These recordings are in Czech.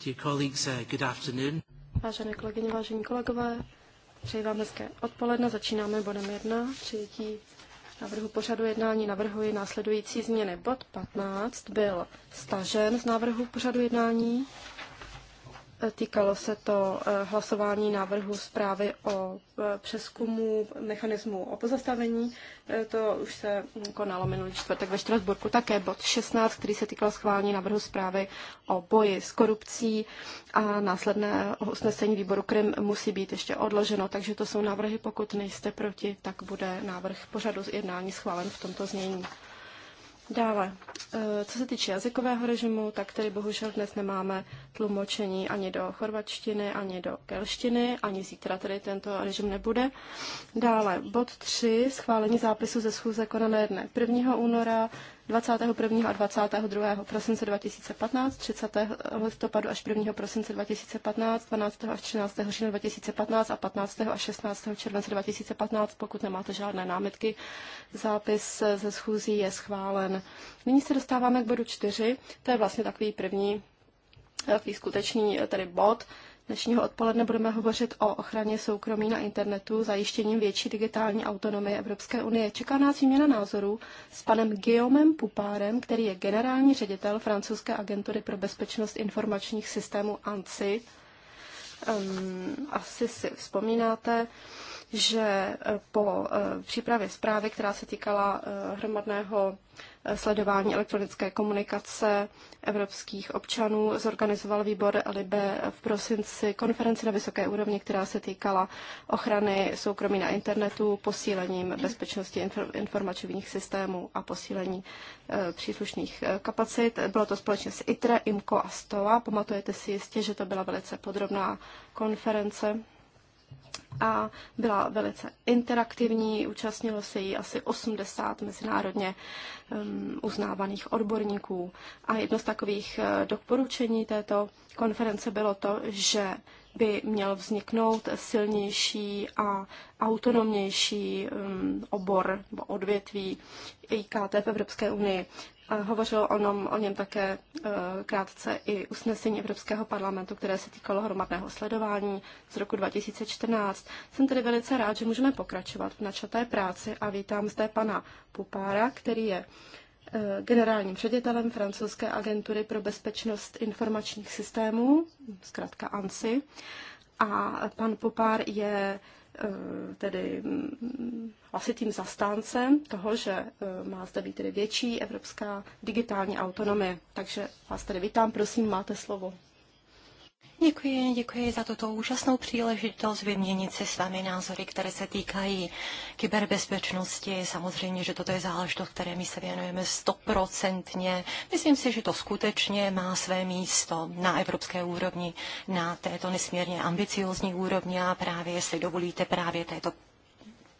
Dear colleagues, uh, good afternoon. Vážené kolegyně, vážení kolegové, přeji vám hezké odpoledne. Začínáme bodem 1, přijetí návrhu pořadu jednání. Navrhuji následující změny. Bod 15 byl stažen z návrhu pořadu jednání. Týkalo se to eh, hlasování návrhu zprávy o eh, přeskumu mechanismu o pozastavení. Eh, to už se mm, konalo minulý čtvrtek ve Štrasburku. Také bod 16, který se týkal schválení návrhu zprávy o boji s korupcí a následné usnesení výboru Krym musí být ještě odloženo. Takže to jsou návrhy, pokud nejste proti, tak bude návrh pořadu jednání schválen v tomto znění. Dále, eh, co se týče jazykového režimu, tak tady bohužel dnes nemáme tlumočení ani do chorvačtiny, ani do kelštiny, ani zítra tedy tento režim nebude. Dále, bod 3, schválení zápisu ze schůze konané dne 1. února, 21. a 22. prosince 2015, 30. listopadu až 1. prosince 2015, 12. až 13. října 2015 a 15. až 16. července 2015, pokud nemáte žádné námitky. Zápis ze schůzí je schválen. Nyní se dostáváme k bodu 4, to je vlastně takový první, takový skutečný eh, tedy bod, dnešního odpoledne budeme hovořit o ochraně soukromí na internetu, zajištěním větší digitální autonomie Evropské unie. Čeká nás výměna názorů s panem Guillaumem Pupárem, který je generální ředitel francouzské agentury pro bezpečnost informačních systémů ANSI. Um, ehm, asi si vzpomínáte, že eh, po eh, přípravě zprávy, která se týkala eh, hromadného sledování elektronické komunikace evropských občanů zorganizoval výbor Libe v prosinci konferenci na vysoké úrovni, která se týkala ochrany soukromí na internetu, posílením bezpečnosti informačních systémů a posílení eh, příslušných eh, kapacit. Bylo to společně s ITRE, IMCO a STOA. Pamatujete si jistě, že to byla velice podrobná konference a byla velice interaktivní. Účastnilo se jí asi 80 mezinárodně um, uznávaných odborníků. A jedno z takových eh, doporučení této konference bylo to, že by měl vzniknout silnější a autonomnější um, obor nebo odvětví IKT v Evropské unii. Hovořilo o něm, o něm také e, krátce i usnesení Evropského parlamentu, které se týkalo hromadného sledování z roku 2014. Jsem tedy velice rád, že můžeme pokračovat v načaté práci a vítám zde pana Pupára, který je e, generálním ředitelem francouzské agentury pro bezpečnost informačních systémů, zkrátka ANSI. A pan Popár je Eh, tedy hlasitým mm, zastáncem toho, že eh, má zde být tedy větší evropská digitální autonomie. Takže vás tedy vítám, prosím, máte slovo. Děkuji, děkuji za tuto úžasnou příležitost vyměnit si s vámi názory, které se týkají kyberbezpečnosti. Samozřejmě, že toto je záležitost, které my se věnujeme stoprocentně. Myslím si, že to skutečně má své místo na evropské úrovni, na této nesmírně ambiciozní úrovni a právě, jestli dovolíte, právě této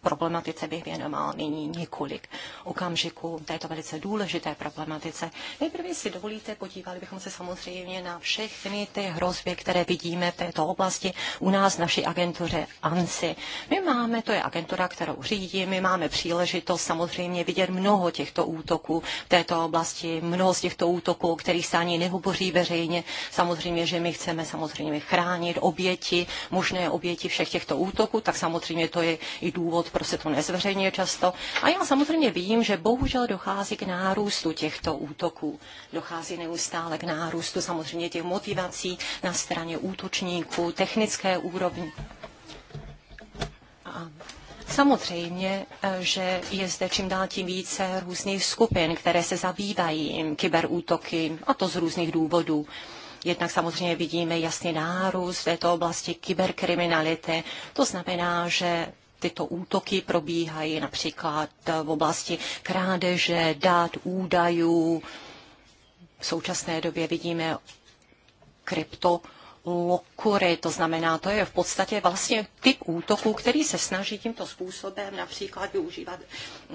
problematice bych věnoval nyní několik okamžiků této velice důležité problematice. Nejprve si dovolíte, podívali bychom se samozřejmě na všechny ty hrozby, které vidíme v této oblasti u nás naší agentuře ANSI. My máme, to je agentura, kterou řídí, my máme příležitost samozřejmě vidět mnoho těchto útoků v této oblasti, mnoho z těchto útoků, o kterých se ani nehovoří veřejně. Samozřejmě, že my chceme samozřejmě chránit oběti, možné oběti všech těchto útoků, tak samozřejmě to je i důvod, prostě to nezveřejňuje často. A já samozřejmě vím, že bohužel dochází k nárůstu těchto útoků. Dochází neustále k nárůstu samozřejmě těch motivací na straně útočníků, technické úrovni. Samozřejmě, eh, že je zde čím dál tím více různých skupin, které se zabývají kyberútoky, a to z různých důvodů. Jednak samozřejmě vidíme jasný nárůst v této oblasti kyberkriminality. To znamená, že tyto útoky probíhají například v oblasti krádeže, dát, údajů. V současné době vidíme krypto lokury, to znamená, to je v podstatě vlastně typ útoku, který se snaží tímto způsobem například využívat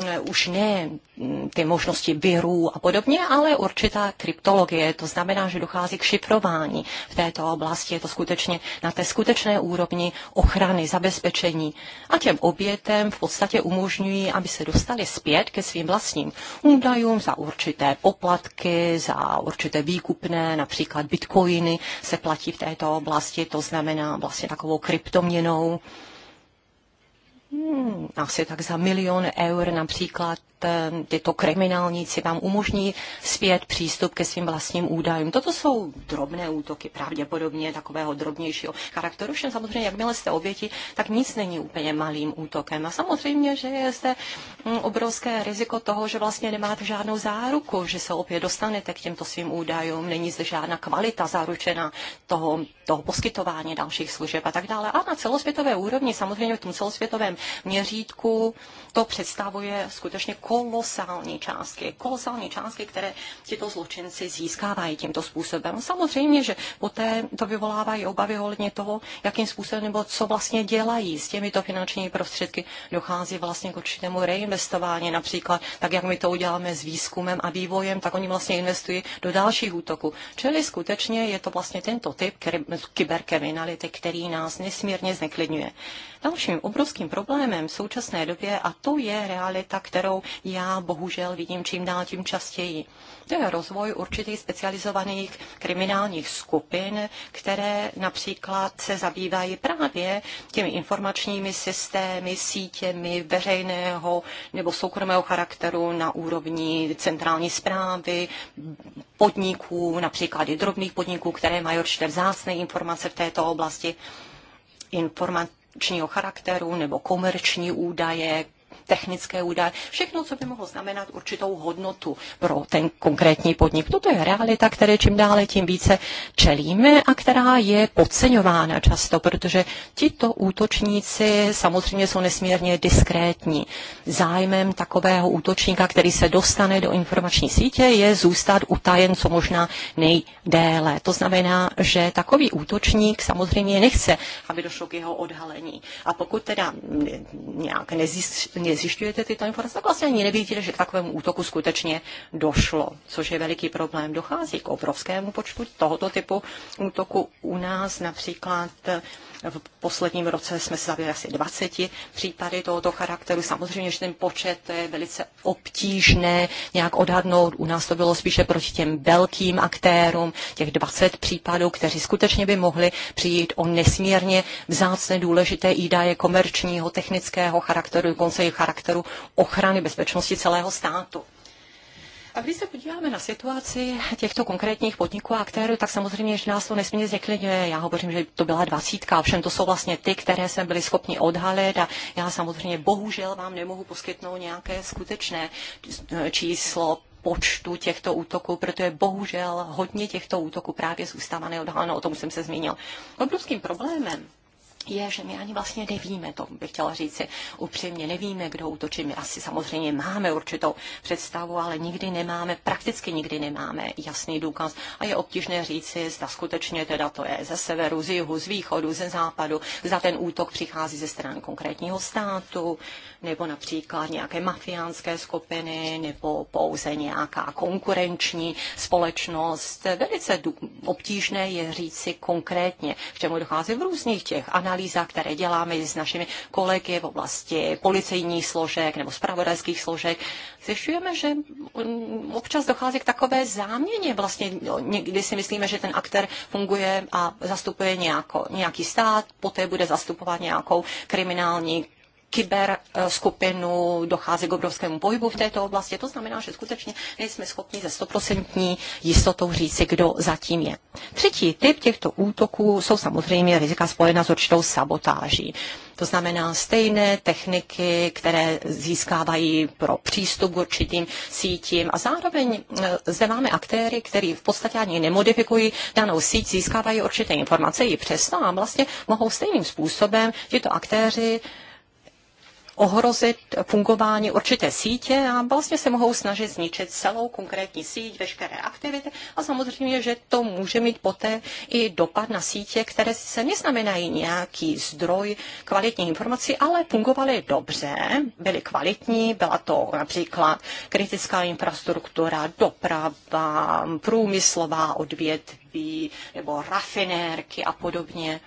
eh, už ne mm, ty možnosti virů a podobně, ale určitá kryptologie, to znamená, že dochází k šifrování v této oblasti, je to skutečně na té skutečné úrovni ochrany, zabezpečení a těm obětem v podstatě umožňují, aby se dostali zpět ke svým vlastním údajům za určité poplatky, za určité výkupné, například bitcoiny se platí v této této oblasti, to znamená vlastně takovou kryptoměnou, hmm, asi tak za milion eur například eh, tyto kriminálníci vám umožní zpět přístup ke svým vlastním údajům. Toto jsou drobné útoky, pravděpodobně takového drobnějšího charakteru. Všem samozřejmě, jakmile jste oběti, tak nic není úplně malým útokem. A samozřejmě, že je zde hm, obrovské riziko toho, že vlastně nemáte žádnou záruku, že se opět dostanete k těmto svým údajům, není zde žádná kvalita zaručena toho, toho poskytování dalších služeb a tak dále. A na celosvětové úrovni, samozřejmě v tom celosvětovém měřítku, to představuje skutečně kolosální částky. Kolosální částky, které tito zločinci získávají tímto způsobem. Samozřejmě, že poté to vyvolávají obavy ohledně toho, jakým způsobem nebo co vlastně dělají s těmito finančními prostředky. Dochází vlastně k určitému reinvestování, například tak, jak my to uděláme s výzkumem a vývojem, tak oni vlastně investují do dalších útoků. Čili skutečně je to vlastně tento typ kyberkriminality, který nás nesmírně zneklidňuje. Dalším obrovským problémem v současné době, a to je realita, kterou já bohužel vidím čím dál tím častěji, to je rozvoj určitých specializovaných kriminálních skupin, které například se zabývají právě těmi informačními systémy, sítěmi veřejného nebo soukromého charakteru na úrovni centrální zprávy, podniků, například i drobných podniků, které mají určité vzácné informace v této oblasti. Informat, charakteru nebo komerční údaje, technické údaje, všechno, co by mohlo znamenat určitou hodnotu pro ten konkrétní podnik. Toto je realita, které čím dále tím více čelíme a která je podceňována často, protože tito útočníci samozřejmě jsou nesmírně diskrétní. Zájmem takového útočníka, který se dostane do informační sítě, je zůstat utajen co možná nejdéle. To znamená, že takový útočník samozřejmě nechce, aby došlo k jeho odhalení. A pokud teda nějak nezjistí, nezjišťujete tyto informace, tak vlastně ani nevíte, že k takovému útoku skutečně došlo, což je veliký problém. Dochází k obrovskému počtu tohoto typu útoku u nás například v posledním roce jsme se zabili asi 20 případy tohoto charakteru. Samozřejmě, že ten počet je velice obtížné nějak odhadnout. U nás to bylo spíše proti těm velkým aktérům, těch 20 případů, kteří skutečně by mohli přijít o nesmírně vzácné důležité ídaje komerčního, technického charakteru, dokonce i charakteru ochrany bezpečnosti celého státu. A když se podíváme na situaci těchto konkrétních podniků a aktérů, tak samozřejmě, že nás to nesmírně zneklidňuje. Já hovořím, že to byla dvacítka, ovšem to jsou vlastně ty, které jsme byli schopni odhalit a já samozřejmě bohužel vám nemohu poskytnout nějaké skutečné číslo počtu těchto útoků, protože bohužel hodně těchto útoků právě zůstává neodhaleno, o tom jsem se zmínil. Obrovským problémem je, že my ani vlastně nevíme, to bych chtěla říci upřímně, nevíme, kdo útočí. My asi samozřejmě máme určitou představu, ale nikdy nemáme, prakticky nikdy nemáme jasný důkaz a je obtížné říci, zda skutečně teda to je ze severu, z jihu, z východu, ze západu, za ten útok přichází ze strany konkrétního státu, nebo například nějaké mafiánské skupiny, nebo pouze nějaká konkurenční společnost. Velice obtížné je říci konkrétně, k čemu dochází v různých těch analýzách analýza, které děláme s našimi kolegy v oblasti policejních složek nebo spravodajských složek, zjišťujeme, že občas dochází k takové záměně. Vlastně no, někdy si myslíme, že ten aktér funguje a zastupuje nějako, nějaký stát, poté bude zastupovat nějakou kriminální skupinu dochází k obrovskému pohybu v této oblasti. To znamená, že skutečně nejsme schopni ze stoprocentní jistotou říci, kdo zatím je. Třetí typ těchto útoků jsou samozřejmě rizika spojená s určitou sabotáží. To znamená stejné techniky, které získávají pro přístup k určitým sítím a zároveň eh, zde máme aktéry, kteří v podstatě ani nemodifikují danou síť, získávají určité informace i přesto a vlastně mohou stejným způsobem tyto aktéři ohrozit fungování určité sítě a vlastně se mohou snažit zničit celou konkrétní síť, veškeré aktivity a samozřejmě, že to může mít poté i dopad na sítě, které se neznamenají nějaký zdroj kvalitní informací, ale fungovaly dobře, byly kvalitní, byla to například kritická infrastruktura, doprava, průmyslová odvětví nebo rafinérky a podobně.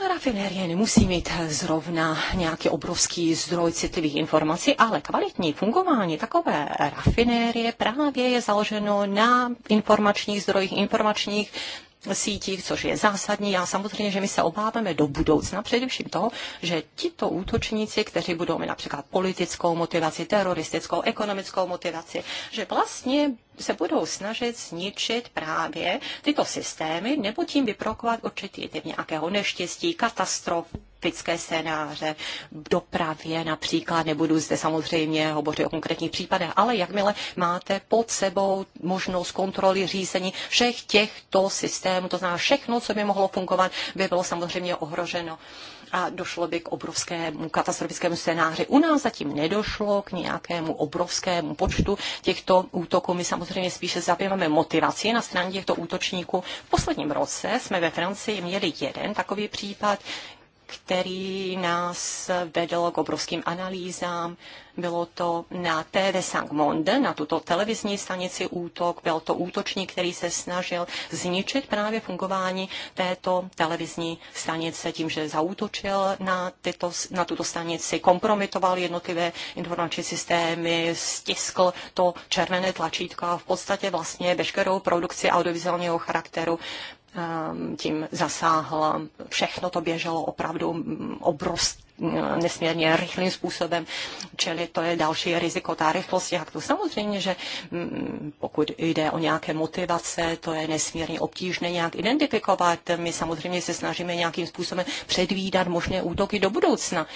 Rafinérie nemusí mít zrovna nějaký obrovský zdroj citlivých informací, ale kvalitní fungování takové rafinérie právě je založeno na informačních zdrojích, informačních sítích, což je zásadní. A samozřejmě, že my se obáváme do budoucna především toho, že tito útočníci, kteří budou mít například politickou motivaci, teroristickou, ekonomickou motivaci, že vlastně se budou snažit zničit právě tyto systémy nebo tím vyprokovat určitý typ nějakého neštěstí, katastrof, typické scénáře v dopravě například, nebudu zde samozřejmě hovořit o konkrétních případech, ale jakmile máte pod sebou možnost kontroly řízení všech těchto systémů, to znamená všechno, co by mohlo fungovat, by bylo samozřejmě ohroženo a došlo by k obrovskému katastrofickému scénáři. U nás zatím nedošlo k nějakému obrovskému počtu těchto útoků. My samozřejmě spíše zabýváme motivaci na straně těchto útočníků. V posledním roce jsme ve Francii měli jeden takový případ, který nás vedl k obrovským analýzám. Bylo to na TV Sang Monde, na tuto televizní stanici útok. Byl to útočník, který se snažil zničit právě fungování této televizní stanice tím, že zautočil na, tyto, na tuto stanici, kompromitoval jednotlivé informační systémy, stiskl to červené tlačítko a v podstatě vlastně veškerou produkci audiovizuálního charakteru Ehm, tím zasáhl. Všechno to běželo opravdu obrovské eh, nesmírně rychlým způsobem, čili to je další riziko, ta rychlost těch Samozřejmě, že mm, pokud jde o nějaké motivace, to je nesmírně obtížné nějak identifikovat. My samozřejmě se snažíme nějakým způsobem předvídat možné útoky do budoucna.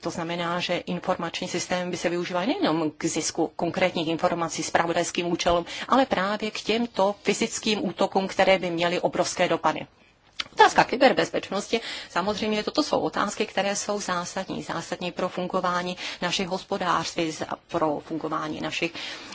To znamená, že informační systémy by se využívaly nejenom k zisku konkrétních informací s pravodajským účelům, ale právě k těmto fyzickým útokům, které by měly obrovské dopady. Otázka kyberbezpečnosti, samozřejmě toto jsou otázky, které jsou zásadní. Zásadní pro fungování našich hospodářství, pro fungování našich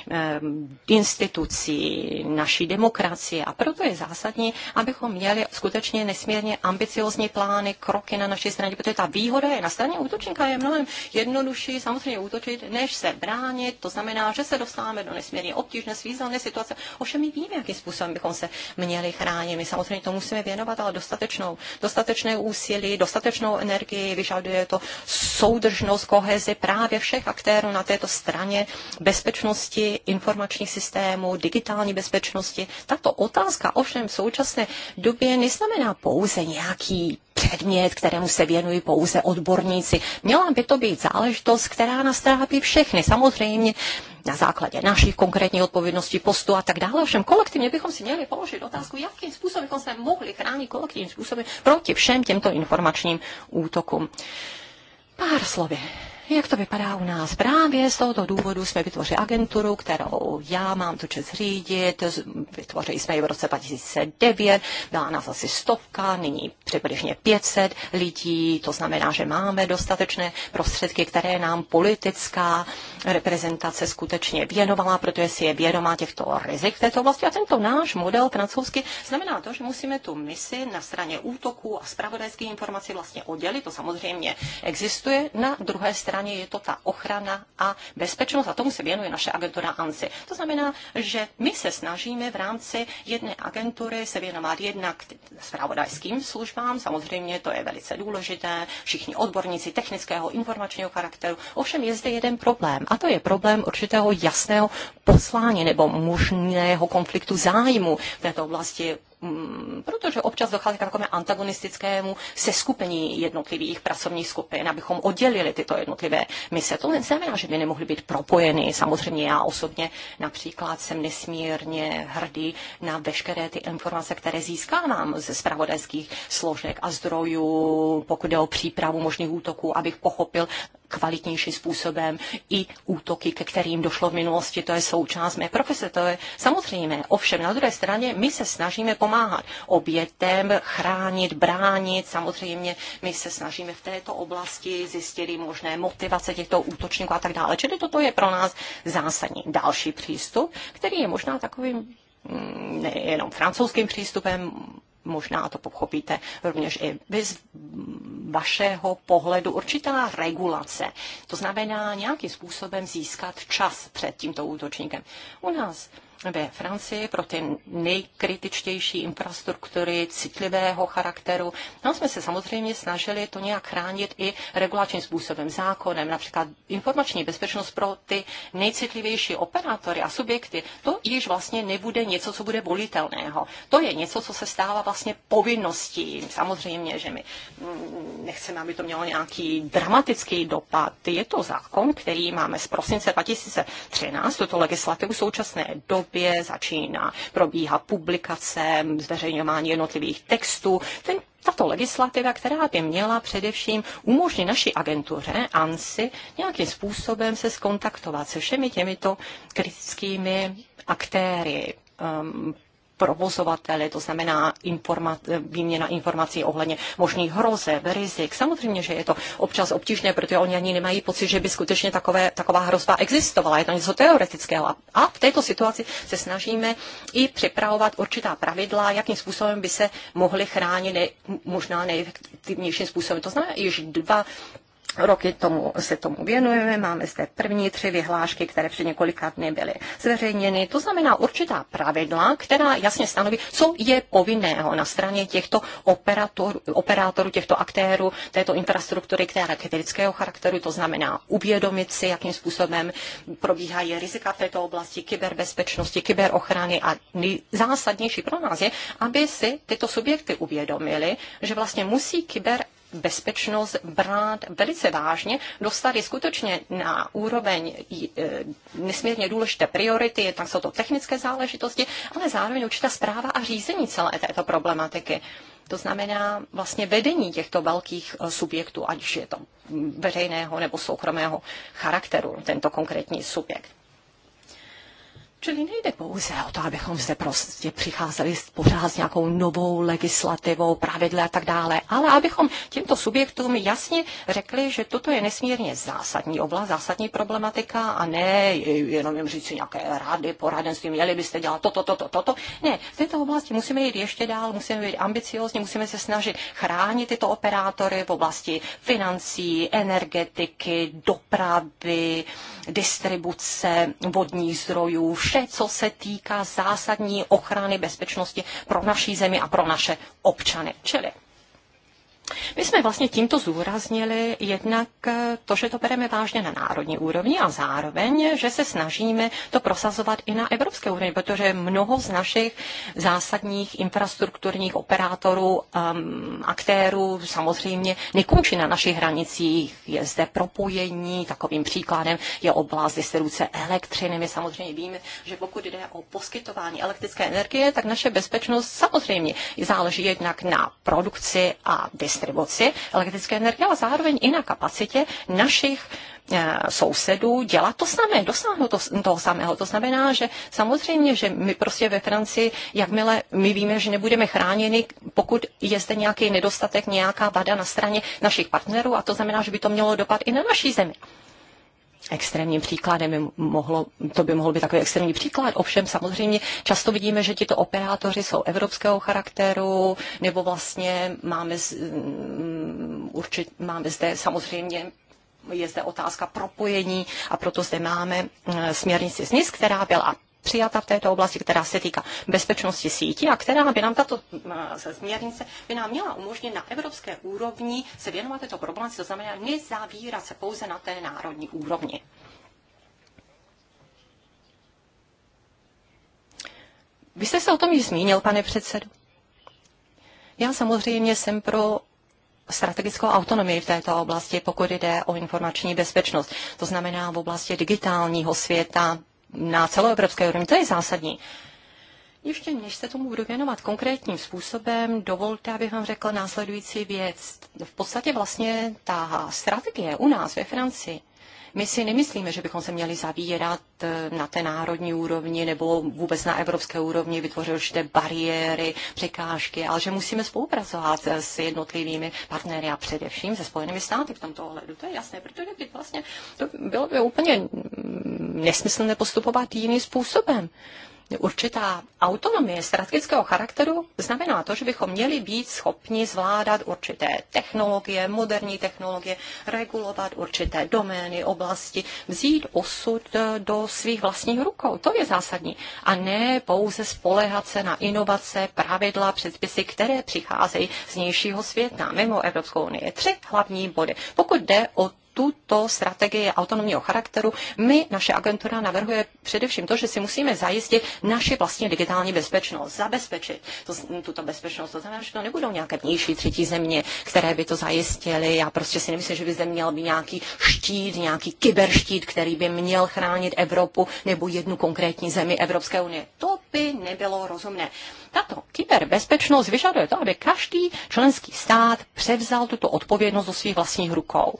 Eh, institucí, naší demokracie. A proto je zásadní, abychom měli skutečně nesmírně ambiciozní plány, kroky na naší straně, protože ta výhoda je na straně útočníka je mnohem jednodušší samozřejmě útočit, než se bránit. To znamená, že se dostáváme do nesmírně obtížné, svízelné situace. Ovšem my víme, jakým způsobem bychom se měli chránit. My samozřejmě to musíme věnovat, ale dostatečnou, dostatečné úsilí, dostatečnou energii, vyžaduje to soudržnost, kohezi právě všech aktérů na této straně bezpečnosti informačních systémů, digitální bezpečnosti. Tato otázka ovšem v současné době neznamená pouze nějaký předmět, kterému se věnují pouze odborníci. Měla by to být záležitost, která nás trápí všechny. Samozřejmě na základě našich konkrétních odpovědností, postu a tak dále. Všem kolektivně bychom si měli položit otázku, jakým způsobem bychom se mohli chránit kolektivním způsobem proti všem těmto informačním útokům. Pár slovy jak to vypadá u nás? Právě z tohoto důvodu jsme vytvořili agenturu, kterou já mám tu čest řídit. Vytvořili jsme ji v roce 2009, byla nás asi stovka, nyní přibližně 500 lidí. To znamená, že máme dostatečné prostředky, které nám politická reprezentace skutečně věnovala, protože si je vědomá těchto rizik v této oblasti. A tento náš model francouzsky znamená to, že musíme tu misi na straně útoků a spravodajských informací vlastně oddělit. To samozřejmě existuje. Na druhé straně straně je to ta ochrana a bezpečnost a tomu se věnuje naše agentura ANSI. To znamená, že my se snažíme v rámci jedné agentury se věnovat jednak zpravodajským službám, samozřejmě to je velice důležité, všichni odborníci technického informačního charakteru. Ovšem je zde jeden problém a to je problém určitého jasného poslání nebo možného konfliktu zájmu v této oblasti Mm, protože občas dochází k takovému antagonistickému seskupení jednotlivých pracovních skupin, abychom oddělili tyto jednotlivé mise. To neznamená, že by nemohly být propojeny. Samozřejmě já osobně například jsem nesmírně hrdý na veškeré ty informace, které získávám ze spravodajských složek a zdrojů, pokud jde o přípravu možných útoků, abych pochopil kvalitnějším způsobem i útoky, ke kterým došlo v minulosti. To je součást mé profese, to je samozřejmé. Ovšem, na druhé straně, my se snažíme pomáhat obětem, chránit, bránit. Samozřejmě, my se snažíme v této oblasti zjistit i možné motivace těchto útočníků a tak dále. Čili toto je pro nás zásadní. Další přístup, který je možná takovým mm, nejenom francouzským přístupem, možná to pochopíte rovněž i vy z vašeho pohledu určitá regulace. To znamená nějakým způsobem získat čas před tímto útočníkem. U nás ve Francii pro ty nejkritičtější infrastruktury citlivého charakteru. Tam no, jsme se samozřejmě snažili to nějak chránit i regulačním způsobem, zákonem, například informační bezpečnost pro ty nejcitlivější operátory a subjekty. To již vlastně nebude něco, co bude volitelného. To je něco, co se stává vlastně povinností. Samozřejmě, že my mm, nechceme, aby to mělo nějaký dramatický dopad. Je to zákon, který máme z prosince 2013, tuto legislativu v současné doby, vazbě, začíná probíhat publikace, zveřejňování jednotlivých textů. Ten tato legislativa, která by měla především umožnit naší agentuře ANSI nějakým způsobem se skontaktovat se všemi těmito kritickými aktéry, um, provozovateli, to znamená informa- výměna informací ohledně možných hrozeb, rizik. Samozřejmě, že je to občas obtížné, protože oni ani nemají pocit, že by skutečně takové, taková hrozba existovala. Je to něco teoretického. A v této situaci se snažíme i připravovat určitá pravidla, jakým způsobem by se mohly chránit ne- možná nejefektivnějším způsobem. To znamená, již dva roky tomu, se tomu věnujeme. Máme zde první tři vyhlášky, které před několika dny byly zveřejněny. To znamená určitá pravidla, která jasně stanoví, co je povinného na straně těchto operator, operátorů, těchto aktérů, této infrastruktury, která kritického charakteru, to znamená uvědomit si, jakým způsobem probíhají rizika v této oblasti kyberbezpečnosti, kyberochrany a zásadnější pro nás je, aby si tyto subjekty uvědomili, že vlastně musí kyber bezpečnost brát velice vážně, dostat je skutečně na úroveň e, nesmírně důležité priority, tak jsou to technické záležitosti, ale zároveň určitá zpráva a řízení celé této problematiky. To znamená vlastně vedení těchto velkých e, subjektů, ať je to veřejného nebo soukromého charakteru, tento konkrétní subjekt. Čili nejde pouze o to, abychom zde prostě přicházeli pořád s nějakou novou legislativou, pravidly a tak dále, ale abychom těmto subjektům jasně řekli, že toto je nesmírně zásadní oblast, zásadní problematika a ne jenom jim říct nějaké rady, poradenství, měli byste dělat toto, toto, toto. Ne, v této oblasti musíme jít ještě dál, musíme být ambiciozní, musíme se snažit chránit tyto operátory v oblasti financí, energetiky, dopravy, distribuce vodních zdrojů, vše, co se týká zásadní ochrany bezpečnosti pro naší zemi a pro naše občany. Čili my jsme vlastně tímto zúraznili jednak eh, to, že to bereme vážně na národní úrovni a zároveň, že se snažíme to prosazovat i na evropské úrovni, protože mnoho z našich zásadních infrastrukturních operátorů, um, aktérů samozřejmě nekončí na našich hranicích. Je zde propojení, takovým příkladem je oblast distribuce elektřiny. My samozřejmě víme, že pokud jde o poskytování elektrické energie, tak naše bezpečnost samozřejmě záleží jednak na produkci a distribuci distribuci elektrické energie, ale zároveň i na kapacitě našich eh, sousedů dělat to samé, dosáhnout to, toho samého. To znamená, že samozřejmě, že my prostě ve Francii, jakmile my víme, že nebudeme chráněni, pokud je zde nějaký nedostatek, nějaká vada na straně našich partnerů, a to znamená, že by to mělo dopad i na naší zemi extrémním příkladem, by mohlo, to by mohl být takový extrémní příklad, ovšem samozřejmě často vidíme, že tito operátoři jsou evropského charakteru, nebo vlastně máme, z, um, určit, máme zde samozřejmě je zde otázka propojení a proto zde máme mm, směrnici SNIS, která byla přijata v této oblasti, která se týká bezpečnosti sítí a která by nám tato mm, směrnice by nám měla umožnit na evropské úrovni se věnovat této problematice, to znamená nezavírat se pouze na té národní úrovni. Vy jste se o tom již zmínil, pane předsedu. Já samozřejmě jsem pro strategickou autonomii v této oblasti, pokud jde o informační bezpečnost. To znamená v oblasti digitálního světa, na celoevropské úrovni. To je zásadní. Ještě než se tomu budu věnovat konkrétním způsobem, dovolte, abych vám řekla následující věc. V podstatě vlastně ta strategie u nás ve Francii, my si nemyslíme, že bychom se měli zavírat eh, na té národní úrovni nebo vůbec na evropské úrovni, vytvořit určité bariéry, překážky, ale že musíme spolupracovat s jednotlivými partnery a především se Spojenými státy v tomto ohledu. To je jasné, protože by vlastně to bylo by úplně nesmyslné postupovat jiným způsobem. Určitá autonomie strategického charakteru znamená to, že bychom měli být schopni zvládat určité technologie, moderní technologie, regulovat určité domény, oblasti, vzít osud eh, do svých vlastních rukou. To je zásadní. A ne pouze spolehat se na inovace, pravidla, předpisy, které přicházejí z nějšího světa mimo Evropskou unii. Tři hlavní body. Pokud jde o tuto strategii autonomního charakteru, my, naše agentura, navrhuje především to, že si musíme zajistit naši vlastní digitální bezpečnost, zabezpečit to, tuto bezpečnost. To znamená, že to nebudou nějaké vnější třetí země, které by to zajistily. Já prostě si nemyslím, že by zde měl být nějaký štít, nějaký kyberštít, který by měl chránit Evropu nebo jednu konkrétní zemi Evropské unie. To by nebylo rozumné. Tato kyberbezpečnost vyžaduje to, aby každý členský stát převzal tuto odpovědnost do svých vlastních rukou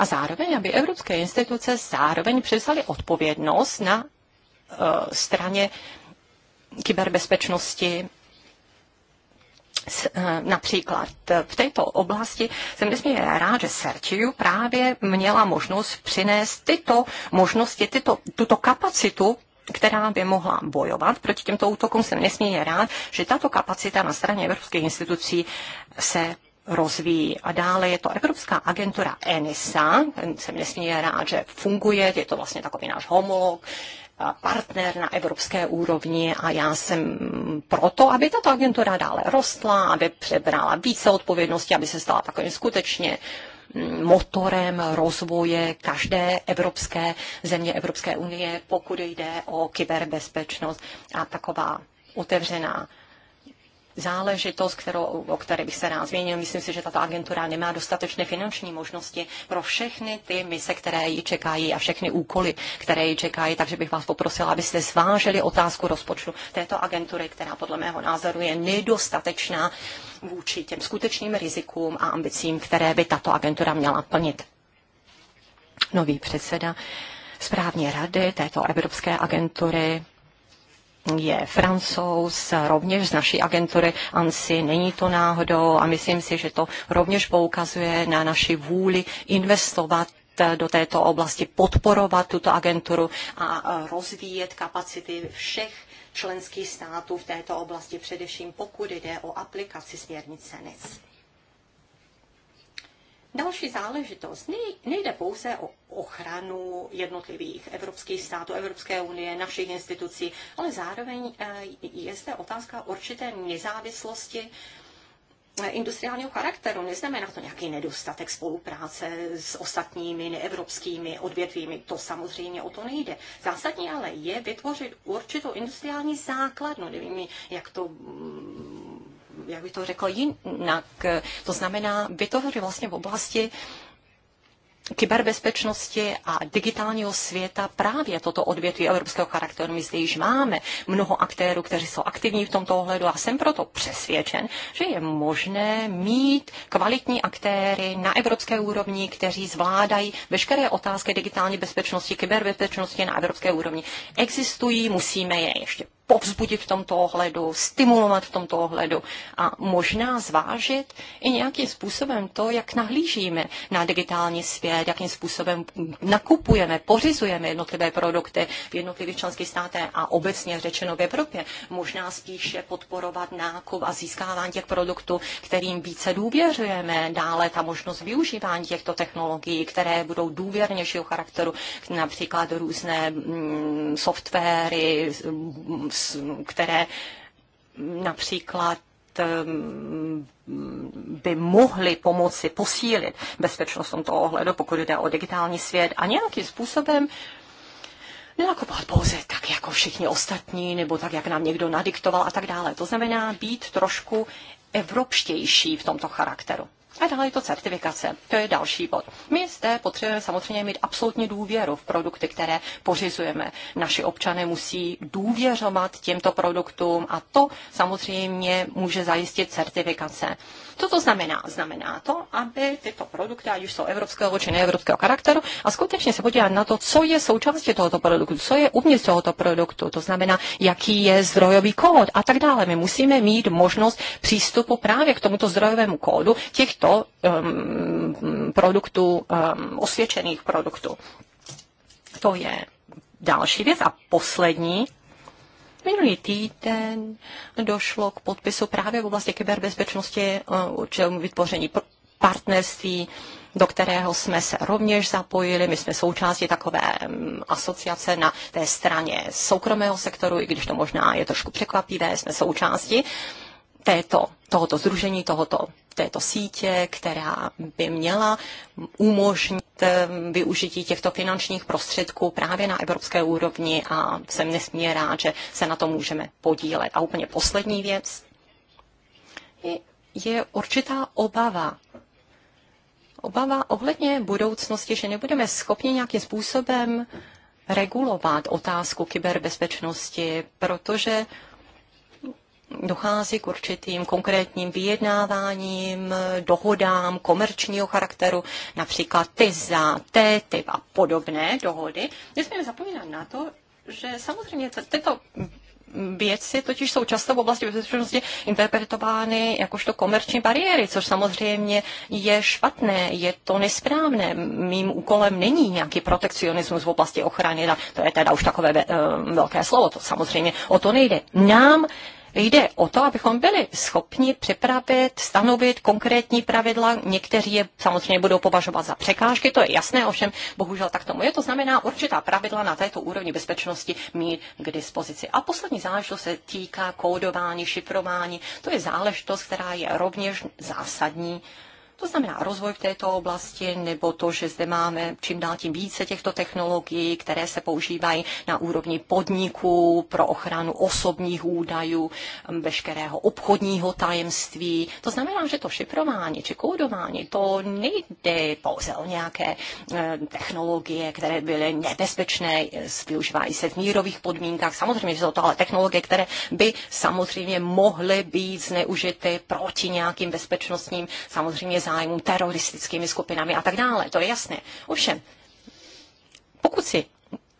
a zároveň, aby evropské instituce zároveň převzaly odpovědnost na uh, straně kyberbezpečnosti e, Například v této oblasti jsem nesmírně rád, že Sertiu právě měla možnost přinést tyto možnosti, tyto, tuto kapacitu která by mohla bojovat proti těmto útokům. Jsem nesmírně rád, že tato kapacita na straně evropských institucí se rozvíjí. A dále je to Evropská agentura ENISA, jsem nesmírně rád, že funguje, je to vlastně takový náš homolog, partner na evropské úrovni a já jsem proto, aby tato agentura dále rostla, aby přebrala více odpovědnosti, aby se stala takovým skutečně mm, motorem rozvoje každé evropské země Evropské unie, pokud jde o kyberbezpečnost a taková otevřená záležitost, kterou, o které bych se rád změnil. Myslím si, že tato agentura nemá dostatečné finanční možnosti pro všechny ty mise, které ji čekají a všechny úkoly, které ji čekají. Takže bych vás poprosila, abyste zvážili otázku rozpočtu této agentury, která podle mého názoru je nedostatečná vůči těm skutečným rizikům a ambicím, které by tato agentura měla plnit. Nový předseda správní rady této Evropské agentury je francouz, rovněž z naší agentury ANSI, není to náhodou a myslím si, že to rovněž poukazuje na naši vůli investovat do této oblasti, podporovat tuto agenturu a rozvíjet kapacity všech členských států v této oblasti, především pokud jde o aplikaci směrnice NIS. Další záležitost. Nejde pouze o ochranu jednotlivých evropských států, Evropské unie, našich institucí, ale zároveň eh, je zde otázka určité nezávislosti eh, industriálního charakteru. Neznamená to nějaký nedostatek spolupráce s ostatními neevropskými odvětvími. To samozřejmě o to nejde. Zásadní ale je vytvořit určitou industriální základnu. Nevím, jak to mm, jak bych to řekl, jinak. To znamená vytvořit vlastně v oblasti kyberbezpečnosti a digitálního světa právě toto odvětví evropského charakteru. My zde již máme mnoho aktérů, kteří jsou aktivní v tomto ohledu a jsem proto přesvědčen, že je možné mít kvalitní aktéry na evropské úrovni, kteří zvládají veškeré otázky digitální bezpečnosti, kyberbezpečnosti na evropské úrovni. Existují, musíme je ještě povzbudit v tomto ohledu, stimulovat v tomto ohledu a možná zvážit i nějakým způsobem to, jak nahlížíme na digitální svět, jakým způsobem nakupujeme, pořizujeme jednotlivé produkty v jednotlivých členských státech a obecně řečeno v Evropě. Možná spíše podporovat nákup a získávání těch produktů, kterým více důvěřujeme. Dále ta možnost využívání těchto technologií, které budou důvěrnějšího charakteru, například různé mm, softwary, které například by mohly pomoci posílit bezpečnost v tomto ohledu, pokud jde o digitální svět a nějakým způsobem nenakupovat pouze tak jako všichni ostatní, nebo tak, jak nám někdo nadiktoval a tak dále. To znamená být trošku evropštější v tomto charakteru. A dále je to certifikace. To je další bod. My zde potřebujeme samozřejmě mít absolutně důvěru v produkty, které pořizujeme. Naši občané musí důvěřovat těmto produktům a to samozřejmě může zajistit certifikace. Co to znamená? Znamená to, aby tyto produkty, ať už jsou evropského či neevropského charakteru, a skutečně se podívat na to, co je součástí tohoto produktu, co je uvnitř tohoto produktu, to znamená, jaký je zdrojový kód a tak dále. My musíme mít možnost přístupu právě k tomuto zdrojovému kódu těch 100 um, produktů, um, osvědčených produktů. To je další věc. A poslední, minulý týden došlo k podpisu právě v oblasti kyberbezpečnosti uh, určitému vytvoření partnerství, do kterého jsme se rovněž zapojili. My jsme součástí takové um, asociace na té straně soukromého sektoru, i když to možná je trošku překvapivé, jsme součástí této, tohoto združení, tohoto této sítě, která by měla umožnit eh, využití těchto finančních prostředků právě na evropské úrovni a jsem nesmírně rád, že se na to můžeme podílet. A úplně poslední věc je, je určitá obava obava ohledně budoucnosti, že nebudeme schopni nějakým způsobem regulovat otázku kyberbezpečnosti, protože dochází k určitým konkrétním vyjednáváním, dohodám komerčního charakteru, například té TTIP a podobné dohody. Nesmíme zapomínat na to, že samozřejmě tyto věci totiž jsou často v oblasti bezpečnosti interpretovány jakožto komerční bariéry, což samozřejmě je špatné, je to nesprávné. Mým úkolem není nějaký protekcionismus v oblasti ochrany, to je teda už takové eh, velké slovo, to samozřejmě o to nejde. Nám Jde o to, abychom byli schopni připravit, stanovit konkrétní pravidla. Někteří je samozřejmě budou považovat za překážky, to je jasné, ovšem bohužel tak tomu je. To znamená určitá pravidla na této úrovni bezpečnosti mít k dispozici. A poslední záležitost se týká kódování, šifrování. To je záležitost, která je rovněž zásadní to znamená rozvoj v této oblasti, nebo to, že zde máme čím dál tím více těchto technologií, které se používají na úrovni podniků pro ochranu osobních údajů, veškerého obchodního tajemství. To znamená, že to šifrování či kódování, to nejde pouze o nějaké e, technologie, které byly nebezpečné, e, využívají se v mírových podmínkách. Samozřejmě, že jsou to ale technologie, které by samozřejmě mohly být zneužity proti nějakým bezpečnostním, samozřejmě zájmům, teroristickými skupinami a tak dále. To je jasné. Ovšem, pokud si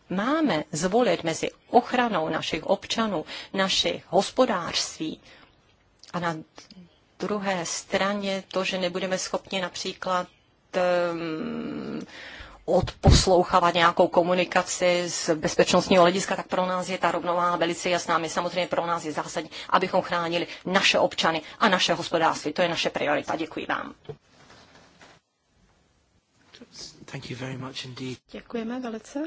máme zvolit mezi ochranou našich občanů, našich hospodářství a na druhé straně to, že nebudeme schopni například um, odposlouchávat nějakou komunikaci z bezpečnostního hlediska, tak pro nás je ta rovnováha velice jasná. My samozřejmě pro nás je zásadní, abychom chránili naše občany a naše hospodářství. To je naše priorita. Děkuji vám. Thank you very much indeed. Děkujeme velice.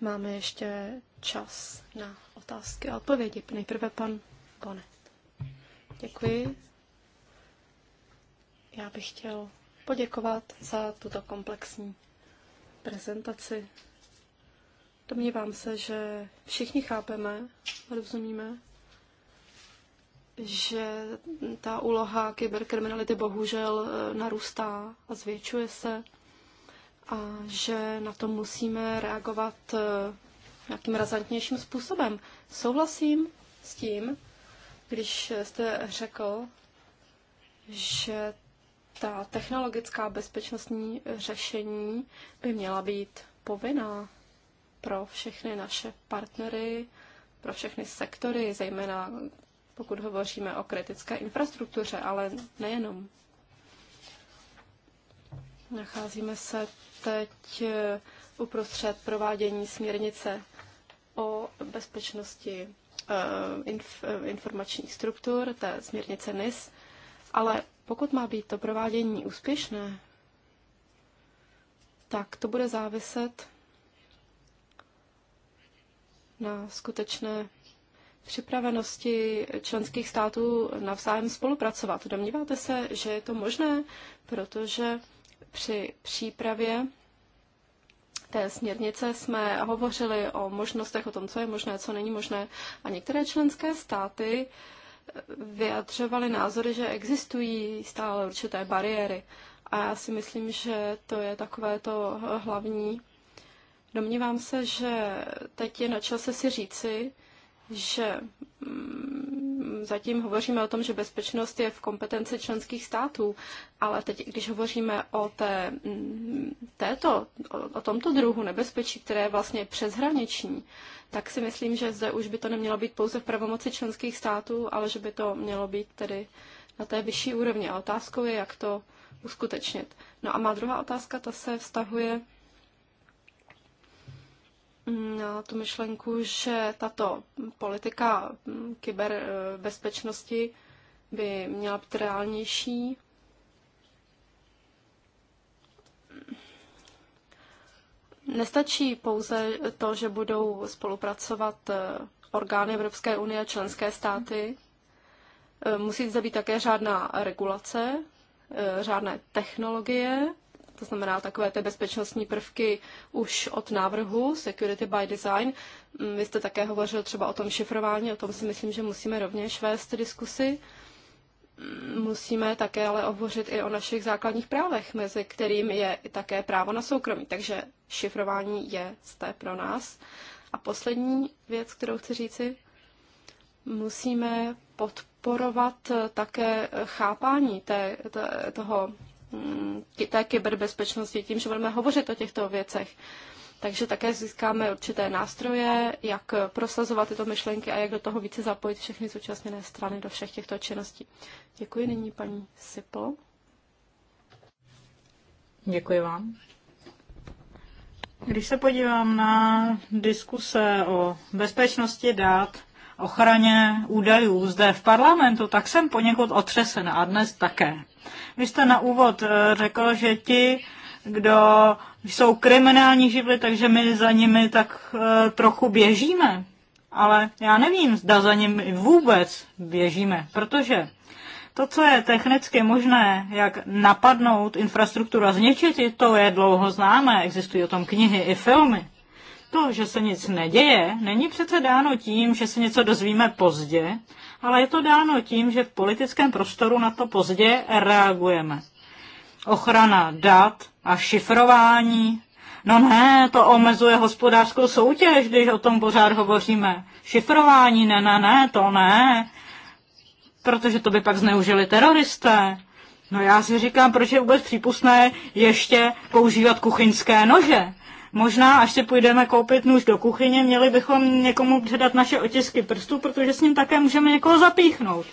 Máme ještě čas na otázky a odpovědi. Nejprve pan Bonet. Děkuji. Já bych chtěl poděkovat za tuto komplexní prezentaci. Domnívám se, že všichni chápeme a rozumíme, že ta úloha kyberkriminality bohužel eh, narůstá a zvětšuje se a že na to musíme reagovat eh, nějakým razantnějším způsobem. Souhlasím s tím, když jste řekl, že ta technologická bezpečnostní řešení by měla být povinná pro všechny naše partnery, pro všechny sektory, zejména pokud hovoříme o kritické infrastruktuře, ale nejenom. Nacházíme se teď eh, uprostřed provádění směrnice o bezpečnosti eh, eh, informačních struktur, té směrnice NIS, ale pokud má být to provádění úspěšné, tak to bude záviset na skutečné připravenosti členských států navzájem spolupracovat. Domníváte se, že je to možné, protože při přípravě té směrnice jsme hovořili o možnostech, o tom, co je možné, co není možné. A některé členské státy uh, vyjadřovali názory, že existují stále určité bariéry. A já si myslím, že to je takové to hlavní. Domnívám se, že teď je na čase si říci, že mm, zatím hovoříme o tom, že bezpečnost je v kompetenci členských států, ale teď, když hovoříme o té, mm, této, o, tomto druhu nebezpečí, které je vlastně přeshraniční, tak si myslím, že zde už by to nemělo být pouze v pravomoci členských států, ale že by to mělo být tedy na té vyšší úrovni. A otázkou je, jak to uskutečnit. No a má druhá otázka, ta se vztahuje na tu myšlenku, že tato politika mm, kyberbezpečnosti by měla být reálnější. Nestačí pouze to, že budou spolupracovat eh, orgány Evropské unie a členské státy. Eh, musí zde být také řádná regulace, eh, řádné technologie, to znamená takové ty bezpečnostní prvky už od návrhu Security by Design. Mm, vy jste také hovořil třeba o tom šifrování, o tom si myslím, že musíme rovněž vést diskusy. Mm, musíme také ale hovořit i o našich základních právech, mezi kterým je i také právo na soukromí. Takže šifrování je zde pro nás. A poslední věc, kterou chci říci, musíme podporovat také chápání té, té, toho Mm, té kyberbezpečnosti tím, že budeme hovořit o těchto věcech. Takže také získáme určité nástroje, jak prosazovat tyto myšlenky a jak do toho více zapojit všechny zúčastněné strany do všech těchto činností. Děkuji nyní paní Sipo. Děkuji vám. Když se podívám na diskuse o bezpečnosti dát, ochraně údajů zde v parlamentu, tak jsem poněkud otřesen a dnes také. Vy jste na úvod eh, řekl, že ti, kdo jsou kriminální živly, takže my za nimi tak eh, trochu běžíme. Ale já nevím, zda za nimi vůbec běžíme, protože to, co je technicky možné, jak napadnout infrastrukturu a zničit, to je dlouho známé, existují o tom knihy i filmy. To, že se nic neděje, není přece dáno tím, že se něco dozvíme pozdě, ale je to dáno tím, že v politickém prostoru na to pozdě reagujeme. Ochrana dat a šifrování. No ne, to omezuje hospodářskou soutěž, když o tom pořád hovoříme. Šifrování, ne, ne, ne, to ne. Protože to by pak zneužili teroristé. No já si říkám, proč je vůbec přípustné ještě používat kuchyňské nože. Možná, až si půjdeme koupit nůž do kuchyně, měli bychom někomu předat naše otisky prstů, protože s ním také můžeme někoho zapíchnout.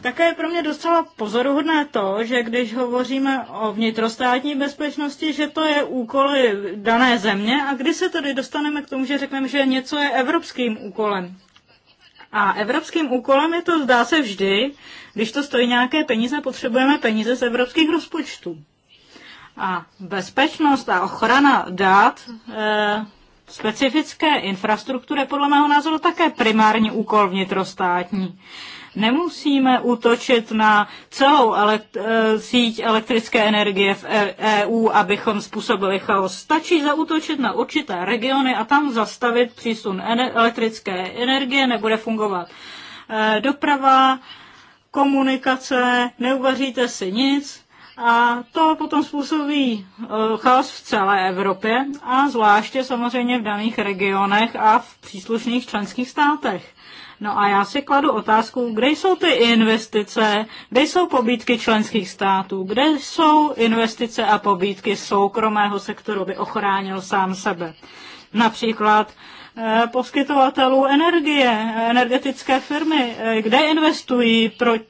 Také je pro mě docela pozoruhodné to, že když hovoříme o vnitrostátní bezpečnosti, že to je úkoly dané země a kdy se tedy dostaneme k tomu, že řekneme, že něco je evropským úkolem. A evropským úkolem je to, zdá se vždy, když to stojí nějaké peníze, potřebujeme peníze z evropských rozpočtů. A bezpečnost a ochrana dát e, specifické infrastruktury je podle mého názoru také primární úkol vnitrostátní. Nemusíme útočit na celou elekt- e, síť elektrické energie v EU, e abychom způsobili chaos. Stačí zaútočit na určité regiony a tam zastavit přísun elektrické energie, nebude fungovat e, doprava, komunikace, neuvaříte si nic, a to potom způsobí e, chaos v celé Evropě a zvláště samozřejmě v daných regionech a v příslušných členských státech. No a já si kladu otázku, kde jsou ty investice, kde jsou pobídky členských států, kde jsou investice a pobídky soukromého sektoru, by ochránil sám sebe. Například e, poskytovatelů energie, energetické firmy, e, kde investují proti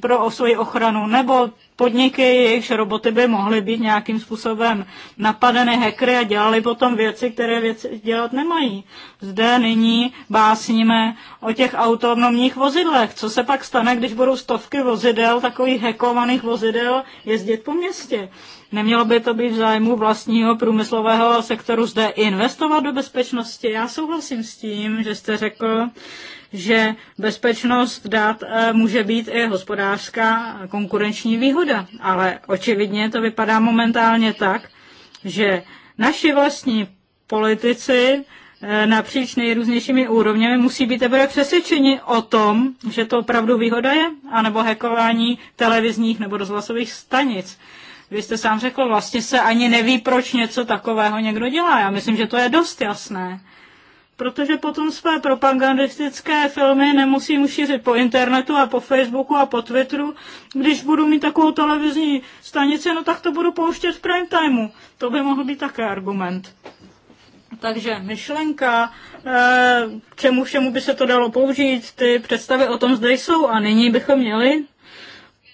pro svoji ochranu, nebo podniky, jejichž roboty by mohly být nějakým způsobem napadeny hackery a dělali potom věci, které věci dělat nemají. Zde nyní básníme o těch autonomních vozidlech. Co se pak stane, když budou stovky vozidel, takových hackovaných vozidel, jezdit po městě? Nemělo by to být v zájmu vlastního průmyslového sektoru zde investovat do bezpečnosti? Já souhlasím s tím, že jste řekl, že bezpečnost dat eh, může být i hospodářská konkurenční výhoda, ale očividně to vypadá momentálně tak, že naši vlastní politici eh, napříč nejrůznějšími úrovněmi musí být teprve přesvědčeni o tom, že to opravdu výhoda je, anebo hackování televizních nebo rozhlasových stanic. Vy jste sám řekl, vlastně se ani neví, proč něco takového někdo dělá. Já myslím, že to je dost jasné protože potom své propagandistické filmy nemusím šířit po internetu a po Facebooku a po Twitteru. Když budu mít takovou televizní stanici, no tak to budu pouštět v prime timeu. To by mohl být také argument. Takže myšlenka, k eh, čemu všemu by se to dalo použít, ty představy o tom zde jsou a nyní bychom měli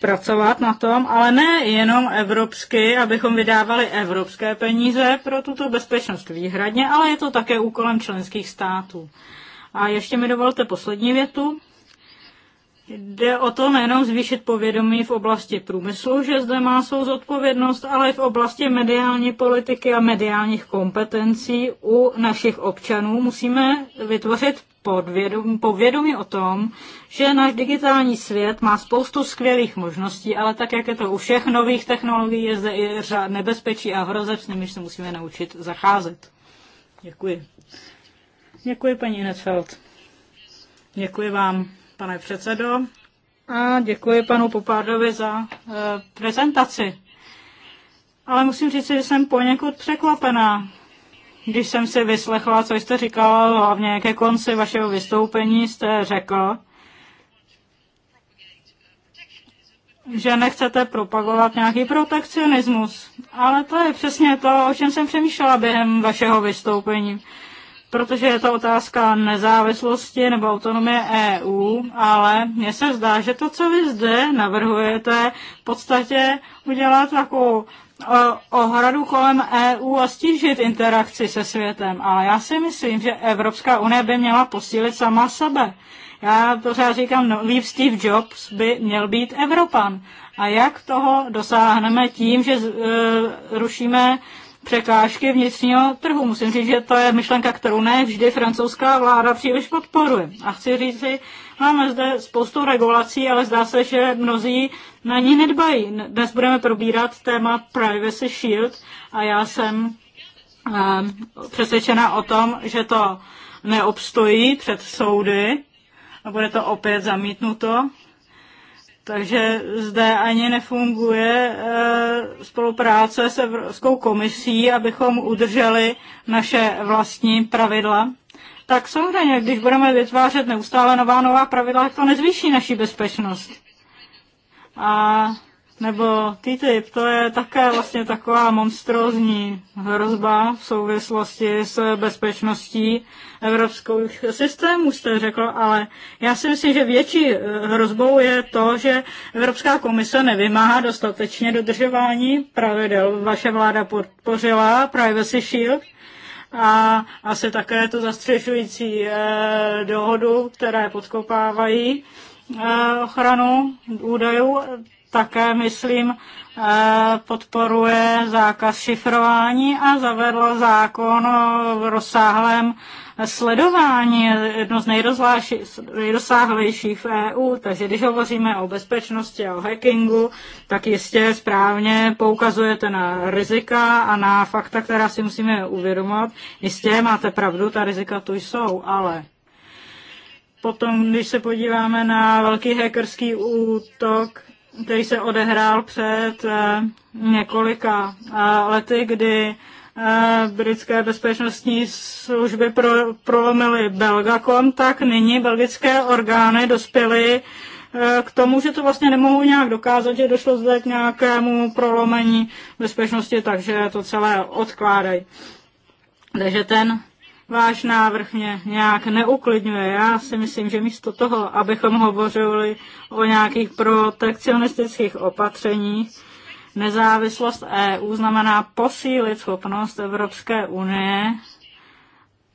pracovat na tom, ale ne jenom evropsky, abychom vydávali evropské peníze pro tuto bezpečnost výhradně, ale je to také úkolem členských států. A ještě mi dovolte poslední větu. Jde o to nejenom zvýšit povědomí v oblasti průmyslu, že zde má svou zodpovědnost, ale i v oblasti mediální politiky a mediálních kompetencí u našich občanů musíme vytvořit podvědomí, povědomí o tom, že náš digitální svět má spoustu skvělých možností, ale tak, jak je to u všech nových technologií, je zde i řád nebezpečí a hrozeb, s nimi se musíme naučit zacházet. Děkuji. Děkuji, paní Netfeld. Děkuji vám pane předsedo. A děkuji panu Popádovi za e, prezentaci. Ale musím říct, že jsem poněkud překvapená, když jsem si vyslechla, co jste říkal, hlavně ke konci vašeho vystoupení jste řekl, že nechcete propagovat nějaký protekcionismus. Ale to je přesně to, o čem jsem přemýšlela během vašeho vystoupení protože je to otázka nezávislosti nebo autonomie EU, ale mně se zdá, že to, co vy zde navrhujete, v podstatě udělat takovou eh, ohradu kolem EU a stížit interakci se světem. Ale já si myslím, že Evropská unie by měla posílit sama sebe. Já pořád říkám, no, leave Steve Jobs by měl být Evropan. A jak toho dosáhneme tím, že uh, rušíme překážky vnitřního trhu. Musím říct, že to je myšlenka, kterou ne vždy francouzská vláda příliš podporuje. A chci říct si, máme zde spoustu regulací, ale zdá se, že mnozí na ní nedbají. Dnes budeme probírat téma Privacy Shield a já jsem ehm, přesvědčena o tom, že to neobstojí před soudy a bude to opět zamítnuto. Takže zde ani nefunguje eh, spolupráce s Evropskou komisí, abychom udrželi naše vlastní pravidla. Tak samozřejmě, když budeme vytvářet neustále nová nová pravidla, to nezvýší naši bezpečnost. A nebo TTIP, to je také vlastně taková monstrózní hrozba v souvislosti s bezpečností evropských systémů, jste řekl, ale já si myslím, že větší eh, hrozbou je to, že Evropská komise nevymáhá dostatečně dodržování pravidel. Vaše vláda podpořila Privacy Shield a asi také tu zastřešující eh, dohodu, které podkopávají eh, ochranu údajů také, myslím, eh, podporuje zákaz šifrování a zavedl zákon o rozsáhlém sledování, jedno z nejrozsáhlejších v EU. Takže když hovoříme o bezpečnosti a o hackingu, tak jistě správně poukazujete na rizika a na fakta, která si musíme uvědomovat. Jistě máte pravdu, ta rizika tu jsou, ale potom, když se podíváme na velký hackerský útok, který se odehrál před eh, několika eh, lety, kdy eh, britské bezpečnostní služby pro, prolomily Belgacom, tak nyní belgické orgány dospěly k tomu, že to vlastně nemohou nějak dokázat, že došlo zde k nějakému prolomení bezpečnosti, takže to celé odkládají. Takže ten váš návrh mě nějak neuklidňuje. Já si myslím, že místo toho, abychom hovořili o nějakých protekcionistických opatřeních, nezávislost EU znamená posílit schopnost Evropské unie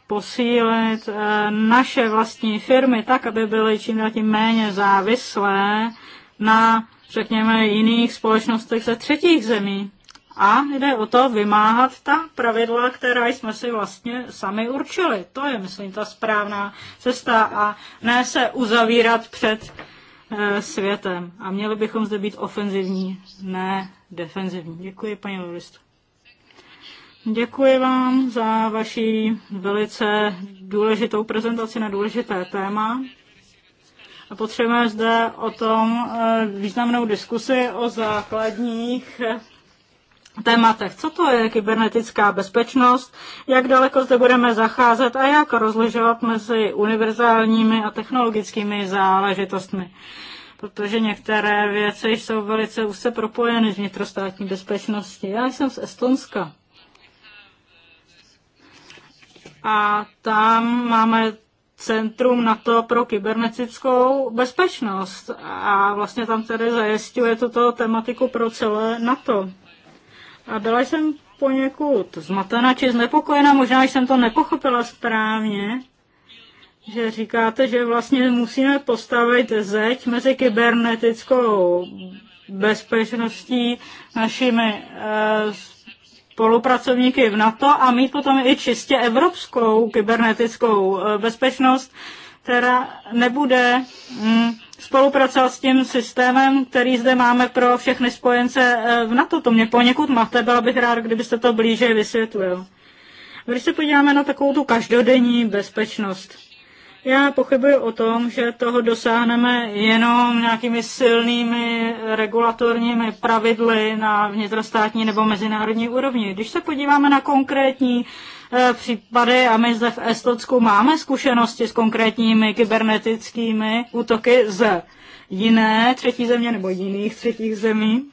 posílit eh, naše vlastní firmy tak, aby byly čím dál tím méně závislé na, řekněme, jiných společnostech ze třetích zemí. A jde o to vymáhat ta pravidla, která jsme si vlastně sami určili. To je, myslím, ta správná cesta a ne se uzavírat před e, světem. A měli bychom zde být ofenzivní, ne defenzivní. Děkuji, paní Lorist. Děkuji vám za vaši velice důležitou prezentaci na důležité téma. A potřebujeme zde o tom eh, významnou diskusi o základních tématech. Co to je kybernetická bezpečnost, jak daleko zde budeme zacházet a jak rozlišovat mezi univerzálními a technologickými záležitostmi. Protože některé věci jsou velice úzce propojeny s vnitrostátní bezpečností. Já jsem z Estonska. A tam máme Centrum na to pro kybernetickou bezpečnost. A vlastně tam tedy zajišťuje tuto tematiku pro celé NATO a byla jsem poněkud zmatená či znepokojená, možná jsem to nepochopila správně, že říkáte, že vlastně musíme postavit zeď mezi kybernetickou bezpečností našimi eh, spolupracovníky v NATO a mít potom i čistě evropskou kybernetickou eh, bezpečnost, která nebude mm, spolupracovat s tím systémem, který zde máme pro všechny spojence eh, v NATO. To mě poněkud máte, byla bych rád, kdybyste to blíže vysvětlil. Když se podíváme na takovou tu každodenní bezpečnost, já pochybuji o tom, že toho dosáhneme jenom nějakými silnými regulatorními pravidly na vnitrostátní nebo mezinárodní úrovni. Když se podíváme na konkrétní E, případy a my zde v Estocku máme zkušenosti s konkrétními kybernetickými útoky z jiné třetí země nebo jiných třetích zemí,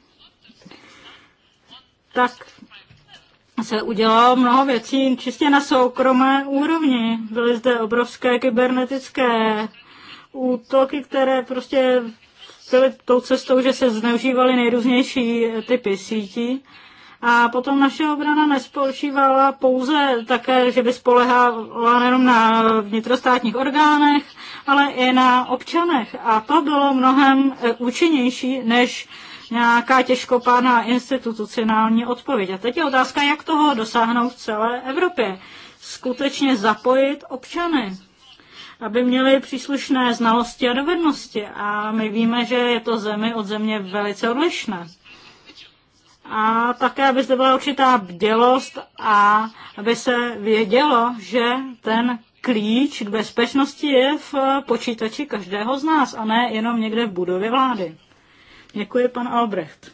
tak se udělalo mnoho věcí čistě na soukromé úrovni. Byly zde obrovské kybernetické útoky, které prostě byly tou cestou, že se zneužívaly nejrůznější typy sítí a potom naše obrana nespočívala pouze také, že by spolehala nejenom na vnitrostátních orgánech, ale i na občanech. A to bylo mnohem eh, účinnější než nějaká těžkopádná institucionální odpověď. A teď je otázka, jak toho dosáhnout v celé Evropě. Skutečně zapojit občany, aby měli příslušné znalosti a dovednosti. A my víme, že je to zemi od země velice odlišné a také, aby zde byla určitá bdělost a aby se vědělo, že ten klíč k bezpečnosti je v počítači každého z nás a ne jenom někde v budově vlády. Děkuji, pan Albrecht.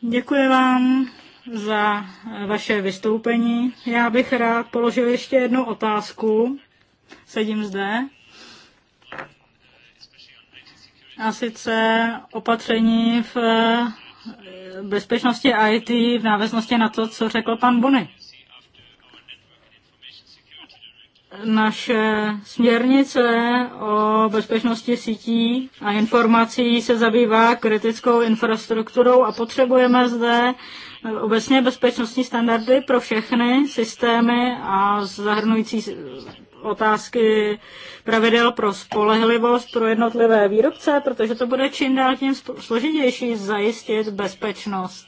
Děkuji vám za vaše vystoupení. Já bych rád položil ještě jednu otázku. Sedím zde. A sice opatření v bezpečnosti IT v návaznosti na to, co řekl pan Bony. Naše směrnice o bezpečnosti sítí a informací se zabývá kritickou infrastrukturou a potřebujeme zde obecně bezpečnostní standardy pro všechny systémy a zahrnující otázky pravidel pro spolehlivost pro jednotlivé výrobce, protože to bude čím dál tím složitější zajistit bezpečnost.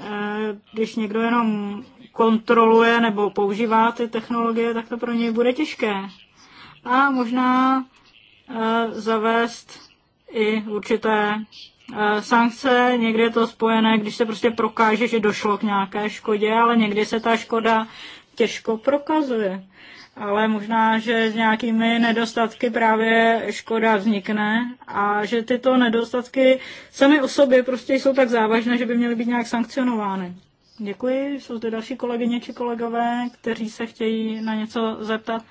Eh, když někdo jenom kontroluje nebo používá ty technologie, tak to pro něj bude těžké. A možná eh, zavést i určité eh, sankce, někdy je to spojené, když se prostě prokáže, že došlo k nějaké škodě, ale někdy se ta škoda těžko prokazuje ale možná, že s nějakými nedostatky právě škoda vznikne a že tyto nedostatky sami o sobě prostě jsou tak závažné, že by měly být nějak sankcionovány. Děkuji. Jsou zde další kolegyně či kolegové, kteří se chtějí na něco zeptat.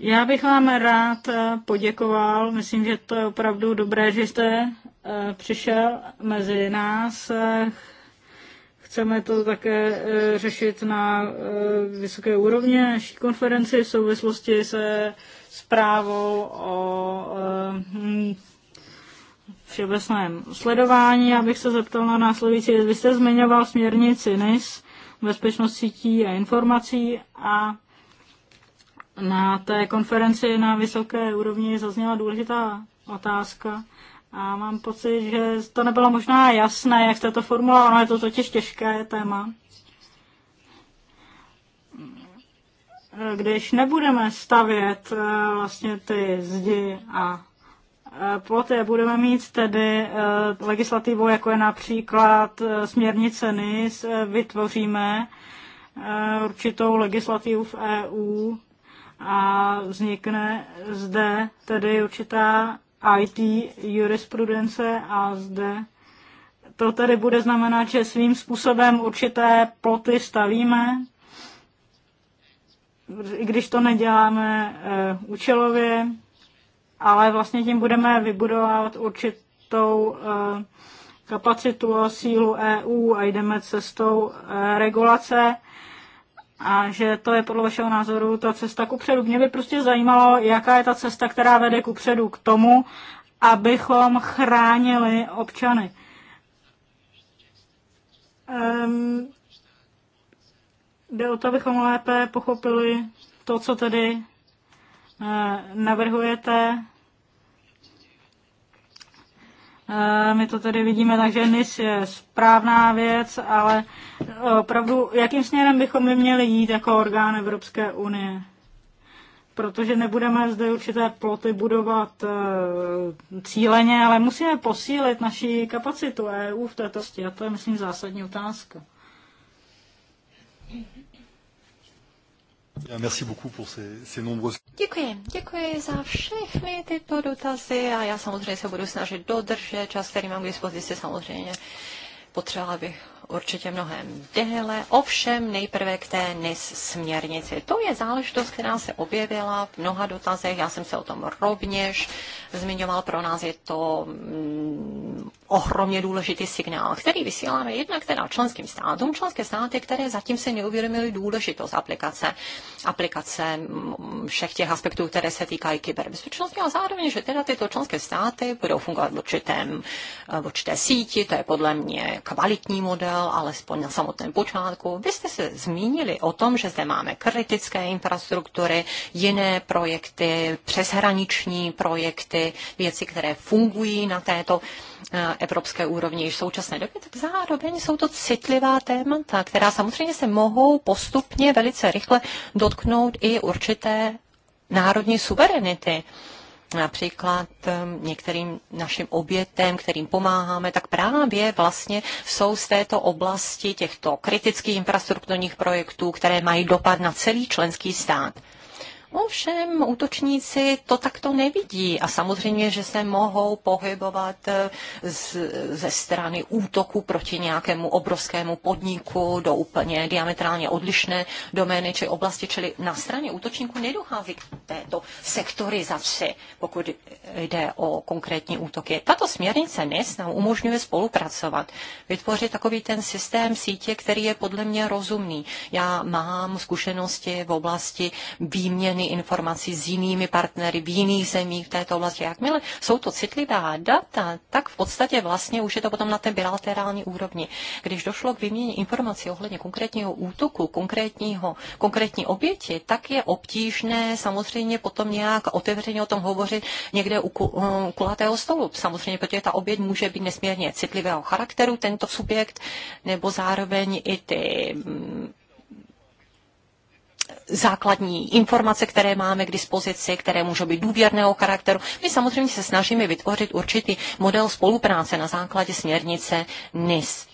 Já bych vám rád eh, poděkoval. Myslím, že to je opravdu dobré, že jste eh, přišel mezi nás. Eh, Chceme to také e, řešit na e, vysoké úrovně naší konferenci v souvislosti se zprávou o e, všeobecném sledování. Abych se zeptal na následující. Vy jste zmiňoval směrnici NIS, bezpečnost sítí a informací a na té konferenci na vysoké úrovni zazněla důležitá otázka a mám pocit, že to nebylo možná jasné, jak jste to ono je to totiž těžké téma. Když nebudeme stavět eh, vlastně ty zdi a eh, ploty, budeme mít tedy eh, legislativu, jako je například směrnice NIS, vytvoříme určitou legislativu v EU a vznikne zde tedy určitá IT jurisprudence a zde to tedy bude znamenat, že svým způsobem určité ploty stavíme, i když to neděláme e, účelově, ale vlastně tím budeme vybudovat určitou e, kapacitu a sílu EU a jdeme cestou e, regulace a že to je podle vašeho názoru ta cesta ku předu. Mě by prostě zajímalo, jaká je ta cesta, která vede ku předu k tomu, abychom chránili občany. Um, jde o to, abychom lépe pochopili to, co tedy uh, navrhujete Eh, my to tedy vidíme tak, že NIS je správná věc, ale eh, opravdu, jakým směrem bychom by měli jít jako orgán Evropské unie? Protože nebudeme zde určité ploty budovat eh, cíleně, ale musíme posílit naši kapacitu EU v této stě. A to je, myslím, zásadní otázka. Děkuji, děkuji za všechny tyto dotazy a já samozřejmě se budu snažit dodržet čas, který mám k dispozici samozřejmě. Potřebovala bych určitě mnohem déle. Ovšem nejprve k té NIS směrnici. To je záležitost, která se objevila v mnoha dotazech. Já jsem se o tom rovněž zmiňoval. Pro nás je to mm, ohromně důležitý signál, který vysíláme jednak teda členským státům, členské státy, které zatím se neuvědomily důležitost aplikace, aplikace mm, všech těch aspektů, které se týkají kyberbezpečnosti a zároveň, že teda tyto členské státy budou fungovat v, určitém, v určité síti, to je podle mě kvalitní model, signál, alespoň na samotném počátku. Vy jste se zmínili o tom, že zde máme kritické infrastruktury, jiné projekty, přeshraniční projekty, věci, které fungují na této eh, evropské úrovni v současné době, tak zároveň jsou to citlivá témata, která samozřejmě se mohou postupně velice rychle dotknout i určité národní suverenity například eh, některým našim obětem, kterým pomáháme, tak právě vlastně jsou z této oblasti těchto kritických infrastrukturních projektů, které mají dopad na celý členský stát. Ovšem útočníci to takto nevidí a samozřejmě, že se mohou pohybovat eh, z, ze strany útoku proti nějakému obrovskému podniku do úplně diametrálně odlišné domény či oblasti, čili na straně útočníků nedochází k této sektorizaci, pokud jde o konkrétní útoky. Tato směrnice NIS nám umožňuje spolupracovat, vytvořit takový ten systém sítě, který je podle mě rozumný. Já mám zkušenosti v oblasti výměny výměny informací s jinými partnery v jiných zemích v této oblasti. Jakmile jsou to citlivá data, tak v podstatě vlastně už je to potom na té bilaterální úrovni. Když došlo k výměně informací ohledně konkrétního útoku, konkrétního, konkrétní oběti, tak je obtížné samozřejmě potom nějak otevřeně o tom hovořit někde u eh, kulatého stolu. Samozřejmě, protože ta oběť může být nesmírně citlivého charakteru, tento subjekt, nebo zároveň i ty mm, základní informace, které máme k dispozici, které můžou být důvěrného charakteru. My samozřejmě se snažíme vytvořit určitý model spolupráce na základě směrnice NIS.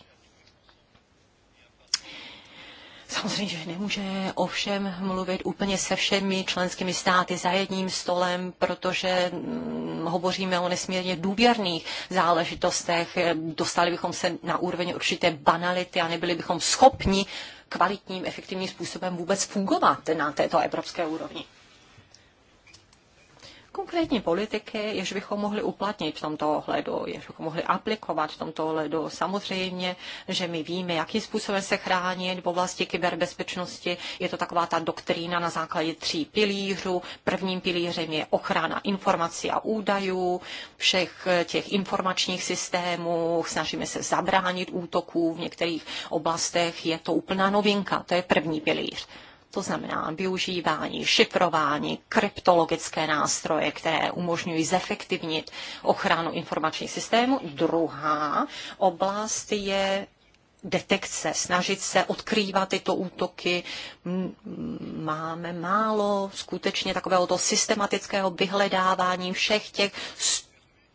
Samozřejmě, že nemůže ovšem mluvit úplně se všemi členskými státy za jedním stolem, protože mm, hovoříme o nesmírně důvěrných záležitostech. Dostali bychom se na úroveň určité banality a nebyli bychom schopni kvalitním, efektivním způsobem vůbec fungovat na této evropské úrovni konkrétní politiky, jež bychom mohli uplatnit v tomto ohledu, jež bychom mohli aplikovat v tomto ohledu. Samozřejmě, že my víme, jakým způsobem se chránit v oblasti kyberbezpečnosti. Je to taková ta doktrína na základě tří pilířů. Prvním pilířem je ochrana informací a údajů, všech těch informačních systémů. Snažíme se zabránit útoků v některých oblastech. Je to úplná novinka. To je první pilíř to znamená využívání, šifrování, kryptologické nástroje, které umožňují zefektivnit ochranu informačních systémů. Druhá oblast je detekce, snažit se odkrývat tyto útoky. Máme málo skutečně takového to systematického vyhledávání všech těch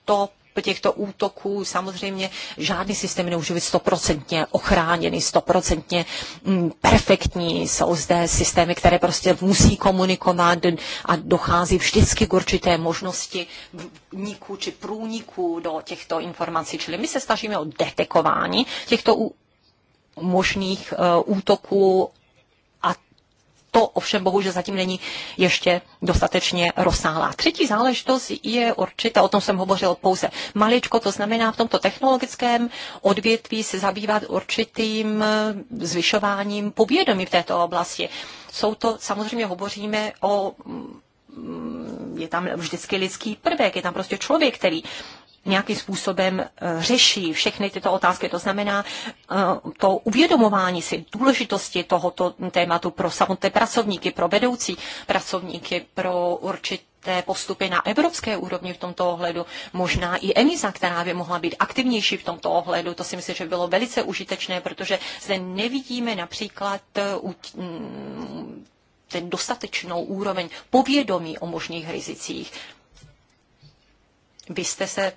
100 těchto útoků. Samozřejmě žádný systém nemůže být stoprocentně ochráněný, stoprocentně mm, perfektní. Jsou zde systémy, které prostě musí komunikovat a dochází vždycky k určité možnosti vníku či průniku do těchto informací. Čili my se snažíme o detekování těchto možných e, útoků to ovšem bohužel zatím není ještě dostatečně rozsáhlá. Třetí záležitost je určitě, o tom jsem hovořil pouze maličko, to znamená v tomto technologickém odvětví se zabývat určitým eh, zvyšováním povědomí v této oblasti. Jsou to, samozřejmě hovoříme o mm, je tam vždycky lidský prvek, je tam prostě člověk, který nějakým způsobem eh, řeší všechny tyto otázky. To znamená eh, to uvědomování si důležitosti tohoto tématu pro samotné pracovníky, pro vedoucí pracovníky, pro určitě té postupy na evropské úrovni v tomto ohledu, možná i ENISA, která by mohla být aktivnější v tomto ohledu. To si myslím, že bylo velice užitečné, protože zde nevidíme například eh, mm, ten dostatečnou úroveň povědomí o možných rizicích. Vy jste se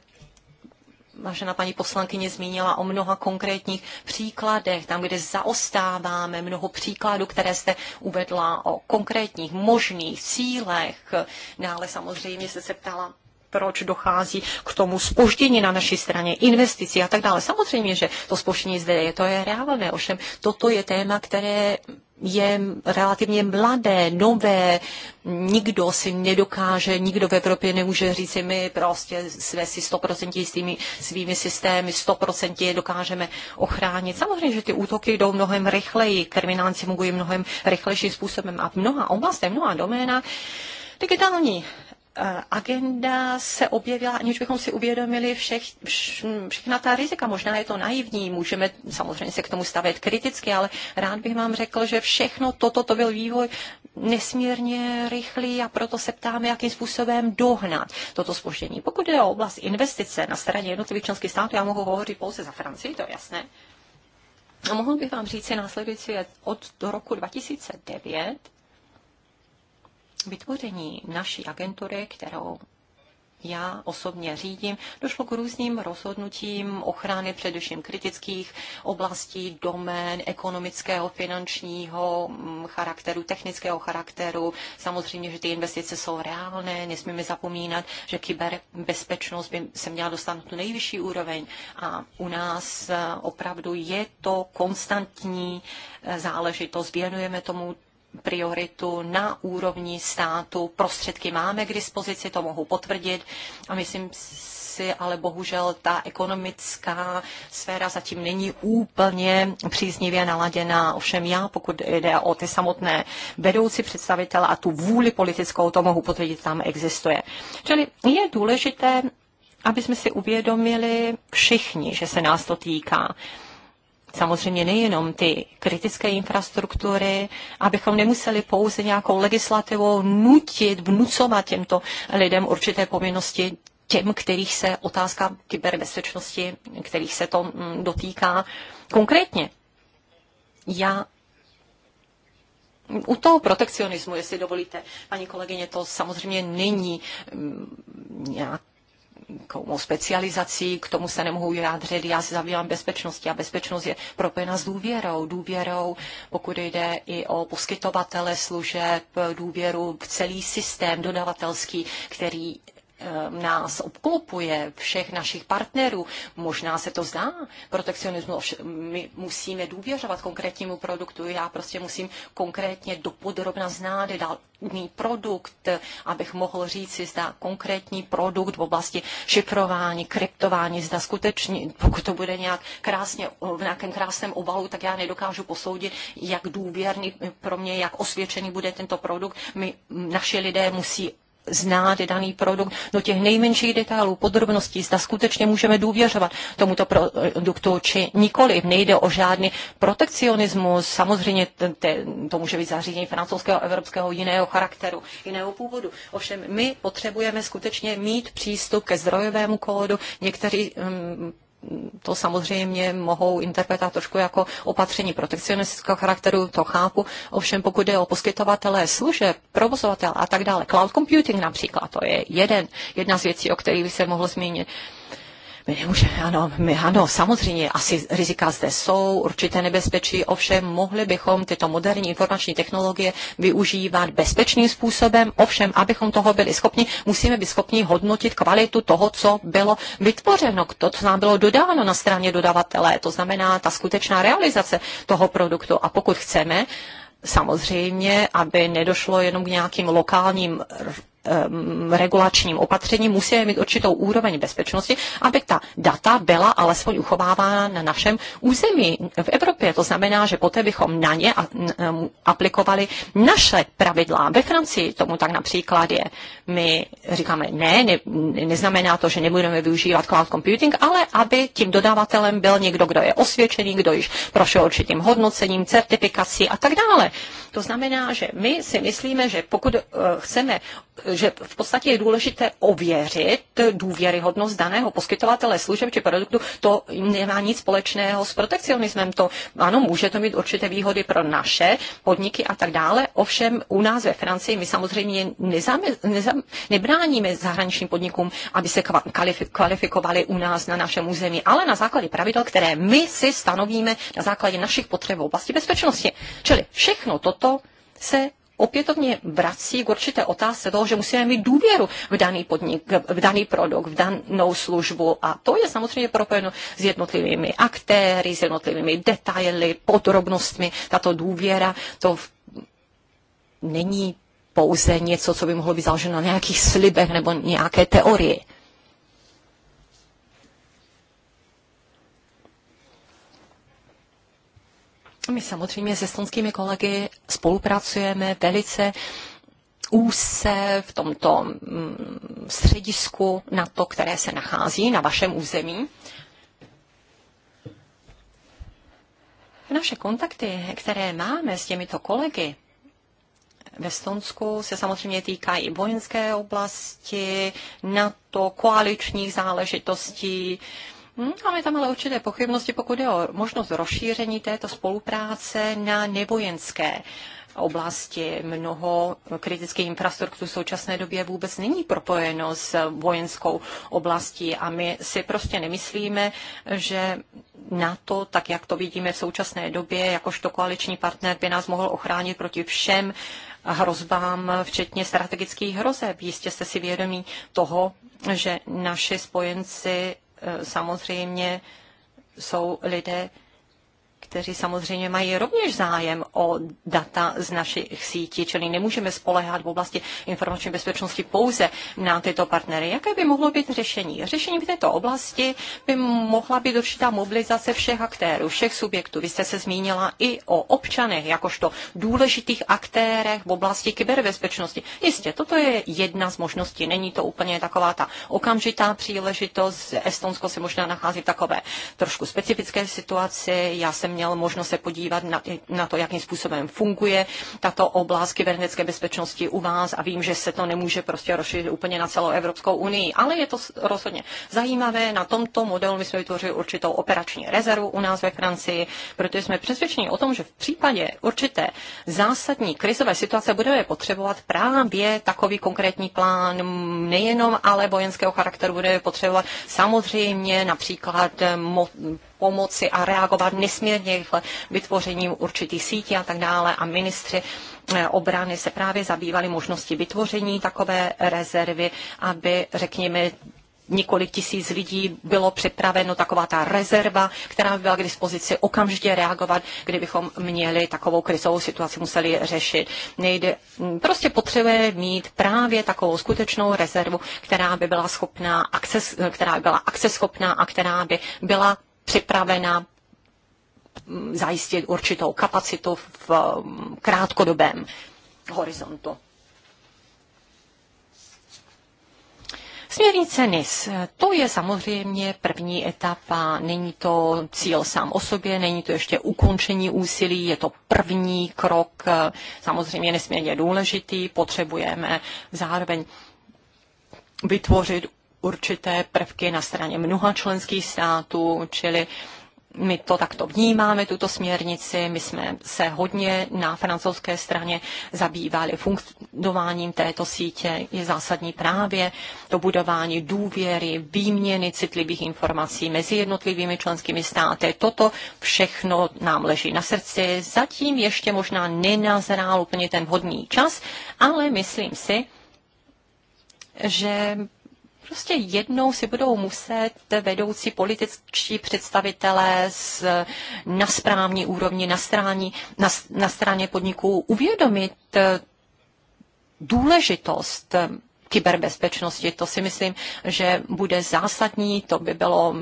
vážená paní poslankyně zmínila o mnoha konkrétních příkladech, tam, kde zaostáváme, mnoho příkladů, které jste uvedla o konkrétních možných cílech. Dále no, samozřejmě jste se ptala proč dochází k tomu spoždění na naší straně, investicí a tak dále. Samozřejmě, že to spoždění zde je, to je reálné, ovšem toto je téma, které je relativně mladé, nové, nikdo si nedokáže, nikdo v Evropě nemůže říct, my prostě jsme si 100% jistými svými systémy, 100% je dokážeme ochránit. Samozřejmě, že ty útoky jdou mnohem rychleji, kriminálci fungují mnohem rychlejším způsobem a v mnoha oblastech, mnoha doména, digitální Eh, agenda se objevila, aniž bychom si uvědomili všech, všechna ta rizika. Možná je to naivní, můžeme samozřejmě se k tomu stavět kriticky, ale rád bych vám řekl, že všechno toto to byl vývoj nesmírně rychlý a proto se ptáme, jakým způsobem dohnat toto spoždění. Pokud je o oblast investice na straně jednotlivých členských států, já mohu hovořit pouze za Francii, to je jasné. A mohl bych vám říct si následující od roku 2009 vytvoření naší agentury, kterou já osobně řídím, došlo k různým rozhodnutím ochrany především kritických oblastí, domén, ekonomického, finančního mm, charakteru, technického charakteru. Samozřejmě, že ty investice jsou reálné, nesmíme zapomínat, že kyberbezpečnost by se měla dostat na tu nejvyšší úroveň a u nás eh, opravdu je to konstantní eh, záležitost, věnujeme tomu prioritu na úrovni státu. Prostředky máme k dispozici, to mohu potvrdit a myslím si, ale bohužel ta ekonomická sféra zatím není úplně příznivě naladěná. Ovšem já, pokud jde o ty samotné vedoucí představitele a tu vůli politickou, to mohu potvrdit, tam existuje. Čili je důležité aby jsme si uvědomili všichni, že se nás to týká samozřejmě nejenom ty kritické infrastruktury, abychom nemuseli pouze nějakou legislativou nutit, vnucovat těmto lidem určité povinnosti, těm, kterých se otázka kyberbezpečnosti, kterých se to mm, dotýká konkrétně. Já u toho protekcionismu, jestli dovolíte, paní kolegyně, to samozřejmě není mm, nějak nějakou specializací, k tomu se nemohu vyjádřit. Já se zabývám bezpečností a bezpečnost je propojena s důvěrou. Důvěrou, pokud jde i o poskytovatele služeb, důvěru v celý systém dodavatelský, který Eh, nás obklopuje, všech našich partnerů. Možná se to zdá protekcionismu, my musíme důvěřovat konkrétnímu produktu, já prostě musím konkrétně dopodrobna znát daný produkt, abych mohl říct si, zda konkrétní produkt v oblasti šifrování, kryptování, zda skutečně, pokud to bude nějak krásně, v nějakém krásném obalu, tak já nedokážu posoudit, jak důvěrný pro mě, jak osvědčený bude tento produkt. My, naši lidé musí znát daný produkt do těch nejmenších detailů, podrobností, zda skutečně můžeme důvěřovat tomuto produktu, či nikoli. Nejde o žádný protekcionismus, samozřejmě to může být zařízení francouzského, evropského, jiného charakteru, jiného původu. Ovšem my potřebujeme skutečně mít přístup ke zdrojovému kódu. Někteří mm, to samozřejmě mohou interpretovat trošku jako opatření protekcionistického charakteru, to chápu. Ovšem pokud jde o poskytovatele služeb, provozovatele a tak dále, cloud computing například, to je jeden, jedna z věcí, o kterých by se mohlo zmínit. My nemůžeme, ano, my, ano, samozřejmě, asi rizika zde jsou, určité nebezpečí, ovšem mohli bychom tyto moderní informační technologie využívat bezpečným způsobem, ovšem, abychom toho byli schopni, musíme být schopni hodnotit kvalitu toho, co bylo vytvořeno, to, co nám bylo dodáno na straně dodavatele, to znamená ta skutečná realizace toho produktu. A pokud chceme, samozřejmě, aby nedošlo jenom k nějakým lokálním Ehm, regulačním opatřením musíme mít určitou úroveň bezpečnosti, aby ta data byla alespoň uchovávána na našem území v Evropě. To znamená, že poté bychom na ně ehm, aplikovali naše pravidla. Ve Francii tomu tak například je. My říkáme, ne, ne neznamená to, že nebudeme využívat cloud computing, ale aby tím dodavatelem byl někdo, kdo je osvědčený, kdo již prošel určitým hodnocením, certifikací a tak dále. To znamená, že my si myslíme, že pokud eh, chceme že v podstatě je důležité ověřit důvěryhodnost daného poskytovatele služeb či produktu. To nemá nic společného s protekcionismem. To ano, může to mít určité výhody pro naše podniky a tak dále. Ovšem u nás ve Francii my samozřejmě nezam, nezam, nebráníme zahraničním podnikům, aby se kvalifikovali u nás na našem území, ale na základě pravidel, které my si stanovíme na základě našich potřeb v oblasti bezpečnosti. Čili všechno toto se opětovně vrací k určité otázce toho, že musíme mít důvěru v daný podnik, v daný produkt, v danou službu a to je samozřejmě propojeno s jednotlivými aktéry, s jednotlivými detaily, podrobnostmi. Tato důvěra to v... není pouze něco, co by mohlo být založeno na nějakých slibech nebo nějaké teorii. My samozřejmě s estonskými kolegy spolupracujeme velice úse v tomto mm, středisku na to, které se nachází na vašem území. Naše kontakty, které máme s těmito kolegy ve Stonsku, se samozřejmě týkají vojenské oblasti, NATO, koaličních záležitostí, Hm, máme tam ale určité pochybnosti, pokud je o možnost rozšíření této spolupráce na nevojenské oblasti. Mnoho kritické infrastruktury v současné době vůbec není propojeno s vojenskou oblastí a my si prostě nemyslíme, že na to, tak jak to vidíme v současné době, jakožto koaliční partner by nás mohl ochránit proti všem hrozbám, včetně strategických hrozeb. Jistě jste si vědomí toho, že naši spojenci Eh, samozřejmě jsou lidé, kteří samozřejmě mají rovněž zájem o data z našich sítí, čili nemůžeme spolehat v oblasti informační bezpečnosti pouze na tyto partnery. Jaké by mohlo být řešení? Řešení v této oblasti by mohla být určitá mobilizace všech aktérů, všech subjektů. Vy jste se zmínila i o občanech, jakožto důležitých aktérech v oblasti kyberbezpečnosti. Jistě, toto je jedna z možností. Není to úplně taková ta okamžitá příležitost. Estonsko se možná nachází v takové trošku specifické situaci. Já jsem měl možnost se podívat na, na to, jakým způsobem funguje tato oblast kybernetické bezpečnosti u vás a vím, že se to nemůže prostě rozšířit úplně na celou Evropskou unii, ale je to rozhodně zajímavé. Na tomto modelu my jsme vytvořili určitou operační rezervu u nás ve Francii, protože jsme přesvědčeni o tom, že v případě určité zásadní krizové situace budeme potřebovat právě takový konkrétní plán, nejenom ale vojenského charakteru budeme potřebovat samozřejmě například mo- pomoci a reagovat nesmírně rychle vytvořením určitých sítí a tak dále. A ministři eh, obrany se právě zabývali možností vytvoření takové rezervy, aby, řekněme, několik tisíc lidí bylo připraveno taková ta rezerva, která by byla k dispozici okamžitě reagovat, kdybychom měli takovou krizovou situaci, museli řešit. Nejde, mm, prostě potřebuje mít právě takovou skutečnou rezervu, která by byla schopná, akces, která by byla akceschopná a která by byla připravena mm, zajistit určitou kapacitu v mm, krátkodobém horizontu. Směrnice NIS, to je samozřejmě první etapa, není to cíl sám o sobě, není to ještě ukončení úsilí, je to první krok, samozřejmě nesmírně důležitý, potřebujeme zároveň vytvořit určité prvky na straně mnoha členských států, čili my to takto vnímáme, tuto směrnici. My jsme se hodně na francouzské straně zabývali fungováním této sítě. Je zásadní právě to budování důvěry, výměny citlivých informací mezi jednotlivými členskými státy. Toto všechno nám leží na srdci. Zatím ještě možná nenazrál úplně ten vhodný čas, ale myslím si, že Prostě jednou si budou muset vedoucí političtí představitelé z, na správní úrovni, na, strání, na, na straně podniků uvědomit eh, důležitost eh, kyberbezpečnosti. To si myslím, že bude zásadní, to by bylo,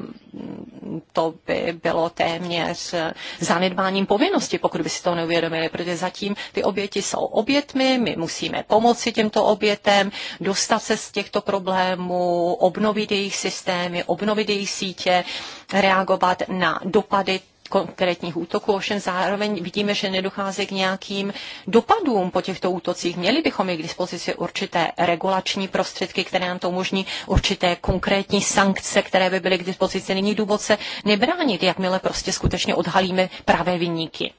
to by bylo téměř zanedbáním povinnosti, pokud by si to neuvědomili, protože zatím ty oběti jsou obětmi, my musíme pomoci těmto obětem, dostat se z těchto problémů, obnovit jejich systémy, obnovit jejich sítě, reagovat na dopady konkrétních útoků, ovšem zároveň vidíme, že nedochází k nějakým dopadům po těchto útocích. Měli bychom i k dispozici určité regulační prostředky, které nám to umožní, určité konkrétní sankce, které by byly k dispozici. Není důvod se nebránit, jakmile prostě skutečně odhalíme pravé vyníky.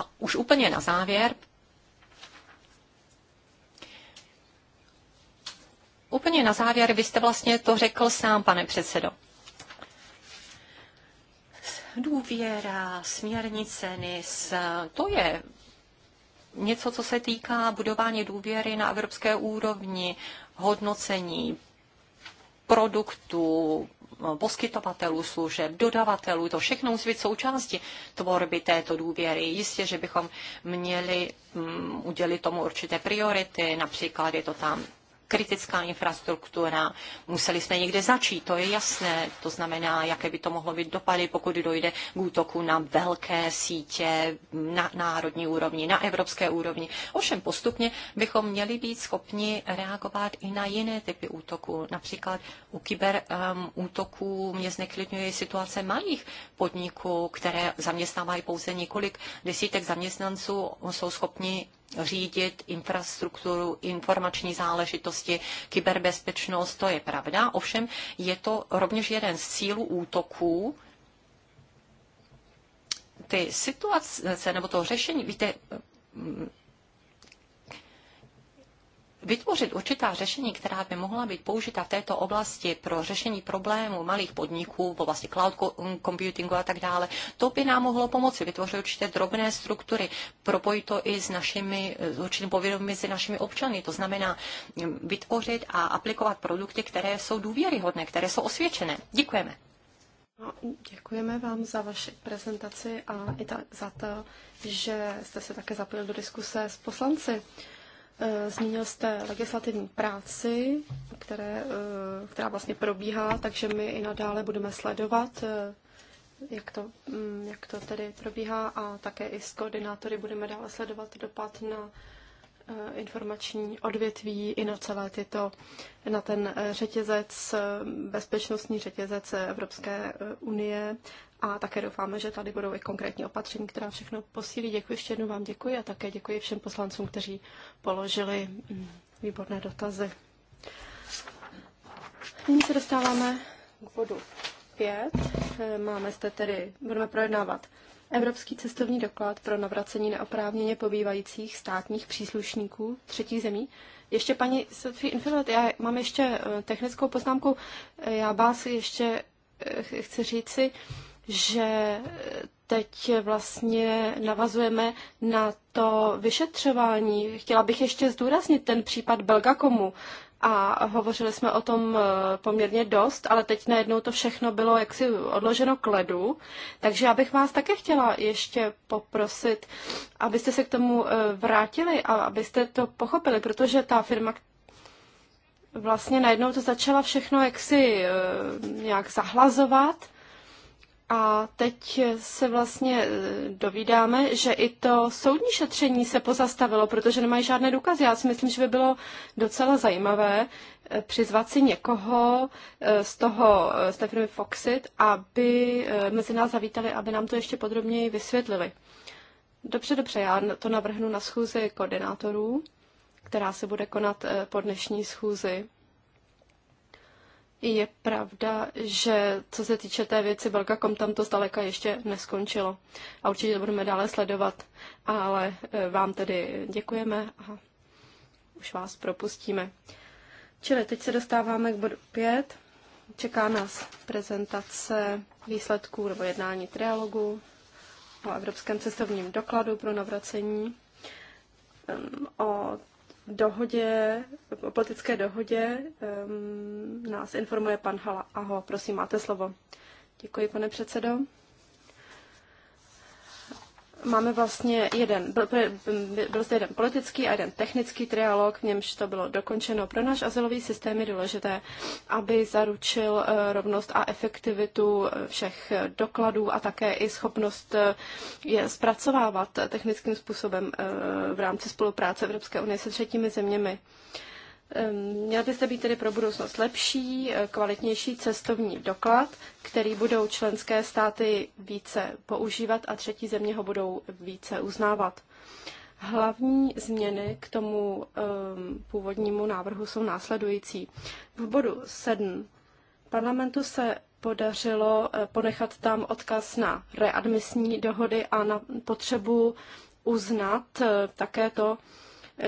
A už úplně na závěr, Úplně na závěr byste vlastně to řekl sám, pane předsedo důvěra, směrnice NIS, to je něco, co se týká budování důvěry na evropské úrovni, hodnocení produktů, poskytovatelů služeb, dodavatelů, to všechno musí být součástí tvorby této důvěry. Jistě, že bychom měli mm, udělit tomu určité priority, například je to tam kritická infrastruktura, museli jsme někde začít, to je jasné, to znamená, jaké by to mohlo být dopady, pokud dojde k útoku na velké sítě na národní úrovni, na evropské úrovni. Ovšem postupně bychom měli být schopni reagovat i na jiné typy útoků. Například u kyber um, útoků mě zneklidňuje situace malých podniků, které zaměstnávají pouze několik desítek zaměstnanců, jsou schopni řídit infrastrukturu, informační záležitosti, kyberbezpečnost, to je pravda. Ovšem je to rovněž jeden z cílů útoků, ty situace nebo to řešení, víte, vytvořit určitá řešení, která by mohla být použita v této oblasti pro řešení problémů malých podniků v oblasti cloud mm, computingu a tak dále, to by nám mohlo pomoci vytvořit určité drobné struktury, propojit to i s našimi, s určitým povědomím mezi našimi občany. To znamená mm, vytvořit a aplikovat produkty, které jsou důvěryhodné, které jsou osvědčené. Děkujeme. No, děkujeme vám za vaši prezentaci a i ta, za to, že jste se také zapojil do diskuse s poslanci. Eh, zmínil jste legislativní práci, které, eh, která vlastně probíhá, takže my i nadále budeme sledovat, eh, jak to, mm, jak to tedy probíhá a také i s koordinátory budeme dále sledovat dopad na informační odvětví i na celé tyto, na ten řetězec, bezpečnostní řetězec Evropské unie a také doufáme, že tady budou i konkrétní opatření, která všechno posílí. Děkuji ještě jednou vám děkuji a také děkuji všem poslancům, kteří položili mm, výborné dotazy. Nyní se dostáváme k bodu 5. Eh, máme zde tedy, budeme projednávat Evropský cestovní doklad pro navracení neoprávněně pobývajících státních příslušníků třetí zemí. Ještě paní Sophie Infilet, já mám ještě eh, technickou poznámku. Eh, já vás ještě chci říci, že teď vlastně navazujeme na to vyšetřování. Chtěla bych ještě zdůraznit ten případ Belgakomu a hovořili jsme o tom eh, poměrně dost, ale teď najednou to všechno bylo jaksi odloženo k ledu. Takže já bych vás také chtěla ještě poprosit, abyste se k tomu eh, vrátili a abyste to pochopili, protože ta firma, vlastně najednou to začala všechno jaksi eh, nějak zahlazovat a teď se vlastně e, dovídáme, že i to soudní šetření se pozastavilo, protože nemají žádné důkazy. Já si myslím, že by bylo docela zajímavé e, přizvat si někoho e, z toho, z té firmy Foxit, aby mezi nás zavítali, aby nám to ještě podrobněji vysvětlili. Dobře, dobře, já to navrhnu na schůzi koordinátorů, která se bude konat po dnešní schůzi. Je pravda, že co se týče té věci Belgakom, tam to zdaleka ještě neskončilo. A určitě to budeme dále sledovat. Ale e, vám tedy děkujeme a už vás propustíme. Čili teď se dostáváme k bodu 5. Čeká nás prezentace výsledků nebo jednání trialogu o evropském cestovním dokladu pro navracení o dohodě, o politické dohodě um, nás informuje pan Hala. Aho, prosím, máte slovo. Děkuji, pane předsedo máme vlastně jeden, byl, byl zde jeden politický a jeden technický trialog, v němž to bylo dokončeno. Pro náš azylový systém je důležité, aby zaručil eh, rovnost a efektivitu eh, všech dokladů a také i schopnost eh, je zpracovávat technickým způsobem v rámci spolupráce Evropské unie se třetími zeměmi. Ehm, měl byste být tedy pro budoucnost lepší, eh, kvalitnější cestovní doklad, který budou členské státy více používat a třetí země ho budou více uznávat. Hlavní změny k tomu um, původnímu návrhu jsou následující. V bodu 7 parlamentu se podařilo eh, ponechat tam odkaz na readmisní dohody a na potřebu uznat eh, také to,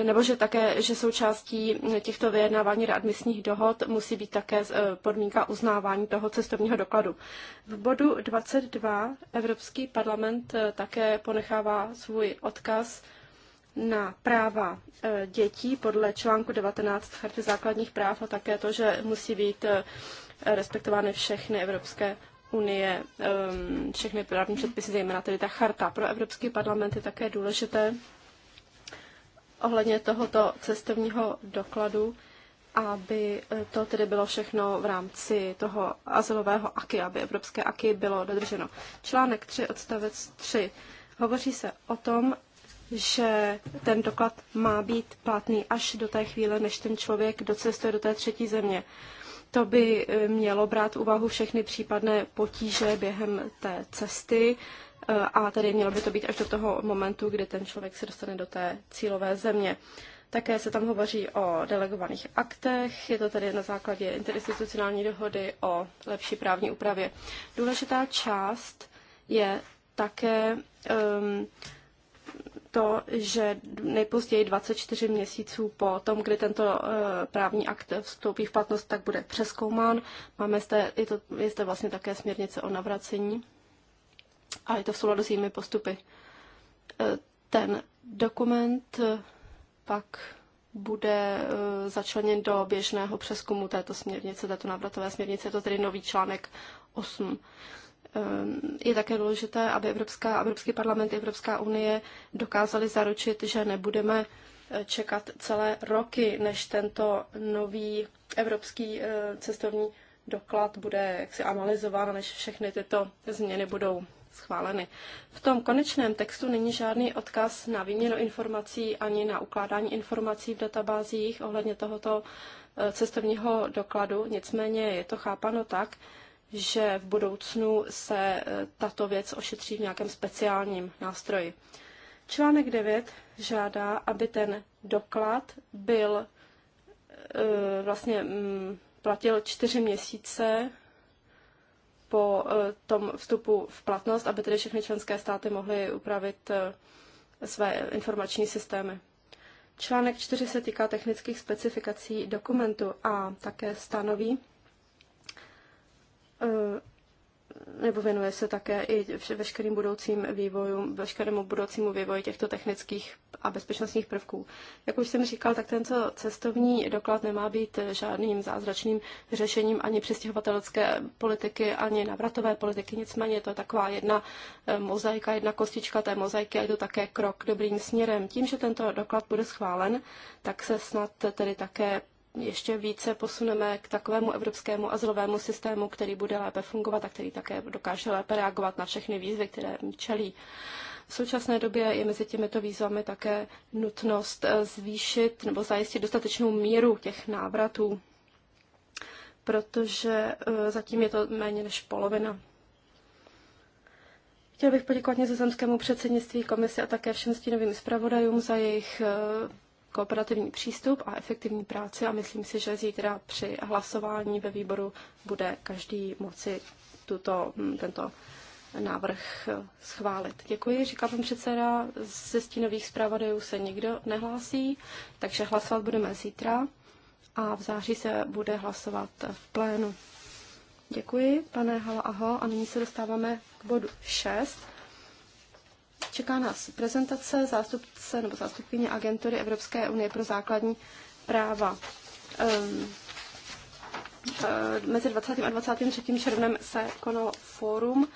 nebo že také, že součástí těchto vyjednávání readmisních dohod musí být také eh, podmínka uznávání toho cestovního dokladu. V bodu 22 Evropský parlament eh, také ponechává svůj odkaz na práva eh, dětí podle článku 19 Charty základních práv a také to, že musí být respektovány všechny evropské unie, ehm, všechny právní předpisy, zejména tedy ta charta pro Evropský parlament je také důležité ohledně tohoto cestovního dokladu, aby eh, to tedy bylo všechno v rámci toho azylového aky, aby evropské aky bylo dodrženo. Článek 3, odstavec 3. Hovoří se o tom, že ten doklad má být platný až do té chvíle, než ten člověk docestuje do té třetí země. To by eh, mělo brát úvahu všechny případné potíže během té cesty, Eh, a tedy mělo by to být až do toho momentu, kdy ten člověk se dostane do té cílové země. Také se tam hovoří o delegovaných aktech, je to tedy na základě interinstitucionální dohody o lepší právní úpravě. Důležitá část je také um, to, že nejpozději 24 měsíců po tom, kdy tento eh, právní akt vstoupí v platnost, tak bude přeskoumán. Máme zde, je, to, je zde vlastně také směrnice o navracení a je to v souladu s jejími postupy. E, ten dokument e, pak bude e, začleněn do běžného přeskumu této směrnice, této návratové směrnice, je to tedy nový článek 8. Je také důležité, aby Evropská, Evropský parlament a Evropská unie dokázali zaručit, že nebudeme čekat celé roky, než tento nový evropský cestovní doklad bude jaksi analyzován, než všechny tyto změny budou schváleny. V tom konečném textu není žádný odkaz na výměnu informací ani na ukládání informací v databázích ohledně tohoto eh, cestovního dokladu, nicméně je to chápano tak, že v budoucnu se eh, tato věc ošetří v nějakém speciálním nástroji. Článek 9 žádá, aby ten doklad byl eh, vlastně mm, platil čtyři měsíce po eh, tom vstupu v platnost, aby tedy všechny členské státy mohly upravit eh, své informační systémy. Článek 4 se týká technických specifikací dokumentu a také stanoví eh, nebo věnuje se také i veškerým budoucím vývojům, veškerému budoucímu vývoji těchto technických a bezpečnostních prvků. Jak už jsem říkal, tak tento cestovní doklad nemá být žádným zázračným řešením ani přistěhovatelské politiky, ani navratové politiky, nicméně je to taková jedna eh, mozaika, jedna kostička té mozaiky a je to také krok dobrým směrem. Tím, že tento doklad bude schválen, tak se snad tedy také ještě více posuneme k takovému evropskému azylovému systému, který bude lépe fungovat a který také dokáže lépe reagovat na všechny výzvy, které čelí. V současné době je mezi těmito výzvami také nutnost eh, zvýšit nebo zajistit dostatečnou míru těch návratů, protože eh, zatím je to méně než polovina. Chtěl bych poděkovat nizozemskému předsednictví komise a také všem stínovým zpravodajům za jejich eh, kooperativní přístup a efektivní práci a myslím si, že zítra při hlasování ve výboru bude každý moci tuto, mm, tento návrh eh, schválit. Děkuji, říká pan předseda. Ze stínových zpravodajů se nikdo nehlásí, takže hlasovat budeme zítra a v září se bude hlasovat v plénu. Děkuji, pane Hala Aho, a nyní se dostáváme k bodu 6. Čeká nás prezentace zástupce nebo zástupkyně agentury Evropské unie pro základní práva. Um, mezi 20. a 23. červnem se konalo fórum,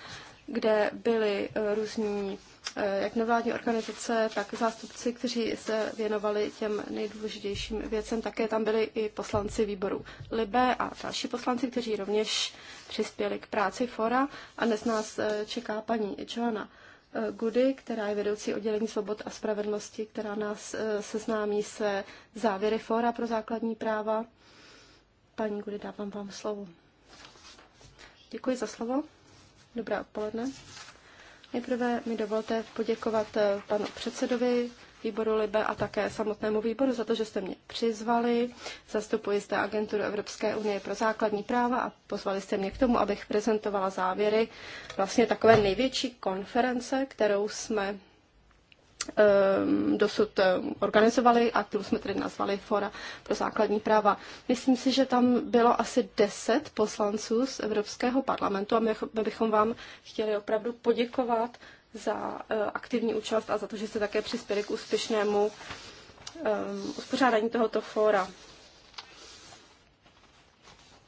kde byly eh, různí eh, jak nevládní organizace, tak zástupci, kteří se věnovali těm nejdůležitějším věcem. Také tam byli i poslanci výboru Libe a další poslanci, kteří rovněž přispěli k práci fora. A dnes nás eh, čeká paní Joana Gudy, která je vedoucí oddělení svobod a spravedlnosti, která nás eh, seznámí se závěry Fóra pro základní práva. Paní Gudy, dávám vám slovo. Děkuji za slovo. Dobré odpoledne. Nejprve mi dovolte poděkovat eh, panu předsedovi výboru LIBE a také samotnému výboru za to, že jste mě přizvali. Zastupuji zde agenturu Evropské unie pro základní práva a pozvali jste mě k tomu, abych prezentovala závěry vlastně takové největší konference, kterou jsme ehm, dosud ehm, organizovali a kterou jsme tedy nazvali Fora pro základní práva. Myslím si, že tam bylo asi deset poslanců z Evropského parlamentu a my bychom vám chtěli opravdu poděkovat za eh, aktivní účast a za to, že jste také přispěli k úspěšnému um, uspořádání tohoto fóra.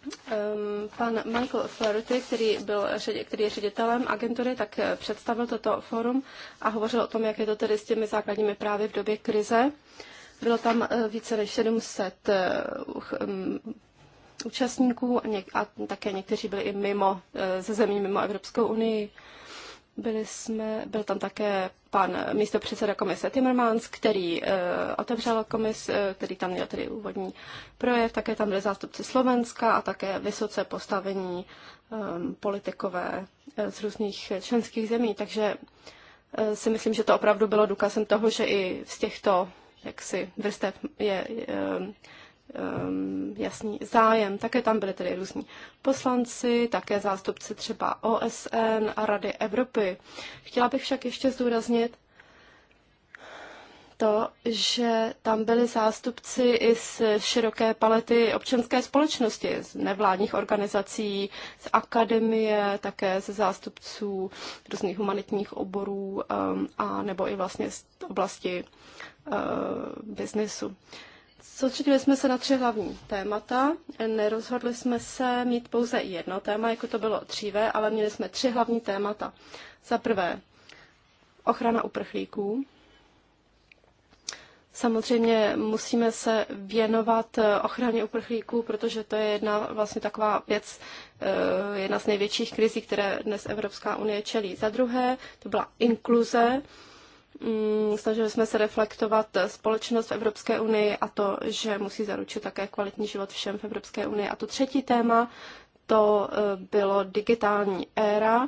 Um, pan Michael Flaherty, který, byl, který je ředitelem agentury, tak eh, představil toto fórum a hovořil o tom, jak je to tedy s těmi základními právy v době krize. Bylo tam eh, více než 700 um, ehm, účastníků a, něk- a také někteří byli i mimo, ze zemí mimo Evropskou unii. Byli jsme, byl tam také pan místopředseda komise Timmermans, který e, otevřel komis, e, který tam měl tedy úvodní projev, také tam byli zástupci Slovenska a také vysoce postavení e, politikové eh, z různých členských zemí, takže e, si myslím, že to opravdu bylo důkazem toho, že i z těchto jaksi vrstev je, je ehm, um, jasný zájem. Také tam byli tedy různí poslanci, také zástupci třeba OSN a Rady Evropy. Chtěla bych však ještě zdůraznit, to, že tam byli zástupci i z široké palety občanské společnosti, z nevládních organizací, z akademie, také ze zástupců různých humanitních oborů um, a nebo i vlastně z oblasti uh, biznesu. Soustředili jsme se na tři hlavní témata. Nerozhodli jsme se mít pouze jedno téma, jako to bylo dříve, ale měli jsme tři hlavní témata. Za prvé, ochrana uprchlíků. Samozřejmě musíme se věnovat eh, ochraně uprchlíků, protože to je jedna vlastně taková věc, eh, jedna z největších krizí, které dnes Evropská unie čelí. Za druhé, to byla inkluze Mm, snažili jsme se reflektovat společnost v Evropské unii a to, že musí zaručit také kvalitní život všem v Evropské unii. A to třetí téma, to eh, bylo digitální éra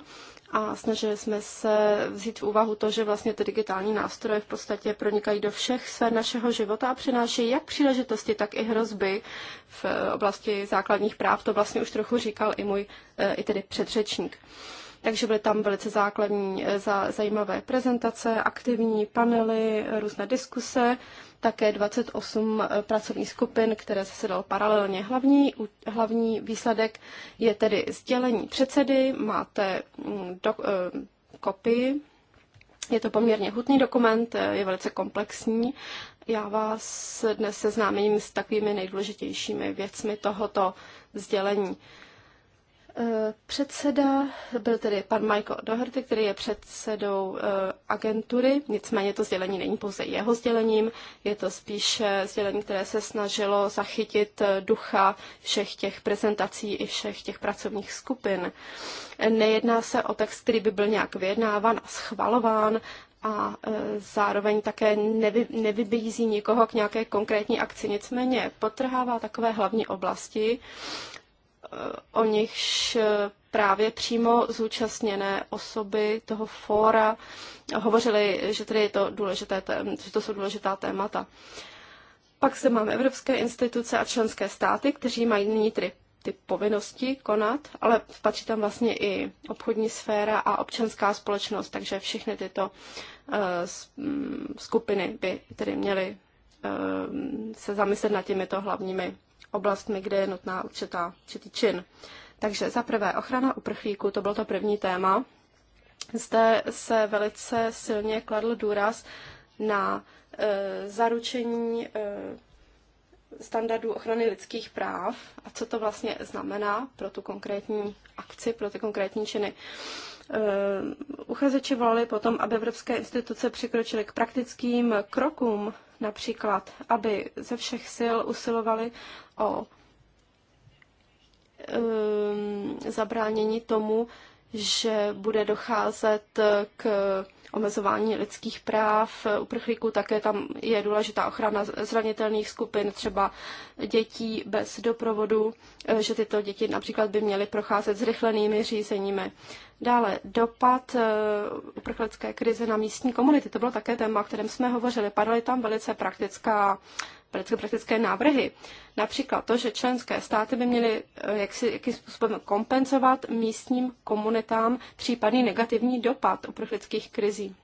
a snažili jsme se vzít v úvahu to, že vlastně ty digitální nástroje v podstatě pronikají do všech sfér našeho života a přinášejí jak příležitosti, tak i hrozby v eh, oblasti základních práv. To vlastně už trochu říkal i můj, eh, i tedy předřečník. Takže byly tam velice základní eh, zajímavé prezentace, aktivní panely, eh, různé diskuse, také 28 eh, pracovních skupin, které se zasedalo paralelně. Hlavní, hlavní výsledek je tedy sdělení předsedy, máte mm, do, kopii je to poměrně hutný dokument, je velice komplexní. Já vás dnes seznámím s takovými nejdůležitějšími věcmi tohoto sdělení. Eh, předseda byl tedy pan Michael Doherty, který je předsedou eh, agentury, nicméně to sdělení není pouze jeho sdělením, je to spíše sdělení, které se snažilo zachytit eh, ducha všech těch prezentací i všech těch pracovních skupin. Nejedná se o text, který by byl nějak vyjednáván a schvalován, a zároveň také nevy, nevybízí nikoho k nějaké konkrétní akci. Nicméně potrhává takové hlavní oblasti, o nichž eh, právě přímo zúčastněné osoby toho fóra hovořily, že tedy je to důležité, že to jsou důležitá témata. Pak se máme evropské instituce a členské státy, kteří mají nyní tedy ty povinnosti konat, ale patří tam vlastně i obchodní sféra a občanská společnost, takže všechny tyto eh, mm, skupiny by tedy měly eh, se zamyslet nad těmito hlavními oblastmi, kde je nutná určitá, určitý čin. Takže za prvé ochrana uprchlíků, to bylo to první téma. Zde se velice silně kladl důraz na e, zaručení e, standardů ochrany lidských práv a co to vlastně znamená pro tu konkrétní akci, pro ty konkrétní činy. E, uchazeči volali potom, aby evropské instituce přikročily k praktickým krokům například, aby ze všech sil usilovali o um, zabránění tomu, že bude docházet k omezování lidských práv uprchlíků, také tam je důležitá ochrana zranitelných skupin, třeba dětí bez doprovodu, že tyto děti například by měly procházet zrychlenými řízeními. Dále dopad eh, uprchlické krize na místní komunity. To bylo také téma, o kterém jsme hovořili. Padaly tam velice praktická praktické návrhy. Například to, že členské státy by měly eh, jak si, jakým způsobem kompenzovat místním komunitám případný negativní dopad uprchlických krizí.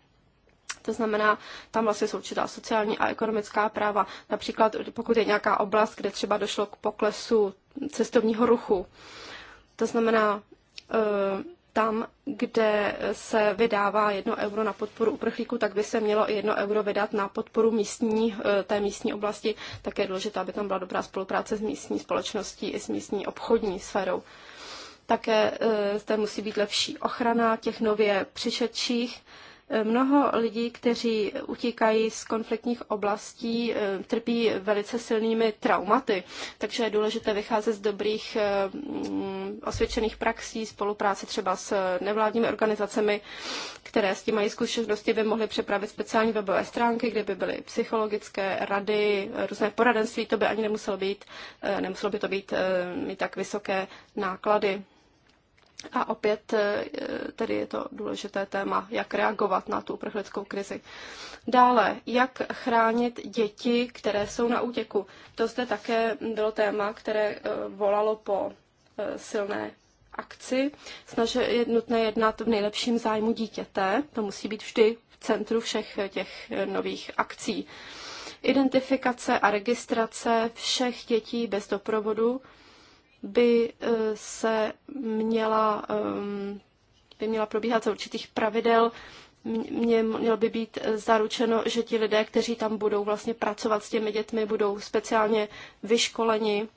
To znamená, tam vlastně jsou určitá sociální a ekonomická práva. Například pokud je nějaká oblast, kde třeba došlo k poklesu cestovního ruchu. To znamená, eh, tam, kde se vydává jedno euro na podporu uprchlíků, tak by se mělo i jedno euro vydat na podporu místní, eh, té místní oblasti. Také je důležité, aby tam byla dobrá spolupráce s místní společností i s místní obchodní sférou. Také eh, zde musí být lepší ochrana těch nově přišedších Mnoho lidí, kteří utíkají z konfliktních oblastí, eh, trpí velice silnými traumaty, takže je důležité vycházet z dobrých eh, mm, osvědčených praxí, spolupráce třeba s nevládními organizacemi, které s tím mají zkušenosti, by mohly připravit speciální webové stránky, kde by byly psychologické rady, různé poradenství, to by ani nemuselo být, eh, nemuselo by to být mít tak vysoké náklady. A opět eh, tedy je to důležité téma, jak reagovat na tu uprchlickou krizi. Dále, jak chránit děti, které jsou na útěku. To zde také bylo téma, které eh, volalo po eh, silné akci. Snaže je nutné jednat v nejlepším zájmu dítěte. To musí být vždy v centru všech těch nových akcí. Identifikace a registrace všech dětí bez doprovodu by eh, se měla, eh, by měla probíhat za určitých pravidel. Mě, mělo by být eh, zaručeno, že ti lidé, kteří tam budou vlastně pracovat s těmi dětmi, budou speciálně vyškoleni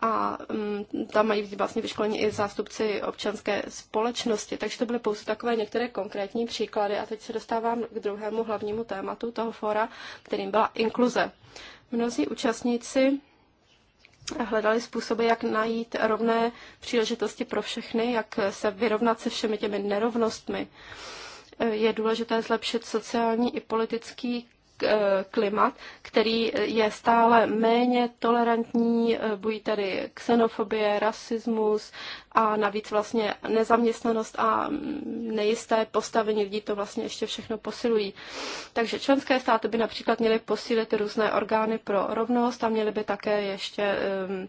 a mm, tam mají být vlastně vyškoleni i zástupci občanské společnosti. Takže to byly pouze takové některé konkrétní příklady a teď se dostávám k druhému hlavnímu tématu toho fora, kterým byla inkluze. Mnozí účastníci hledali způsoby, jak najít rovné příležitosti pro všechny, jak se vyrovnat se všemi těmi nerovnostmi. Je důležité zlepšit sociální i politický Eh, klimat, který je stále méně tolerantní, eh, bují tady xenofobie, rasismus a navíc vlastně nezaměstnanost a nejisté postavení lidí to vlastně ještě všechno posilují. Takže členské státy by například měly posílit různé orgány pro rovnost a měly by také ještě um, um,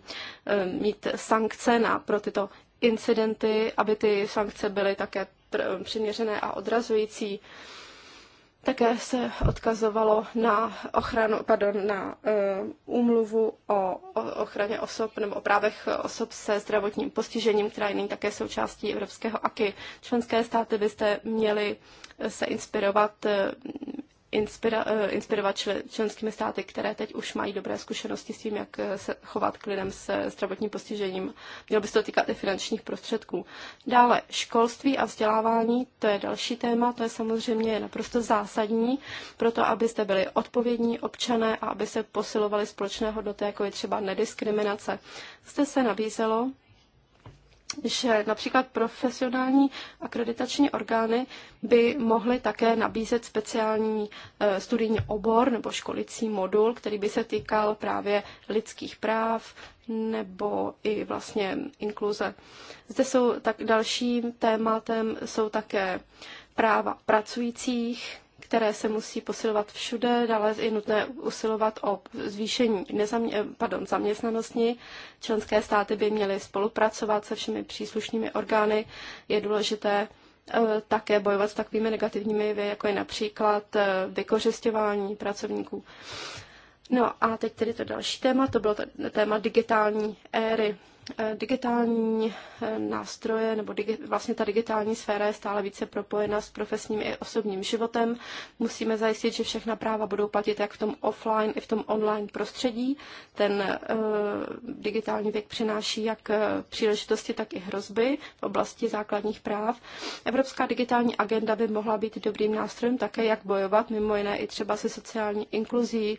mít sankce na, pro tyto incidenty, aby ty sankce byly také přiměřené a odrazující. Um, také se odkazovalo na ochranu, pardon, na eh, úmluvu o, o ochraně osob nebo o právech osob se zdravotním postižením, která je nyní také součástí Evropského AKY. Členské státy byste měly eh, se inspirovat eh, inspira, eh, inspirovat čl, členskými státy, které teď už mají dobré zkušenosti s tím, jak eh, se chovat k lidem s zdravotním postižením. Mělo by se to týkat i finančních prostředků. Dále školství a vzdělávání, to je další téma, to je samozřejmě naprosto zásadní pro to, abyste byli odpovědní občané a aby se posilovaly společné hodnoty, jako je třeba nediskriminace. Zde se nabízelo, že eh, například profesionální akreditační orgány by mohly také nabízet speciální eh, studijní obor nebo školicí modul, který by se týkal právě lidských práv nebo i vlastně inkluze. Zde jsou tak dalším tématem jsou také práva pracujících, které se musí posilovat všude, dále je nutné usilovat o zvýšení nezamě- eh, pardon, zaměstnanosti. Členské státy by měly spolupracovat se všemi příslušnými orgány. Je důležité eh, také bojovat s takovými negativními jevy, jako je například eh, vykořišťování pracovníků. No a teď tedy to další téma, to bylo téma digitální éry. Eh, digitální eh, nástroje nebo digi, vlastně ta digitální sféra je stále více propojena s profesním i osobním životem. Musíme zajistit, že všechna práva budou platit jak v tom offline, i v tom online prostředí. Ten uh, digitální věk přináší jak příležitosti, tak i hrozby v oblasti základních práv. Evropská digitální agenda by mohla být dobrým nástrojem také, jak bojovat mimo jiné i třeba se sociální inkluzí,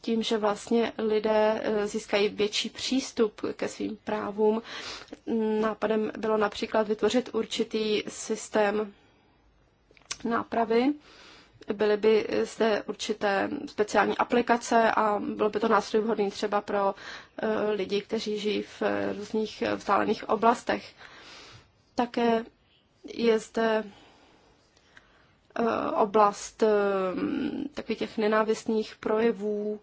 tím, že vlastně lidé získají větší přístup ke svým právům právům. Nápadem bylo například vytvořit určitý systém nápravy. Byly by zde určité speciální aplikace a bylo by to nástroj vhodný třeba pro e, lidi, kteří žijí v e, různých e, vzdálených oblastech. Také je zde oblast takových těch nenávistných projevů,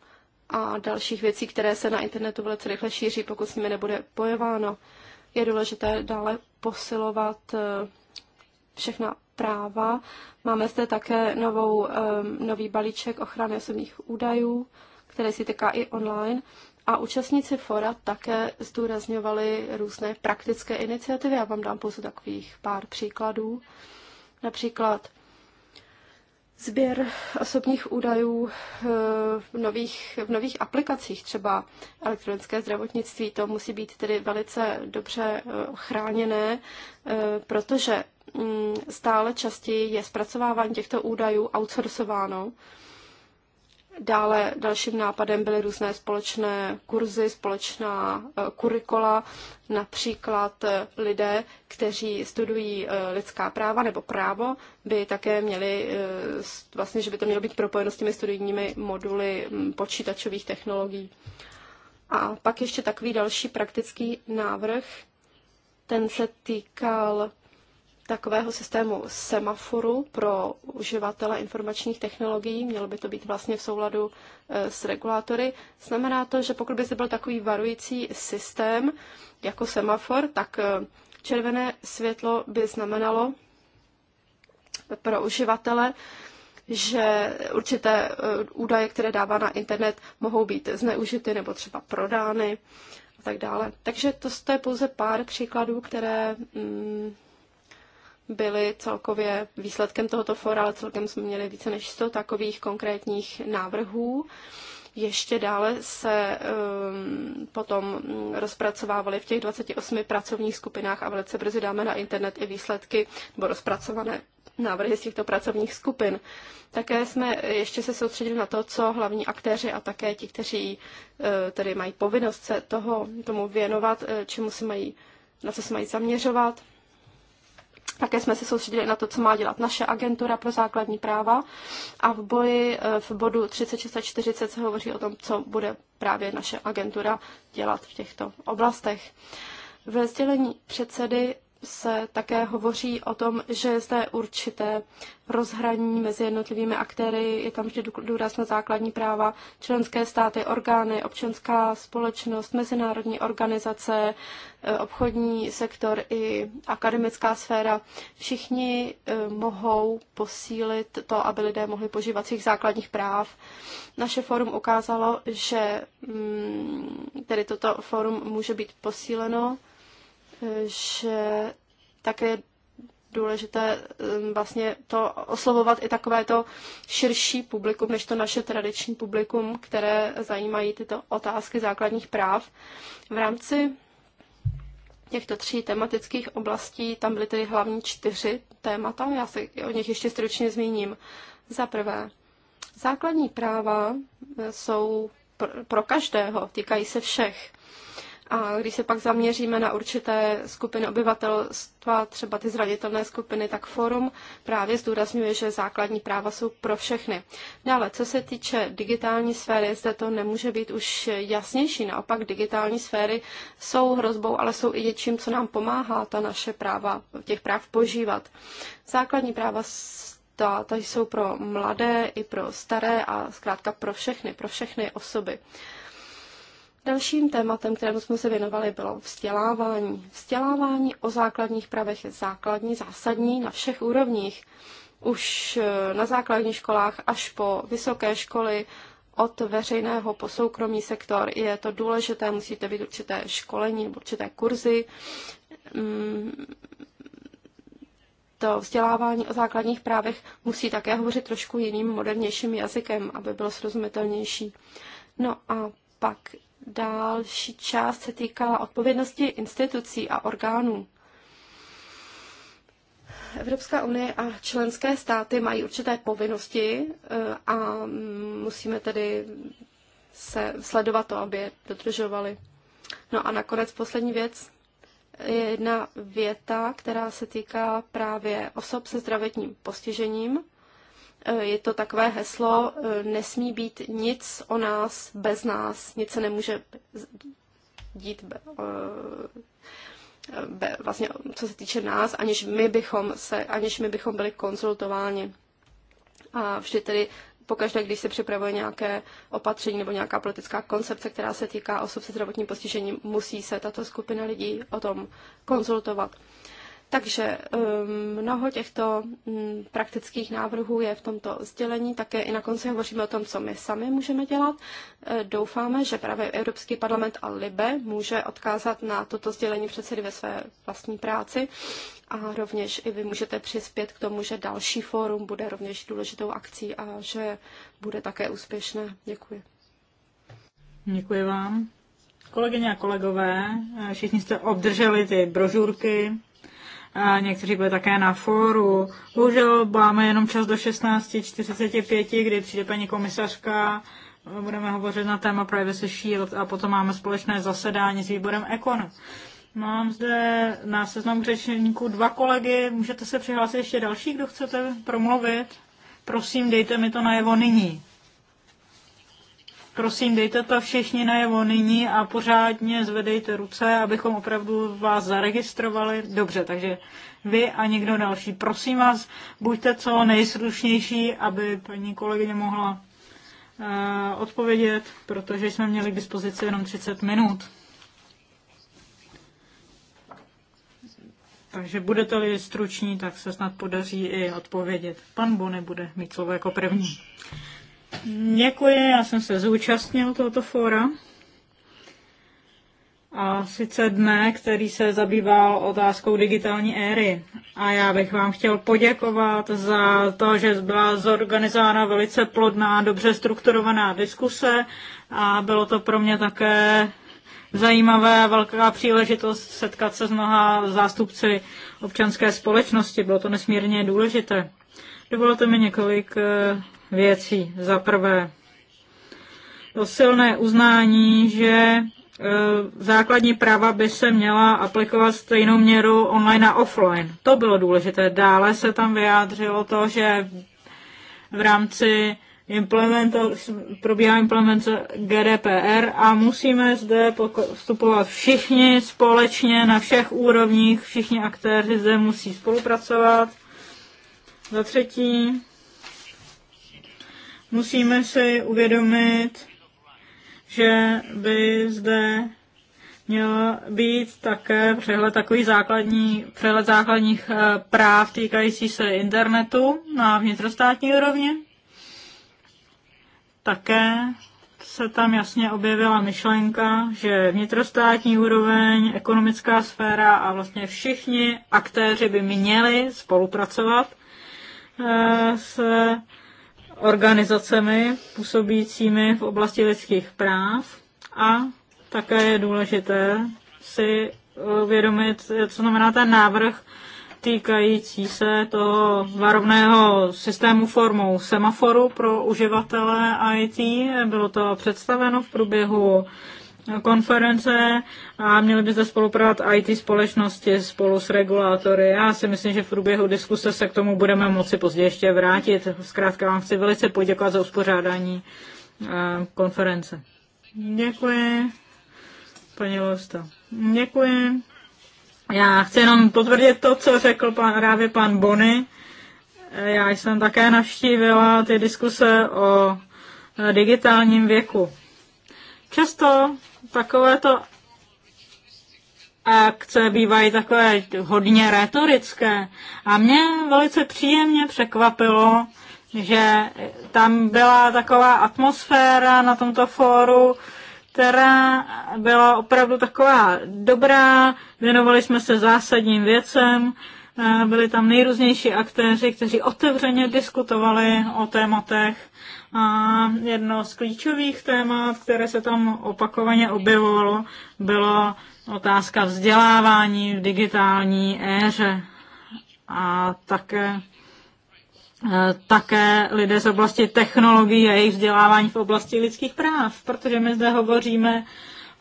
a dalších věcí, které se na internetu velice rychle šíří, pokud s nimi nebude bojováno. Je důležité dále posilovat eh, všechna práva. Máme zde také novou, eh, nový balíček ochrany osobních údajů, který se týká i online. A účastníci fora také zdůrazňovali různé praktické iniciativy. Já vám dám pouze takových pár příkladů. Například sběr osobních údajů eh, v nových, v nových aplikacích, třeba elektronické zdravotnictví, to musí být tedy velice dobře eh, chráněné, eh, protože mm, stále častěji je zpracovávání těchto údajů outsourcováno. Dále dalším nápadem byly různé společné kurzy, společná eh, kurikula, například eh, lidé, kteří studují eh, lidská práva nebo právo, by také měli, vlastně, že by to mělo být propojeno s těmi studijními moduly mm, počítačových technologií. A pak ještě takový další praktický návrh, ten se týkal takového systému semaforu pro uživatele informačních technologií, mělo by to být vlastně v souladu e, s regulátory, znamená to, že pokud by zde byl takový varující systém jako semafor, tak e, červené světlo by znamenalo pro uživatele, že určité e, údaje, které dává na internet, mohou být zneužity nebo třeba prodány a tak dále. Takže to, to je pouze pár příkladů, které mm, byly celkově výsledkem tohoto fora, ale celkem jsme měli více než 100 takových konkrétních návrhů. Ještě dále se um, potom rozpracovávaly v těch 28 pracovních skupinách a velice brzy dáme na internet i výsledky nebo rozpracované návrhy z těchto pracovních skupin. Také jsme ještě se soustředili na to, co hlavní aktéři a také ti, kteří eh, tedy mají povinnost se toho, tomu věnovat, eh, čemu si mají, na co se mají zaměřovat. Také jsme se soustředili na to, co má dělat naše agentura pro základní práva a v boji eh, v bodu 36 a 40 se hovoří o tom, co bude právě naše agentura dělat v těchto oblastech. Ve sdělení předsedy se také hovoří o tom, že je zde určité rozhraní mezi jednotlivými aktéry, je tam vždy důraz na základní práva, členské státy, orgány, občanská společnost, mezinárodní organizace, e, obchodní sektor i akademická sféra. Všichni e, mohou posílit to, aby lidé mohli požívat svých základních práv. Naše fórum ukázalo, že mm, tedy toto fórum může být posíleno že také důležité um, vlastně to oslovovat i takové to širší publikum, než to naše tradiční publikum, které zajímají tyto otázky základních práv. V rámci těchto tří tematických oblastí tam byly tedy hlavní čtyři témata, já se o nich ještě stručně zmíním. Za prvé, základní práva jsou pro každého, týkají se všech. A když se pak zaměříme na určité skupiny obyvatelstva, třeba ty zranitelné skupiny, tak forum právě zdůrazňuje, že základní práva jsou pro všechny. Dále, co se týče digitální sféry, zde to nemůže být už jasnější. Naopak digitální sféry jsou hrozbou, ale jsou i něčím, co nám pomáhá ta naše práva, těch práv požívat. Základní práva ta, jsou pro mladé i pro staré a zkrátka pro všechny, pro všechny osoby. Dalším tématem, kterému jsme se věnovali, bylo vzdělávání. Vzdělávání o základních pravech je základní, zásadní na všech úrovních. Už eh, na základních školách až po vysoké školy, od veřejného po soukromý sektor je to důležité, musíte být určité školení nebo určité kurzy. Mm, to vzdělávání o základních právech musí také hovořit trošku jiným, modernějším jazykem, aby bylo srozumitelnější. No a pak Další část se týkala odpovědnosti institucí a orgánů. Evropská unie a členské státy mají určité povinnosti eh, a musíme tedy se sledovat to, aby je dodržovali. No a nakonec poslední věc je jedna věta, která se týká právě osob se zdravotním postižením. Eh, je to takové heslo, eh, nesmí být nic o nás bez nás, nic se nemůže dít be, eh, be, vlastně, co se týče nás, aniž my bychom, se, aniž my bychom byli konzultováni. A vždy tedy pokaždé, když se připravuje nějaké opatření nebo nějaká politická koncepce, která se týká osob se zdravotním postižením, musí se tato skupina lidí o tom konzultovat. Takže um, mnoho těchto mm, praktických návrhů je v tomto sdělení. Také i na konci hovoříme o tom, co my sami můžeme dělat. Eh, doufáme, že právě Evropský parlament a LIBE může odkázat na toto sdělení předsedy ve své vlastní práci. A rovněž i vy můžete přispět k tomu, že další fórum bude rovněž důležitou akcí a že bude také úspěšné. Děkuji. Děkuji vám. Kolegyně a kolegové, eh, všichni jste obdrželi ty brožurky někteří byli také na fóru. Bohužel máme jenom čas do 16.45, kdy přijde paní komisařka, budeme hovořit na téma Privacy Shield a potom máme společné zasedání s výborem Econ. Mám zde na seznam řečníků dva kolegy, můžete se přihlásit ještě další, kdo chcete promluvit. Prosím, dejte mi to najevo nyní. Prosím, dejte to všichni najevo nyní a pořádně zvedejte ruce, abychom opravdu vás zaregistrovali. Dobře, takže vy a někdo další. Prosím vás, buďte co nejslušnější, aby paní kolegyně mohla eh, odpovědět, protože jsme měli k dispozici jenom 30 minut. Takže budete-li struční, tak se snad podaří i odpovědět. Pan Bony bude mít slovo jako první. Děkuji, já jsem se zúčastnil tohoto fóra. A sice dne, který se zabýval otázkou digitální éry. A já bych vám chtěl poděkovat za to, že byla zorganizována velice plodná, dobře strukturovaná diskuse a bylo to pro mě také zajímavé, velká příležitost setkat se s mnoha zástupci občanské společnosti. Bylo to nesmírně důležité. Dovolte mi několik eh, věcí. Za prvé, to silné uznání, že e, základní práva by se měla aplikovat stejnou měru online a offline. To bylo důležité. Dále se tam vyjádřilo to, že v rámci probíhá implementace GDPR a musíme zde vstupovat všichni společně na všech úrovních, všichni aktéři zde musí spolupracovat. Za třetí, Musíme si uvědomit, že by zde měl být také přehled takový základní, přehled základních eh, práv týkající se internetu na vnitrostátní úrovni. Také se tam jasně objevila myšlenka, že vnitrostátní úroveň, ekonomická sféra a vlastně všichni aktéři by měli spolupracovat eh, se organizacemi působícími v oblasti lidských práv a také je důležité si uvědomit, co znamená ten návrh týkající se toho varovného systému formou semaforu pro uživatele IT. Bylo to představeno v průběhu konference a měli by zde spolupracovat IT společnosti spolu s regulátory. Já si myslím, že v průběhu diskuse se k tomu budeme moci později ještě vrátit. Zkrátka vám chci velice poděkovat za uspořádání eh, konference. Děkuji, paní Losta. Děkuji. Já chci jenom potvrdit to, co řekl pan, právě pan Bony. Já jsem také navštívila ty diskuse o eh, digitálním věku. Často to akce bývají takové hodně retorické. A mě velice příjemně překvapilo, že tam byla taková atmosféra na tomto fóru, která byla opravdu taková dobrá, věnovali jsme se zásadním věcem, eh, byli tam nejrůznější aktéři, kteří otevřeně diskutovali o tématech, a jedno z klíčových témat, které se tam opakovaně objevovalo, byla otázka vzdělávání v digitální éře. A také eh, také lidé z oblasti technologií a jejich vzdělávání v oblasti lidských práv, protože my zde hovoříme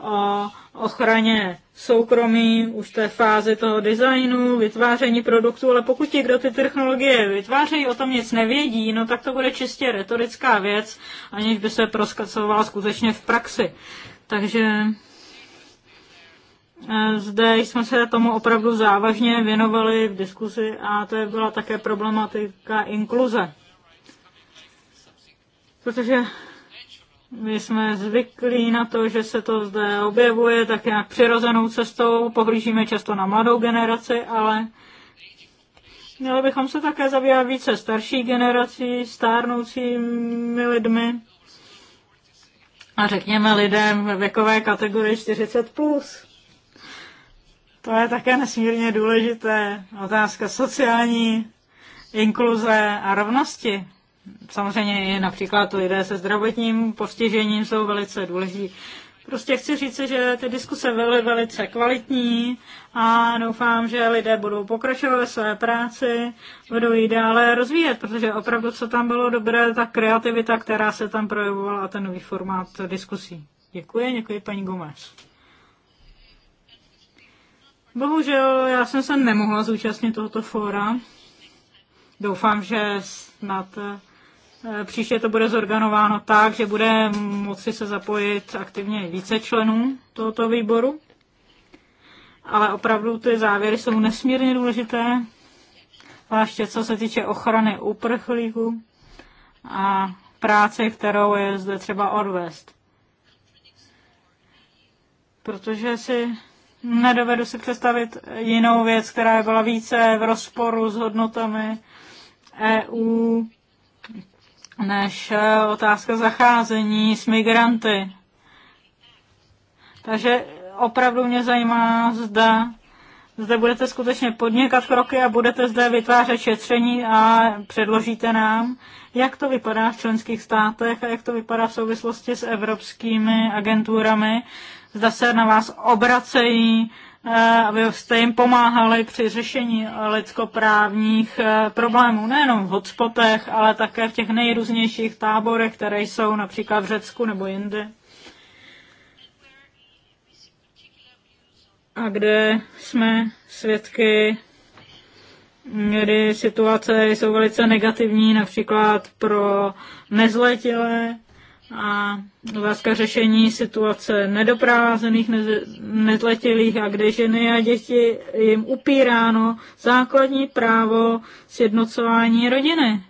o ochraně soukromí už té fázi toho designu, vytváření produktu, ale pokud ti, kdo ty technologie vytvářejí, o tom nic nevědí, no tak to bude čistě retorická věc, aniž by se proskacovala skutečně v praxi. Takže eh, zde jsme se tomu opravdu závažně věnovali v diskusi a to byla také problematika inkluze. Protože my jsme zvyklí na to, že se to zde objevuje tak nějak přirozenou cestou, pohlížíme často na mladou generaci, ale měli bychom se také zabývat více starší generací, stárnoucími lidmi a řekněme lidem ve věkové kategorii 40+. Plus. To je také nesmírně důležité. Otázka sociální inkluze a rovnosti samozřejmě i například lidé se zdravotním postižením jsou velice důležití. Prostě chci říct, že ty diskuse byly velice kvalitní a doufám, že lidé budou pokračovat ve své práci, budou ji dále rozvíjet, protože opravdu, co tam bylo dobré, ta kreativita, která se tam projevovala a ten nový formát diskusí. Děkuji, děkuji paní Gomez. Bohužel já jsem se nemohla zúčastnit tohoto fóra. Doufám, že snad Eh, příště to bude zorganováno tak, že bude moci se zapojit aktivně více členů tohoto výboru. Ale opravdu ty závěry jsou nesmírně důležité, zvláště co se týče ochrany uprchlíků a práce, kterou je zde třeba odvést. Protože si nedovedu si představit jinou věc, která byla více v rozporu s hodnotami EU, než eh, otázka zacházení s migranty. Takže opravdu mě zajímá, zda zde budete skutečně podnikat kroky a budete zde vytvářet šetření a předložíte nám, jak to vypadá v členských státech a jak to vypadá v souvislosti s evropskými agenturami. Zda se na vás obracejí Eh, abyste jim pomáhali při řešení lidskoprávních eh, problémů, nejenom v hotspotech, ale také v těch nejrůznějších táborech, které jsou například v Řecku nebo jinde. A kde jsme svědky, kdy situace jsou velice negativní, například pro nezletilé, a otázka řešení situace nedoprovázených, nezletilých a kde ženy a děti jim upíráno základní právo sjednocování rodiny.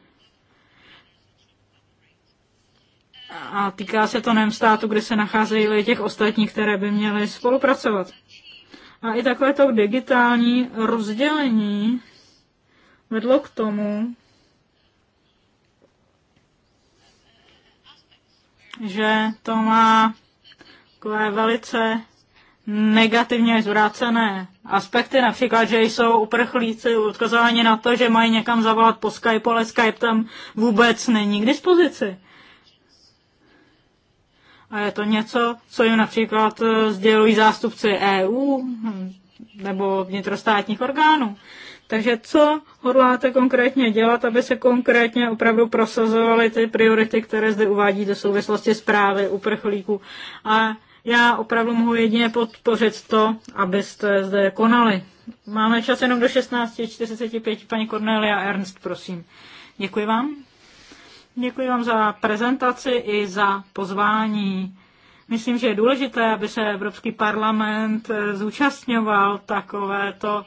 A týká se to nem státu, kde se nacházejí i těch ostatních, které by měly spolupracovat. A i takové to digitální rozdělení vedlo k tomu, že to má takové velice negativně zvrácené aspekty, například, že jsou uprchlíci odkazováni na to, že mají někam zavolat po Skype, ale Skype tam vůbec není k dispozici. A je to něco, co jim například eh, sdělují zástupci EU hm, nebo vnitrostátních orgánů. Takže co hodláte konkrétně dělat, aby se konkrétně opravdu prosazovaly ty priority, které zde uvádí do souvislosti s právy uprchlíků? A já opravdu mohu jedině podpořit to, abyste zde konali. Máme čas jenom do 16.45. Paní Cornelia Ernst, prosím. Děkuji vám. Děkuji vám za prezentaci i za pozvání. Myslím, že je důležité, aby se Evropský parlament zúčastňoval takovéto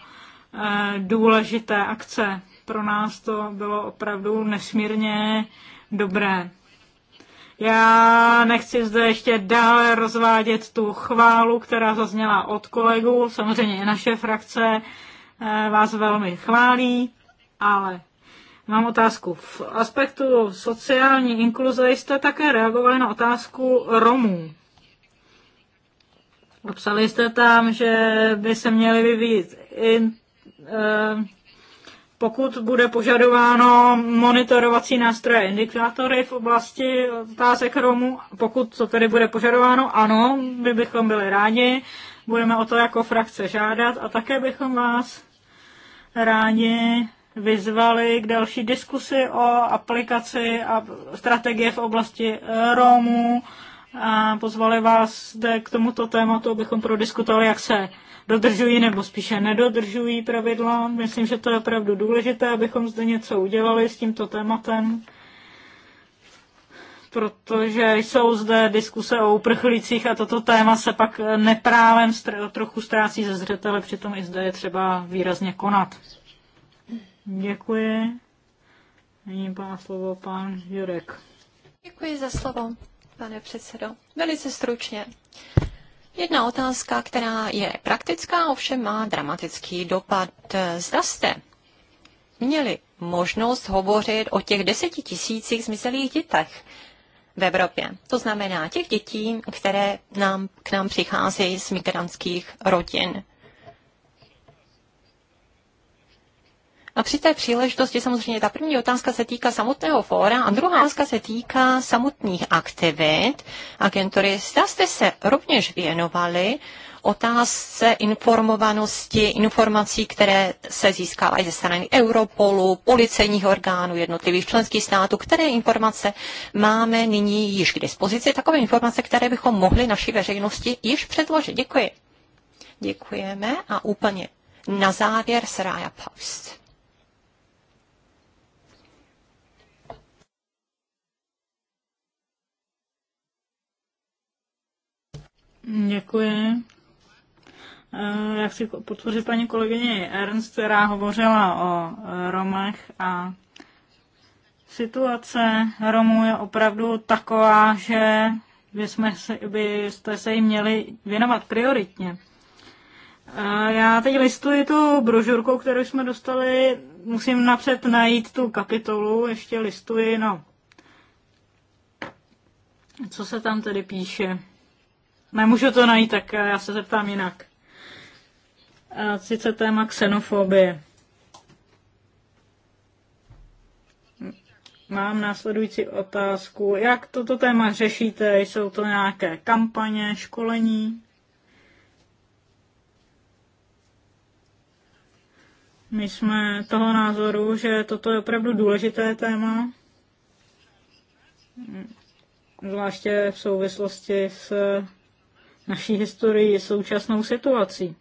Eh, důležité akce. Pro nás to bylo opravdu nesmírně dobré. Já nechci zde ještě dále rozvádět tu chválu, která zazněla od kolegů. Samozřejmě i naše frakce eh, vás velmi chválí, ale mám otázku. V aspektu sociální inkluze jste také reagovali na otázku Romů. Obsali jste tam, že by se měly vyvíjet Eh, pokud bude požadováno monitorovací nástroje indikátory v oblasti otázek Romu, pokud to tedy bude požadováno, ano, my bychom byli rádi, budeme o to jako frakce žádat a také bychom vás rádi vyzvali k další diskusi o aplikaci a strategie v oblasti Romů, a pozvali vás zde k tomuto tématu, abychom prodiskutovali, jak se dodržují nebo spíše nedodržují pravidla. Myslím, že to je opravdu důležité, abychom zde něco udělali s tímto tématem, protože jsou zde diskuse o uprchlících a toto téma se pak neprávem trochu ztrácí ze zřetele, přitom i zde je třeba výrazně konat. Děkuji. Nyní má slovo pan Jurek. Děkuji za slovo pane předsedo. Velice stručně. Jedna otázka, která je praktická, ovšem má dramatický dopad. Zda jste měli možnost hovořit o těch deseti tisících zmizelých dětech v Evropě. To znamená těch dětí, které nám, k nám přicházejí z migrantských rodin. A při té příležitosti samozřejmě ta první otázka se týká samotného fóra a druhá otázka se týká samotných aktivit agentury. Zda jste se rovněž věnovali otázce informovanosti, informací, které se získávají ze strany Europolu, policejních orgánů jednotlivých členských států, které informace máme nyní již k dispozici, takové informace, které bychom mohli naší veřejnosti již předložit. Děkuji. Děkujeme a úplně na závěr Srája Post. Děkuji. Eh, já chci potvořit paní kolegyně Ernst, která hovořila o eh, Romech a situace Romů je opravdu taková, že by, jsme se, byste se jim měli věnovat prioritně. Eh, já teď listuji tu brožurku, kterou jsme dostali. Musím napřed najít tu kapitolu, ještě listuji, no. Co se tam tedy píše? Nemůžu to najít, tak eh, já se zeptám jinak. A sice téma xenofobie. Mám následující otázku. Jak toto téma řešíte? Jsou to nějaké kampaně, školení? My jsme toho názoru, že toto je opravdu důležité téma, zvláště v souvislosti s naší historii současnou situací.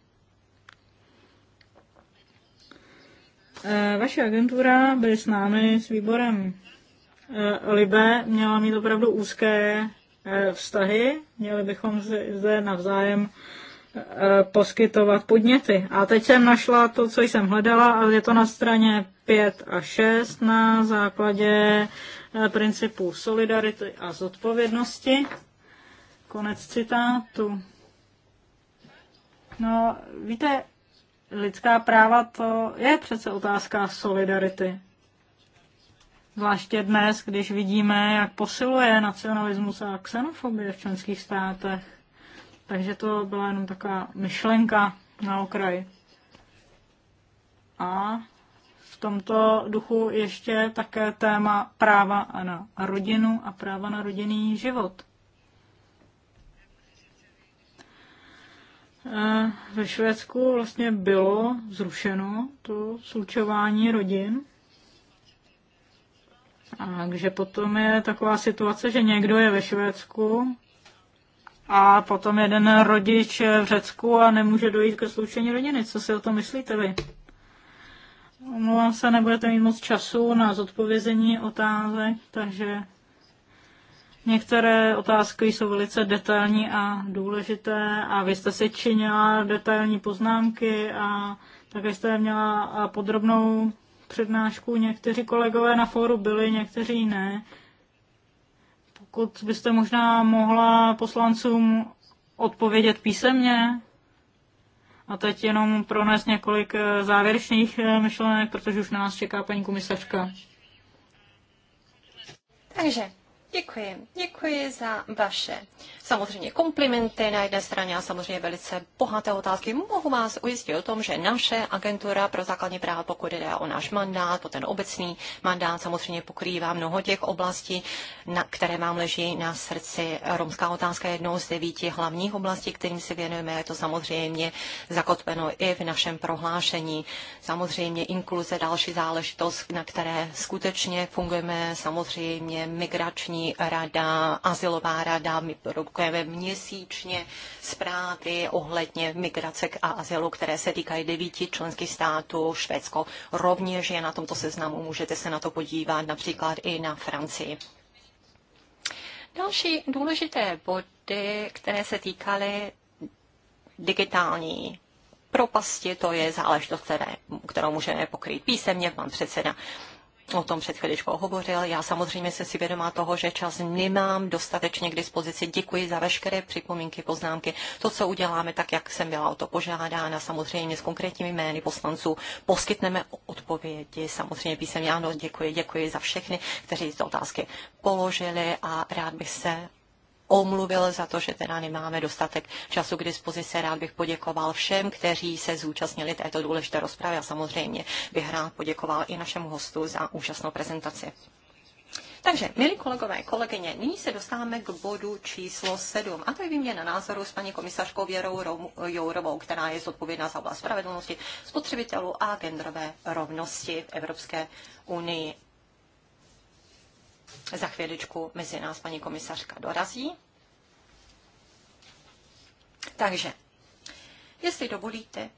E, vaše agentura byly s námi s výborem e, Libe, měla mít opravdu úzké e, vztahy, měli bychom zde navzájem poskytovat podněty. A teď jsem našla to, co jsem hledala, a je to na straně 5 a 6 na základě principů solidarity a zodpovědnosti. Konec citátu. No, víte, lidská práva to je přece otázka solidarity. Zvláště dnes, když vidíme, jak posiluje nacionalismus a xenofobie v členských státech. Takže to byla jenom taková myšlenka na okraj. A v tomto duchu ještě také téma práva na rodinu a práva na rodinný život. Eh, ve Švédsku vlastně bylo zrušeno to slučování rodin. Takže potom je taková situace, že někdo je ve Švédsku a potom jeden rodič v Řecku a nemůže dojít ke sloučení rodiny. Co si o tom myslíte vy? Omlouvám se, nebudete mít moc času na zodpovězení otázek, takže Některé otázky jsou velice detailní a důležité a vy jste si činila detailní poznámky a také jste měla podrobnou přednášku. Někteří kolegové na fóru byli, někteří ne. Pokud byste možná mohla poslancům odpovědět písemně a teď jenom pronést několik eh, závěrečných eh, myšlenek, protože už na nás čeká paní komisařka. Takže Děkuji. Děkuji za vaše samozřejmě komplimenty na jedné straně a samozřejmě velice bohaté otázky. Mohu vás ujistit o tom, že naše agentura pro základní práva, pokud jde o náš mandát, o ten obecný mandát, samozřejmě pokrývá mnoho těch oblastí, na, které vám leží na srdci. Romská otázka je jednou z devíti hlavních oblastí, kterým se věnujeme. Je to samozřejmě zakotveno i v našem prohlášení. Samozřejmě inkluze, další záležitost, na které skutečně fungujeme, samozřejmě migrační rada, asilová rada, my produkujeme měsíčně zprávy ohledně migrace a asilu, které se týkají devíti členských států. Švédsko rovněž je na tomto seznamu, můžete se na to podívat, například i na Francii. Další důležité body, které se týkaly digitální propasti, to je záležitost, kterou můžeme pokrýt písemně, pan předseda o tom před chviličkou hovořil. Já samozřejmě se si vědomá toho, že čas nemám dostatečně k dispozici. Děkuji za veškeré připomínky, poznámky. To, co uděláme, tak jak jsem byla o to požádána, samozřejmě s konkrétními jmény poslanců poskytneme odpovědi. Samozřejmě písemně ano, děkuji, děkuji za všechny, kteří ty otázky položili a rád bych se omluvil za to, že teda nemáme dostatek času k dispozici. Rád bych poděkoval všem, kteří se zúčastnili této důležité rozpravy a samozřejmě bych rád poděkoval i našemu hostu za úžasnou prezentaci. Takže, milí kolegové, kolegyně, nyní se dostáváme k bodu číslo 7 a to je výměna názoru s paní komisařkou Věrou Jourovou, která je zodpovědná za oblast spravedlnosti spotřebitelů a genderové rovnosti v Evropské unii. Za chvíličku mezi nás paní komisařka dorazí. Takže, jestli dovolíte,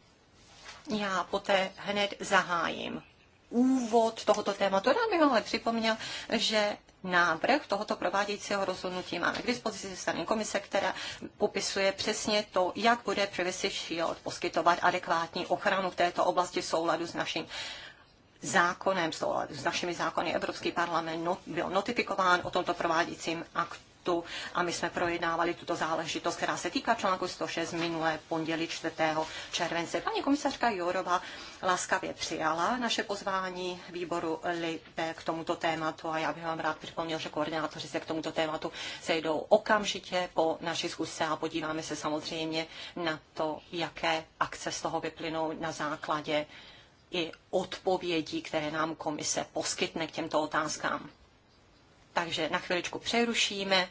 já poté hned zahájím úvod tohoto tématu. Rád bych ale připomněl, že návrh tohoto provádějícího rozhodnutí máme k dispozici ze strany komise, která popisuje přesně to, jak bude Privacy Shield poskytovat adekvátní ochranu v této oblasti v souladu s naším zákonem, s našimi zákony Evropský parlament not, byl notifikován o tomto prováděcím aktu a my jsme projednávali tuto záležitost, která se týká článku 106 minulé pondělí 4. července. Paní komisařka Jourova laskavě přijala naše pozvání výboru LIBE k tomuto tématu a já bych vám rád připomněl, že koordinátoři se k tomuto tématu sejdou okamžitě po naší zkuse a podíváme se samozřejmě na to, jaké akce z toho vyplynou na základě i odpovědí, které nám komise poskytne k těmto otázkám. Takže na chviličku přerušíme,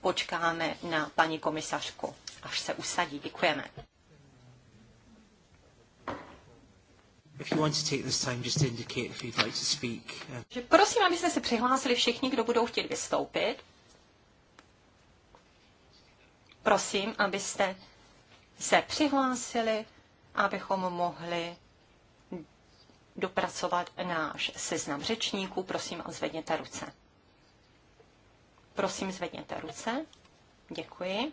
počkáme na paní komisařku, až se usadí. Děkujeme. Uh, prosím, abyste se přihlásili všichni, kdo budou chtít vystoupit. Prosím, abyste se přihlásili, abychom mohli dopracovat náš seznam řečníků. Prosím, zvedněte ruce. Prosím, zvedněte ruce. Děkuji.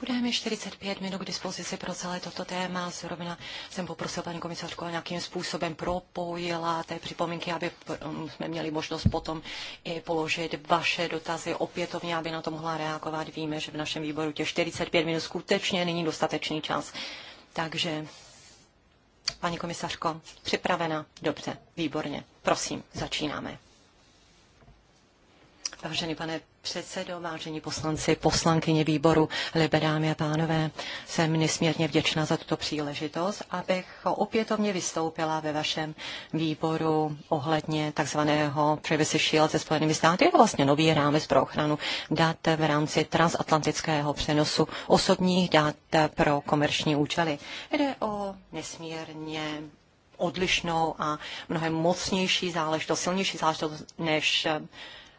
Budeme 45 minut k dispozici pro celé toto téma. Zrovna jsem poprosil paní komisařku, nějakým způsobem propojila té připomínky, aby um, jsme měli možnost potom i položit vaše dotazy opětovně, aby na to mohla reagovat. Víme, že v našem výboru těch 45 minut skutečně není dostatečný čas. Takže, paní komisařko, připravena? Dobře, výborně. Prosím, začínáme. Vážený pane předsedo, vážení poslanci, poslankyně výboru Libe, dámy a pánové, jsem nesmírně vděčná za tuto příležitost, abych opětovně vystoupila ve vašem výboru ohledně takzvaného Privacy Shield se Spojenými státy. Je to vlastně nový rámec pro ochranu dat v rámci transatlantického přenosu osobních dat pro komerční účely. Jde o nesmírně odlišnou a mnohem mocnější záležitost, silnější záležitost než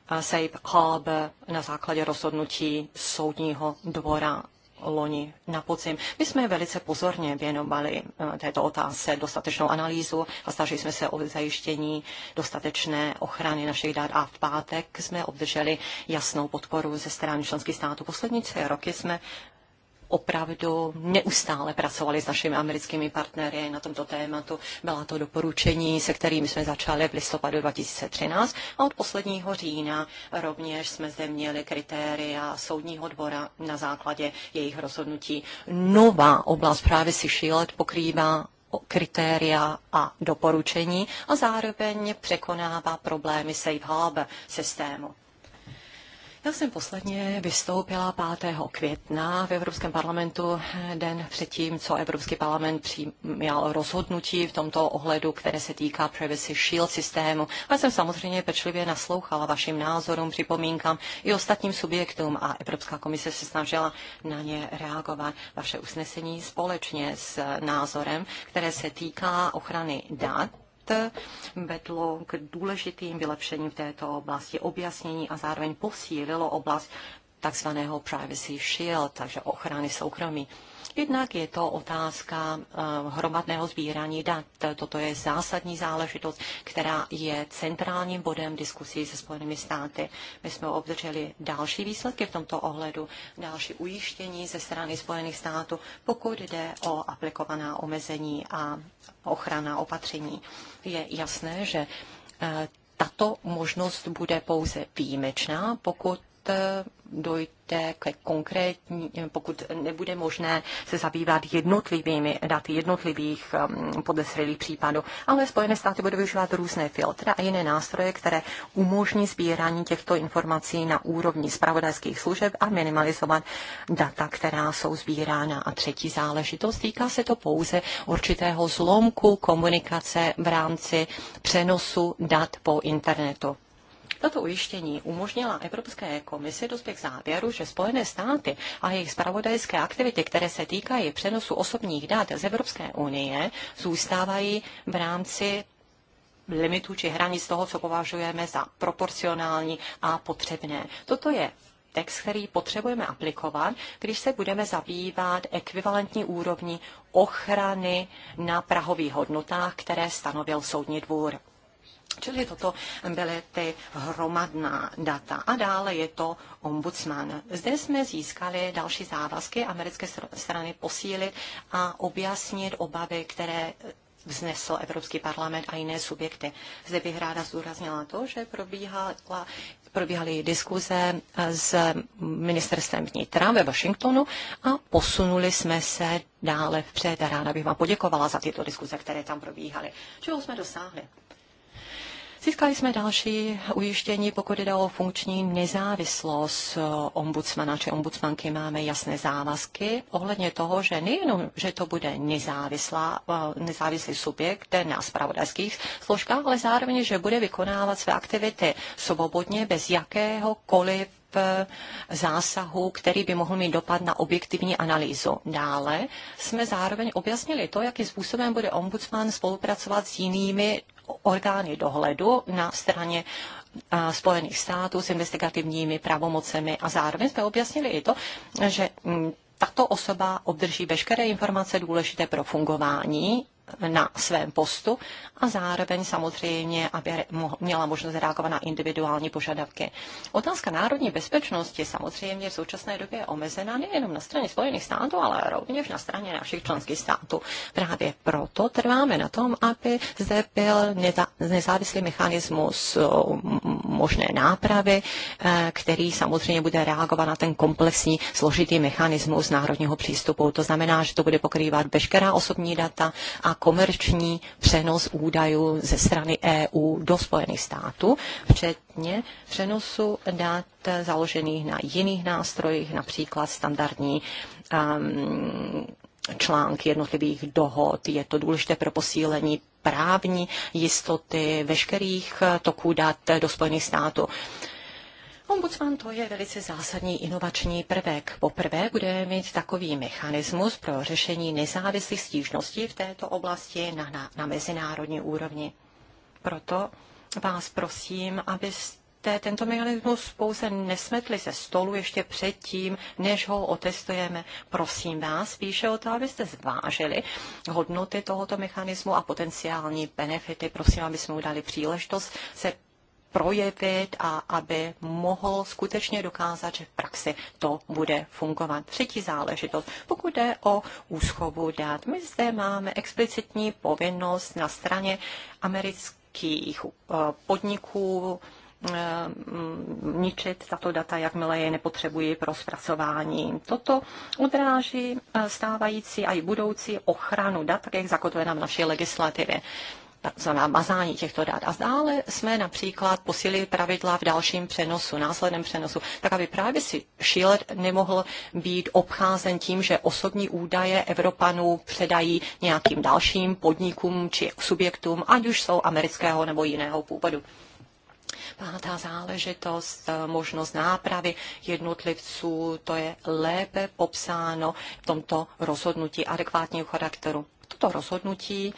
Eh, Safe Harbor na základě rozhodnutí soudního dvora loni na podzim. My jsme velice pozorně věnovali eh, této otázce dostatečnou analýzu a snažili jsme se o zajištění dostatečné ochrany našich dat a v pátek jsme obdrželi jasnou podporu ze strany členských států. Poslední tři roky jsme opravdu neustále pracovali s našimi americkými partnery na tomto tématu. Byla to doporučení, se kterými jsme začali v listopadu 2013 a od posledního října rovněž jsme zde měli kritéria soudního dvora na základě jejich rozhodnutí. Nová oblast právě si šílet pokrývá kritéria a doporučení a zároveň překonává problémy safe harbor systému. Já jsem posledně vystoupila 5. května v Evropském parlamentu, den předtím, co Evropský parlament přijal rozhodnutí v tomto ohledu, které se týká Privacy Shield systému. A jsem samozřejmě pečlivě naslouchala vašim názorům, připomínkám i ostatním subjektům a Evropská komise se snažila na ně reagovat. Vaše usnesení společně s názorem, které se týká ochrany dat, vedlo k důležitým vylepšením v této oblasti, objasnění a zároveň posílilo oblast takzvaného privacy shield, takže ochrany soukromí. Jednak je to otázka eh, hromadného sbírání dat. Toto je zásadní záležitost, která je centrálním bodem diskusí se Spojenými státy. My jsme obdrželi další výsledky v tomto ohledu, další ujištění ze strany Spojených států, pokud jde o aplikovaná omezení a ochrana opatření. Je jasné, že eh, tato možnost bude pouze výjimečná, pokud Eh, dojde ke konkrétní, eh, pokud nebude možné se zabývat jednotlivými daty jednotlivých eh, podezřelých případů. Ale Spojené státy budou využívat různé filtry a jiné nástroje, které umožní sbírání těchto informací na úrovni spravodajských služeb a minimalizovat data, která jsou sbírána. A třetí záležitost týká se to pouze určitého zlomku komunikace v rámci přenosu dat po internetu. Tato ujištění umožnila Evropské komisi dospět k závěru, že Spojené státy a jejich spravodajské aktivity, které se týkají přenosu osobních dat z Evropské unie, zůstávají v rámci limitů či hranic toho, co považujeme za proporcionální a potřebné. Toto je text, který potřebujeme aplikovat, když se budeme zabývat ekvivalentní úrovní ochrany na prahových hodnotách, které stanovil Soudní dvůr. Čili toto byly ty hromadná data. A dále je to ombudsman. Zde jsme získali další závazky americké strany posílit a objasnit obavy, které vznesl Evropský parlament a jiné subjekty. Zde bych ráda zdůraznila to, že probíhala probíhaly diskuze s ministerstvem vnitra ve Washingtonu a posunuli jsme se dále vpřed. Ráda bych vám poděkovala za tyto diskuze, které tam probíhaly. Čeho jsme dosáhli? Získali jsme další ujištění, pokud jde o funkční nezávislost eh, ombudsmana či ombudsmanky. Máme jasné závazky ohledně toho, že nejenom, že to bude nezávislá, eh, nezávislý subjekt na spravodajských složkách, ale zároveň, že bude vykonávat své aktivity svobodně, bez jakéhokoliv eh, zásahu, který by mohl mít dopad na objektivní analýzu. Dále jsme zároveň objasnili to, jakým způsobem bude ombudsman spolupracovat s jinými orgány dohledu na straně Spojených států s investigativními pravomocemi a zároveň jsme objasnili i to, že mm, tato osoba obdrží veškeré informace důležité pro fungování na svém postu a zároveň samozřejmě, aby měla možnost reagovat na individuální požadavky. Otázka národní bezpečnosti samozřejmě v současné době je omezená nejenom na straně Spojených států, ale rovněž na straně našich členských států. Právě proto trváme na tom, aby zde byl nezávislý mechanismus eh, možné nápravy, eh, který samozřejmě bude reagovat na ten komplexní složitý mechanismus národního přístupu. To znamená, že to bude pokrývat veškerá osobní data a komerční přenos údajů ze strany EU do Spojených států, včetně přenosu dat založených na jiných nástrojích, například standardní um, články jednotlivých dohod. Je to důležité pro posílení právní jistoty veškerých toků dat do Spojených států. Ombudsman to je velice zásadní inovační prvek. Poprvé bude mít takový mechanismus pro řešení nezávislých stížností v této oblasti na, na, na mezinárodní úrovni. Proto vás prosím, abyste tento mechanismus pouze nesmetli ze stolu ještě předtím, než ho otestujeme. Prosím vás spíše o to, abyste zvážili hodnoty tohoto mechanismu a potenciální benefity. Prosím, abychom mu dali příležitost se projevit a aby mohl skutečně dokázat, že v praxi to bude fungovat. Třetí záležitost, pokud jde o úschovu dat, my zde máme explicitní povinnost na straně amerických eh, podniků eh, ničit tato data, jakmile je nepotřebují pro zpracování. Toto odráží eh, stávající a i budoucí ochranu dat, tak jak zakotvena v naší legislativě znamená mazání těchto dat. A dále jsme například posílili pravidla v dalším přenosu, následném přenosu, tak aby právě si Shield nemohl být obcházen tím, že osobní údaje Evropanů předají nějakým dalším podnikům či subjektům, ať už jsou amerického nebo jiného původu. Pátá záležitost, možnost nápravy jednotlivců, to je lépe popsáno v tomto rozhodnutí adekvátního charakteru. Toto rozhodnutí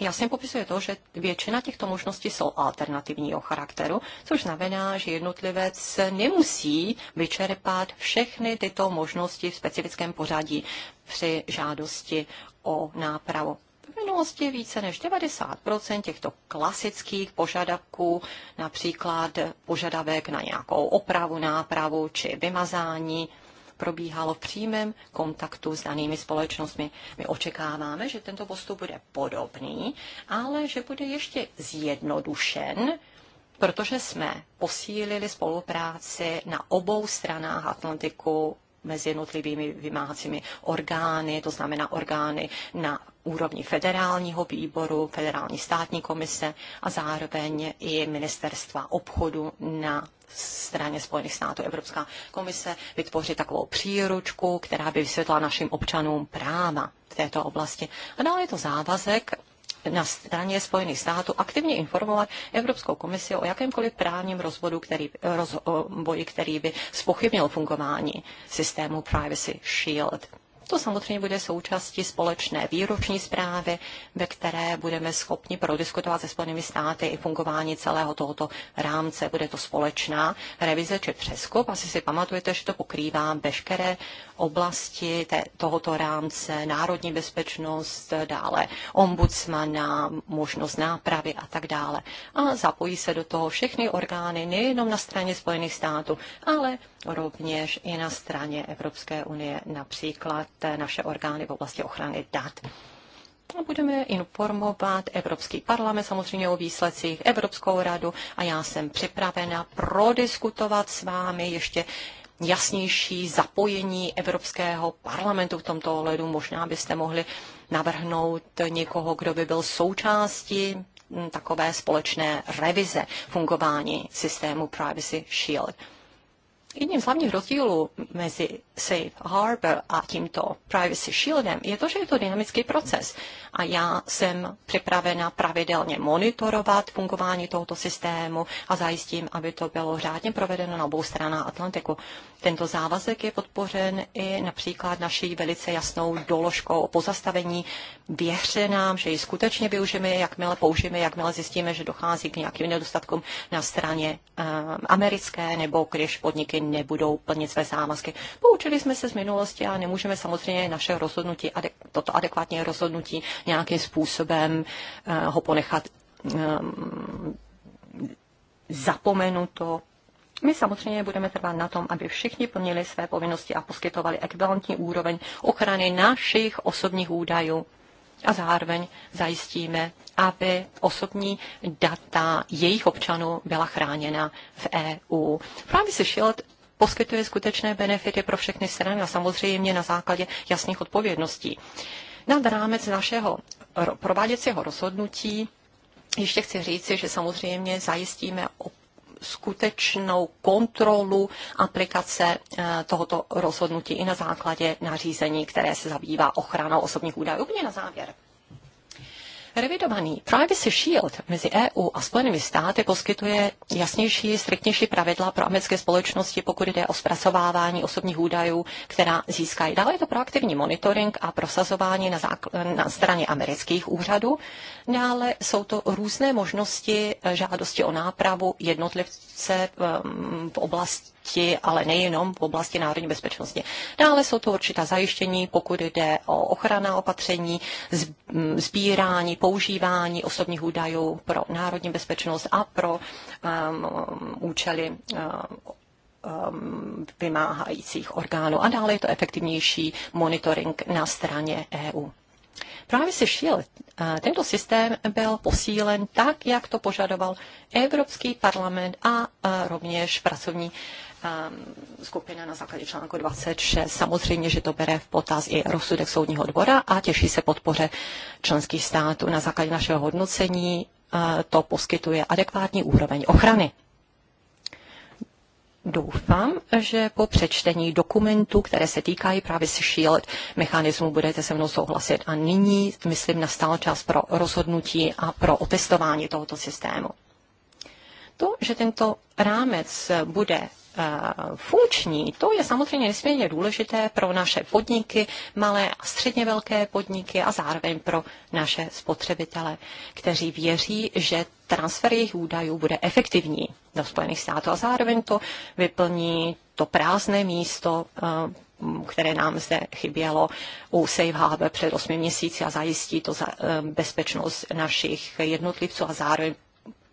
jasně popisuje to, že většina těchto možností jsou alternativního charakteru, což znamená, že jednotlivec nemusí vyčerpat všechny tyto možnosti v specifickém pořadí při žádosti o nápravu. V minulosti více než 90 těchto klasických požadavků, například požadavek na nějakou opravu, nápravu či vymazání, probíhalo v přímém kontaktu s danými společnostmi. My očekáváme, že tento postup bude podobný, ale že bude ještě zjednodušen, protože jsme posílili spolupráci na obou stranách Atlantiku mezi jednotlivými vymáhacími orgány, to znamená orgány na úrovni federálního výboru, federální státní komise a zároveň i ministerstva obchodu na straně Spojených států Evropská komise vytvořit takovou příručku, která by vysvětla našim občanům práva v této oblasti. A dále je to závazek na straně Spojených států aktivně informovat Evropskou komisi o jakémkoliv právním rozvodu, který, rozvoji, který by spochybnil fungování systému Privacy Shield. To samozřejmě bude součástí společné výroční zprávy, ve které budeme schopni prodiskutovat se Spojenými státy i fungování celého tohoto rámce. Bude to společná revize či přeskup. Asi si pamatujete, že to pokrývá veškeré oblasti té, tohoto rámce, národní bezpečnost, dále ombudsmana, možnost nápravy a tak dále. A zapojí se do toho všechny orgány, nejenom na straně Spojených států, ale rovněž i na straně Evropské unie, například naše orgány v oblasti ochrany dat. A budeme informovat Evropský parlament samozřejmě o výsledcích, Evropskou radu a já jsem připravena prodiskutovat s vámi ještě jasnější zapojení Evropského parlamentu v tomto ohledu. Možná byste mohli navrhnout někoho, kdo by byl součástí hm, takové společné revize fungování systému Privacy Shield. Jedním z hlavních rozdílů mezi Safe Harbor a tímto Privacy Shieldem je to, že je to dynamický proces a já jsem připravena pravidelně monitorovat fungování tohoto systému a zajistím, aby to bylo řádně provedeno na obou stranách Atlantiku. Tento závazek je podpořen i například naší velice jasnou doložkou o pozastavení. Věřte nám, že ji skutečně využijeme, jakmile použijeme, jakmile zjistíme, že dochází k nějakým nedostatkům na straně um, americké nebo když podniky nebudou plnit své závazky. Poučili jsme se z minulosti a nemůžeme samozřejmě naše rozhodnutí, adek, toto adekvátní rozhodnutí nějakým způsobem eh, ho ponechat eh, zapomenuto my samozřejmě budeme trvat na tom, aby všichni plnili své povinnosti a poskytovali ekvivalentní úroveň ochrany našich osobních údajů. A zároveň zajistíme, aby osobní data jejich občanů byla chráněna v EU. Právě se Shield poskytuje skutečné benefity pro všechny strany a samozřejmě na základě jasných odpovědností. Nad rámec našeho prováděcího rozhodnutí ještě chci říci, že samozřejmě zajistíme skutečnou kontrolu aplikace e, tohoto rozhodnutí i na základě nařízení, které se zabývá ochranou osobních údajů. Úplně na závěr. Revidovaný Privacy Shield mezi EU a Spojenými státy poskytuje jasnější, striktnější pravidla pro americké společnosti, pokud jde o zpracovávání osobních údajů, která získají. Dále je to proaktivní monitoring a prosazování na, zákl- na straně amerických úřadů. Dále jsou to různé možnosti e, žádosti o nápravu jednotlivce v oblasti oblasti, ale nejenom v oblasti národní bezpečnosti. Dále jsou to určitá zajištění, pokud jde o ochrana opatření, sbírání, používání osobních údajů pro národní bezpečnost a pro um, účely um, um vymáhajících orgánů a dále je to efektivnější monitoring na straně EU. Právě se šil. Eh, tento systém byl posílen tak, jak to požadoval Evropský parlament a eh, rovněž pracovní Ehm, skupina na základě článku 26. Samozřejmě, že to bere v potaz i rozsudek soudního dvora a těší se podpoře členských států. Na základě našeho hodnocení eh, to poskytuje adekvátní úroveň ochrany. Doufám, že po přečtení dokumentů, které se týkají právě se Shield mechanismu, budete se mnou souhlasit. A nyní, myslím, nastal čas pro rozhodnutí a pro otestování tohoto systému. To, že tento rámec bude Eh, funkční, to je samozřejmě nesmírně důležité pro naše podniky, malé a středně velké podniky a zároveň pro naše spotřebitele, kteří věří, že transfer jejich údajů bude efektivní do Spojených států a zároveň to vyplní to prázdné místo eh, které nám zde chybělo u Safe Harbor před 8 měsíci a zajistí to za eh, bezpečnost našich jednotlivců a zároveň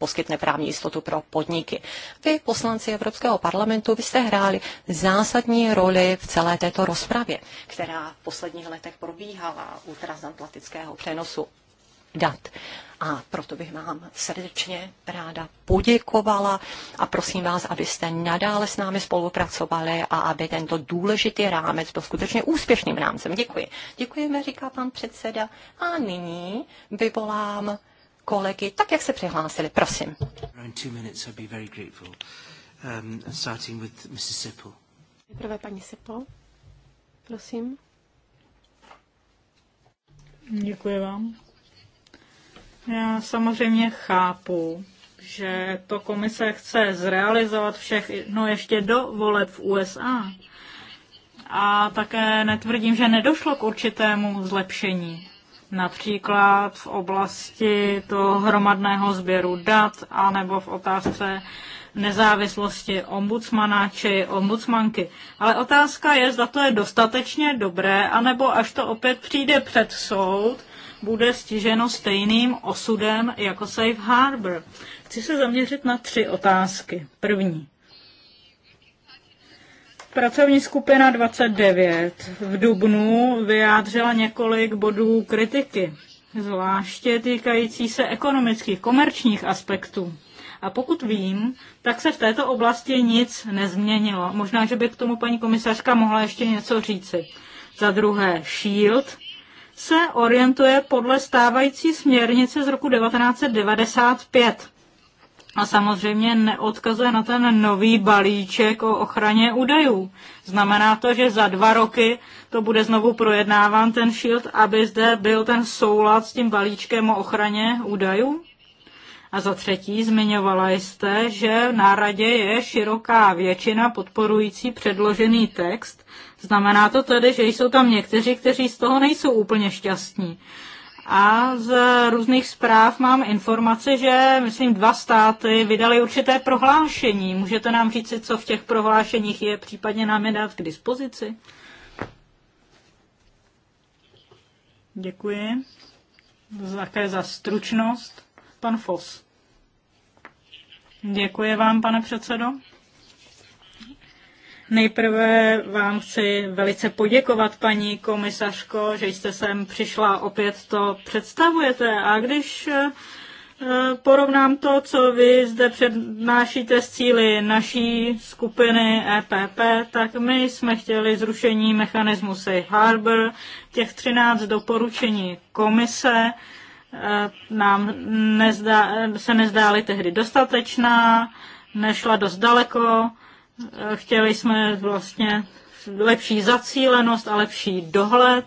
poskytne právní jistotu pro podniky. Vy, poslanci Evropského parlamentu, byste hráli zásadní roli v celé této rozpravě, která v posledních letech probíhala u transatlantického přenosu dat. A proto bych vám srdečně ráda poděkovala a prosím vás, abyste nadále s námi spolupracovali a aby tento důležitý rámec byl skutečně úspěšným rámcem. Děkuji. Děkujeme, říká pan předseda. A nyní vyvolám kolegy, tak jak se přihlásili. Prosím. Um, Prvé paní Sipo, prosím. Děkuji vám. Já samozřejmě chápu, že to komise chce zrealizovat všechno ještě do voleb v USA. A také netvrdím, že nedošlo k určitému zlepšení například v oblasti toho hromadného sběru dat anebo v otázce nezávislosti ombudsmana či ombudsmanky. Ale otázka je, zda to je dostatečně dobré, anebo až to opět přijde před soud, bude stiženo stejným osudem jako Safe Harbor. Chci se zaměřit na tři otázky. První. Pracovní skupina 29 v Dubnu vyjádřila několik bodů kritiky, zvláště týkající se ekonomických, komerčních aspektů. A pokud vím, tak se v této oblasti nic nezměnilo. Možná, že by k tomu paní komisařka mohla ještě něco říci. Za druhé, SHIELD se orientuje podle stávající směrnice z roku 1995 a samozřejmě neodkazuje na ten nový balíček o ochraně údajů. Znamená to, že za dva roky to bude znovu projednáván ten shield, aby zde byl ten soulad s tím balíčkem o ochraně údajů? A za třetí zmiňovala jste, že na radě je široká většina podporující předložený text. Znamená to tedy, že jsou tam někteří, kteří z toho nejsou úplně šťastní. A z různých zpráv mám informace, že myslím dva státy vydali určité prohlášení. Můžete nám říci, co v těch prohlášeních je, případně nám je dát k dispozici? Děkuji. Také za stručnost. Pan Fos. Děkuji vám, pane předsedo. Nejprve vám chci velice poděkovat, paní komisařko, že jste sem přišla, opět to představujete. A když eh, porovnám to, co vy zde přednášíte z cíly naší skupiny EPP, tak my jsme chtěli zrušení mechanismu Safe Harbor, těch 13 doporučení komise, eh, nám nezdá, se nezdály tehdy dostatečná, nešla dost daleko, Chtěli jsme vlastně lepší zacílenost a lepší dohled,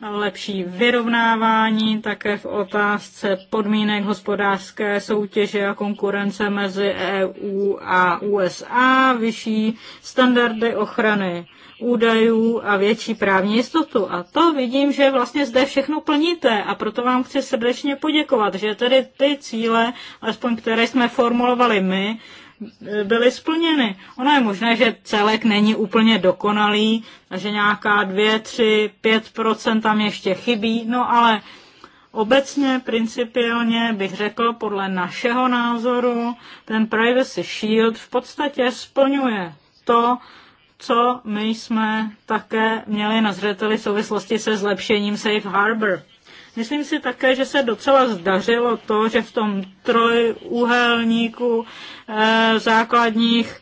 lepší vyrovnávání také v otázce podmínek hospodářské soutěže a konkurence mezi EU a USA, vyšší standardy ochrany údajů a větší právní jistotu. A to vidím, že vlastně zde všechno plníte a proto vám chci srdečně poděkovat, že tedy ty cíle, alespoň které jsme formulovali my, byly splněny. Ono je možné, že celek není úplně dokonalý, že nějaká 2, 3, 5 tam ještě chybí, no ale obecně, principiálně bych řekl, podle našeho názoru, ten Privacy Shield v podstatě splňuje to, co my jsme také měli na zřeteli v souvislosti se zlepšením Safe Harbor. Myslím si také, že se docela zdařilo to, že v tom trojúhelníku e, základních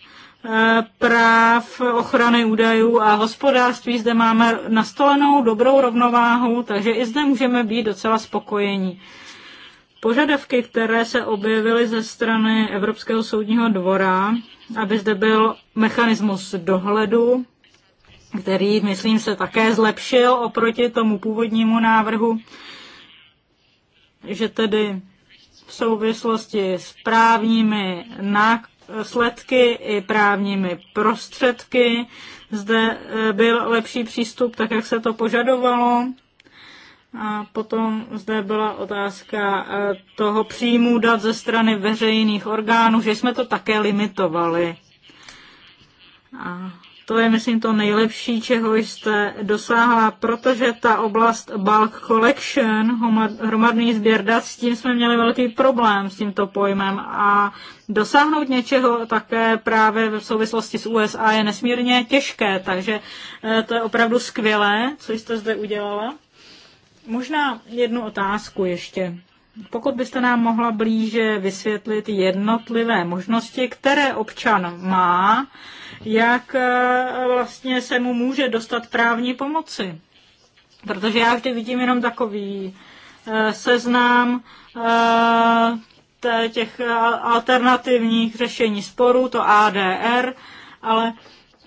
eh, práv ochrany údajů a hospodářství. Zde máme nastolenou dobrou rovnováhu, takže i zde můžeme být docela spokojení. Požadavky, které se objevily ze strany Evropského soudního dvora, aby zde byl mechanismus dohledu, který, myslím, se také zlepšil oproti tomu původnímu návrhu, že tedy v souvislosti s právními následky i právními prostředky zde eh, byl lepší přístup, tak jak se to požadovalo. A potom zde byla otázka eh, toho příjmu dat ze strany veřejných orgánů, že jsme to také limitovali. A to je, myslím, to nejlepší, čeho jste dosáhla, protože ta oblast bulk collection, hromadný sběr dat, s tím jsme měli velký problém s tímto pojmem a dosáhnout něčeho také právě v souvislosti s USA je nesmírně těžké, takže eh, to je opravdu skvělé, co jste zde udělala. Možná jednu otázku ještě. Pokud byste nám mohla blíže vysvětlit jednotlivé možnosti, které občan má, jak eh, vlastně se mu může dostat právní pomoci. Protože já vždy vidím jenom takový eh, seznám eh, těch alternativních řešení sporů, to ADR, ale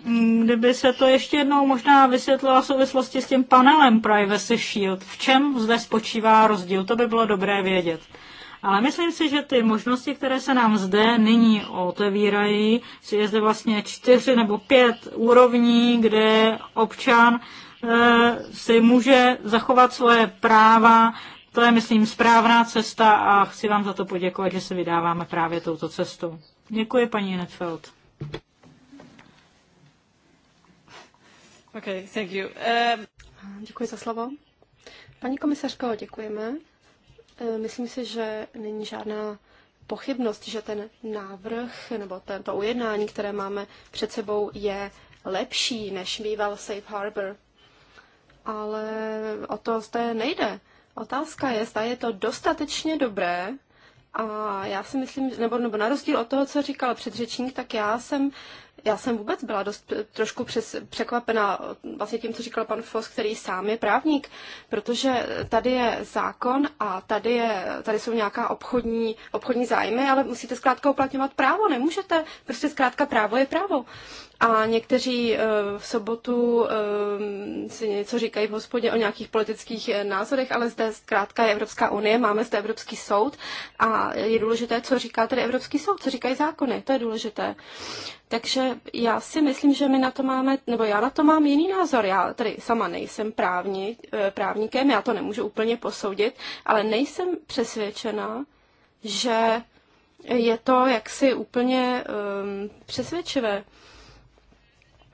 mm, kdyby se to ještě jednou možná vysvětlila v souvislosti s tím panelem Privacy Shield, v čem zde spočívá rozdíl, to by bylo dobré vědět. Ale myslím si, že ty možnosti, které se nám zde nyní otevírají, je zde vlastně čtyři nebo pět úrovní, kde občan eh, si může zachovat svoje práva. To je, myslím, správná cesta a chci vám za to poděkovat, že se vydáváme právě touto cestou. Děkuji, paní Netfeld. Okay, thank you. Um... Děkuji za slovo. Paní komisařko, děkujeme Eh, myslím si, že není žádná pochybnost, že ten návrh nebo to ujednání, které máme před sebou, je lepší, než býval Safe Harbor. Ale o to zde nejde. Otázka je, zda je to dostatečně dobré, a já si myslím, nebo, nebo na rozdíl od toho, co říkal předřečník, tak já jsem já jsem vůbec byla dost trošku přes, překvapena vlastně tím, co říkal pan Fos, který sám je právník, protože tady je zákon a tady, je, tady jsou nějaká obchodní, obchodní zájmy, ale musíte zkrátka uplatňovat právo, nemůžete. Prostě zkrátka právo je právo. A někteří eh, v sobotu eh, si něco říkají v hospodě o nějakých politických eh, názorech, ale zde zkrátka je Evropská unie, máme zde Evropský soud a je důležité, co říká tedy Evropský soud, co říkají zákony, to je důležité. Takže já si myslím, že my na to máme, nebo já na to mám jiný názor. Já tedy sama nejsem právní, právníkem, já to nemůžu úplně posoudit, ale nejsem přesvědčena, že je to jaksi úplně um, přesvědčivé.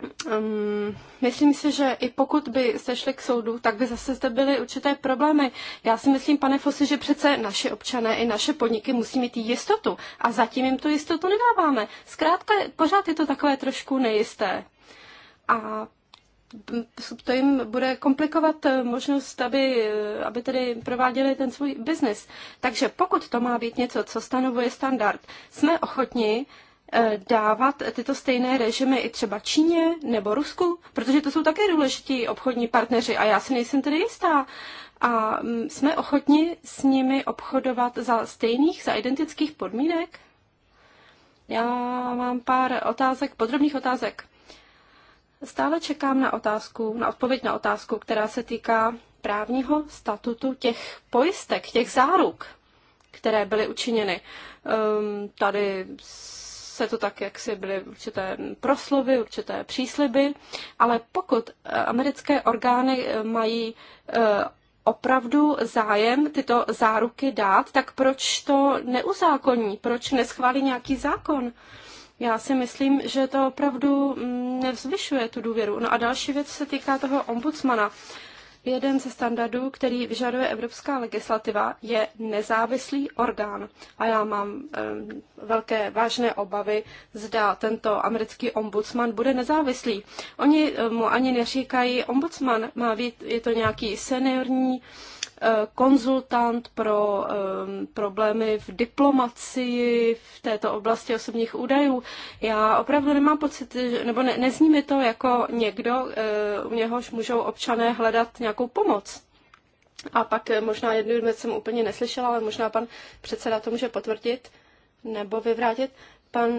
Um, myslím si, že i pokud by se šli k soudu, tak by zase zde byly určité problémy. Já si myslím, pane Fosi, že přece naše občané i naše podniky musí mít jistotu a zatím jim tu jistotu nedáváme. Zkrátka, pořád je to takové trošku nejisté. A to jim bude komplikovat eh, možnost, aby, eh, aby tedy prováděli ten svůj biznis. Takže pokud to má být něco, co stanovuje standard, jsme ochotni Eh, dávat tyto stejné režimy i třeba Číně nebo Rusku, protože to jsou také důležití obchodní partneři a já si nejsem tedy jistá. A mm, jsme ochotni s nimi obchodovat za stejných, za identických podmínek? Já mám pár otázek, podrobných otázek. Stále čekám na otázku, na odpověď na otázku, která se týká právního statutu těch pojistek, těch záruk, které byly učiněny. Um, tady se to tak, jak si byly určité proslovy, určité přísliby, ale pokud eh, americké orgány eh, mají eh, opravdu zájem tyto záruky dát, tak proč to neuzákoní, proč neschválí nějaký zákon? Já si myslím, že to opravdu mm, nevzvyšuje tu důvěru. No a další věc se týká toho ombudsmana. Jeden ze standardů, který vyžaduje evropská legislativa, je nezávislý orgán. A já mám um, velké vážné obavy, zda tento americký ombudsman bude nezávislý. Oni mu ani neříkají ombudsman, má být, je to nějaký seniorní Eh, konzultant pro eh, problémy v diplomacii v této oblasti osobních údajů. Já opravdu nemám pocit, nebo ne, nezní mi to jako někdo, eh, u něhož můžou občané hledat nějakou pomoc. A pak možná jednu věc jsem úplně neslyšela, ale možná pan předseda to může potvrdit nebo vyvrátit pan,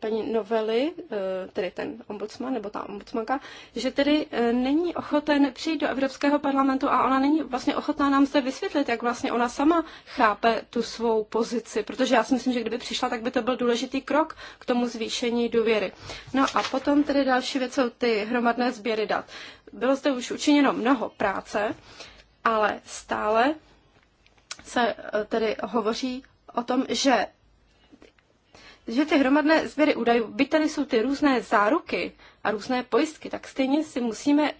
paní Novely, eh, tedy ten ombudsman nebo ta ombudsmanka, že tedy eh, není ochoten přijít do Evropského parlamentu a ona není vlastně ochotná nám zde vysvětlit, jak vlastně ona sama chápe tu svou pozici, protože já si myslím, že kdyby přišla, tak by to byl důležitý krok k tomu zvýšení důvěry. No a potom tedy další věc jsou ty hromadné sběry dat. Bylo zde už učiněno mnoho práce, ale stále se eh, tedy hovoří o tom, že že ty hromadné sběry údajů, byť tady jsou ty různé záruky a různé pojistky, tak stejně si musíme e,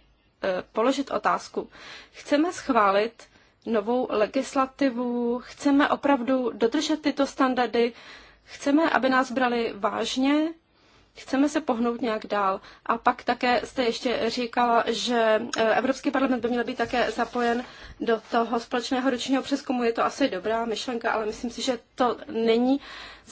položit otázku. Chceme schválit novou legislativu, chceme opravdu dodržet tyto standardy, chceme, aby nás brali vážně, chceme se pohnout nějak dál. A pak také jste ještě říkala, že e, Evropský parlament by měl být také zapojen do toho společného ročního přeskumu. Je to asi dobrá myšlenka, ale myslím si, že to není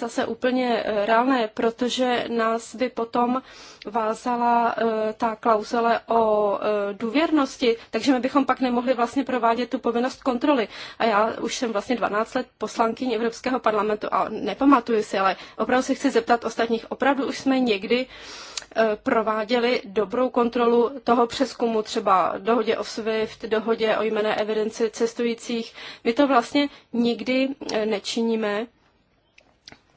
zase úplně eh, reálné, protože nás by potom vázala eh, ta klauzule o eh, důvěrnosti, takže my bychom pak nemohli vlastně provádět tu povinnost kontroly. A já už jsem vlastně 12 let poslankyní Evropského parlamentu a nepamatuju si, ale opravdu se chci zeptat ostatních, opravdu už jsme někdy prováděli dobrou kontrolu toho přeskumu, třeba dohodě o SWIFT, dohodě o jmené evidenci cestujících. My to vlastně nikdy nečiníme.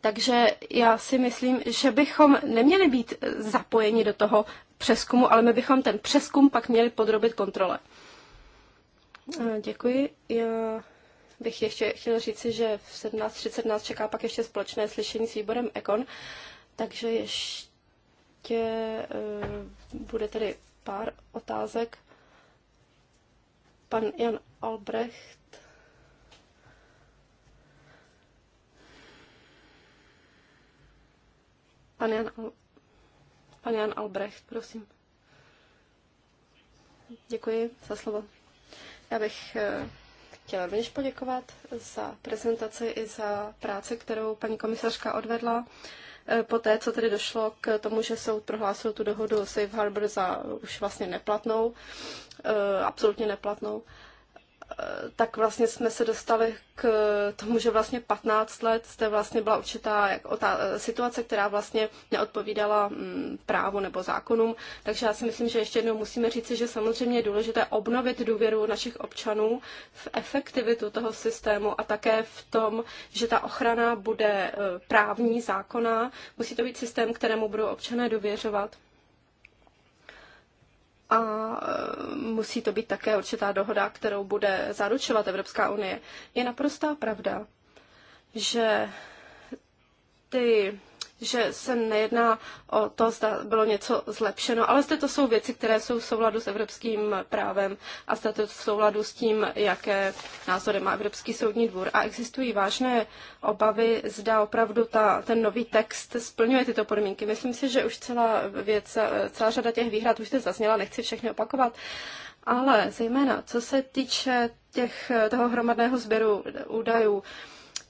Takže já si myslím, že bychom neměli být zapojeni do toho přeskumu, ale my bychom ten přeskum pak měli podrobit kontrole. Eh, děkuji. Já bych ještě chtěla říci, že v 17.30 nás čeká pak ještě společné slyšení s výborem Ekon, takže ještě eh, bude tedy pár otázek. Pan Jan Albrecht Pan Jan, Al, pan Jan Albrecht, prosím. Děkuji za slovo. Já bych eh, chtěla rovněž poděkovat za prezentaci i za práci, kterou paní komisařka odvedla. Eh, Poté, co tedy došlo k tomu, že soud prohlásil tu dohodu Safe Harbor za už vlastně neplatnou, eh, absolutně neplatnou, tak vlastně jsme se dostali k tomu, že vlastně 15 let jste vlastně byla určitá jak otá- situace, která vlastně neodpovídala mm, právu nebo zákonům. Takže já si myslím, že ještě jednou musíme říci, že samozřejmě je důležité obnovit důvěru našich občanů v efektivitu toho systému a také v tom, že ta ochrana bude e, právní, zákonná. Musí to být systém, kterému budou občané dověřovat a e, musí to být také určitá dohoda, kterou bude zaručovat Evropská unie. Je naprostá pravda, že ty že se nejedná o to, zda bylo něco zlepšeno, ale zde to jsou věci, které jsou v souladu s evropským právem a zde to v souladu s tím, jaké názory má Evropský soudní dvůr. A existují vážné obavy, zda opravdu ta, ten nový text splňuje tyto podmínky. Myslím si, že už celá věc, celá řada těch výhrad už se zazněla, nechci všechny opakovat. Ale zejména, co se týče těch, toho hromadného sběru údajů,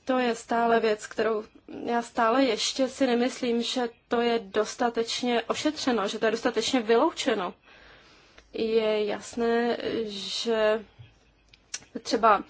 to je stále věc, kterou já stále ještě si nemyslím, že to je dostatečně ošetřeno, že to je dostatečně vyloučeno. Je jasné, že třeba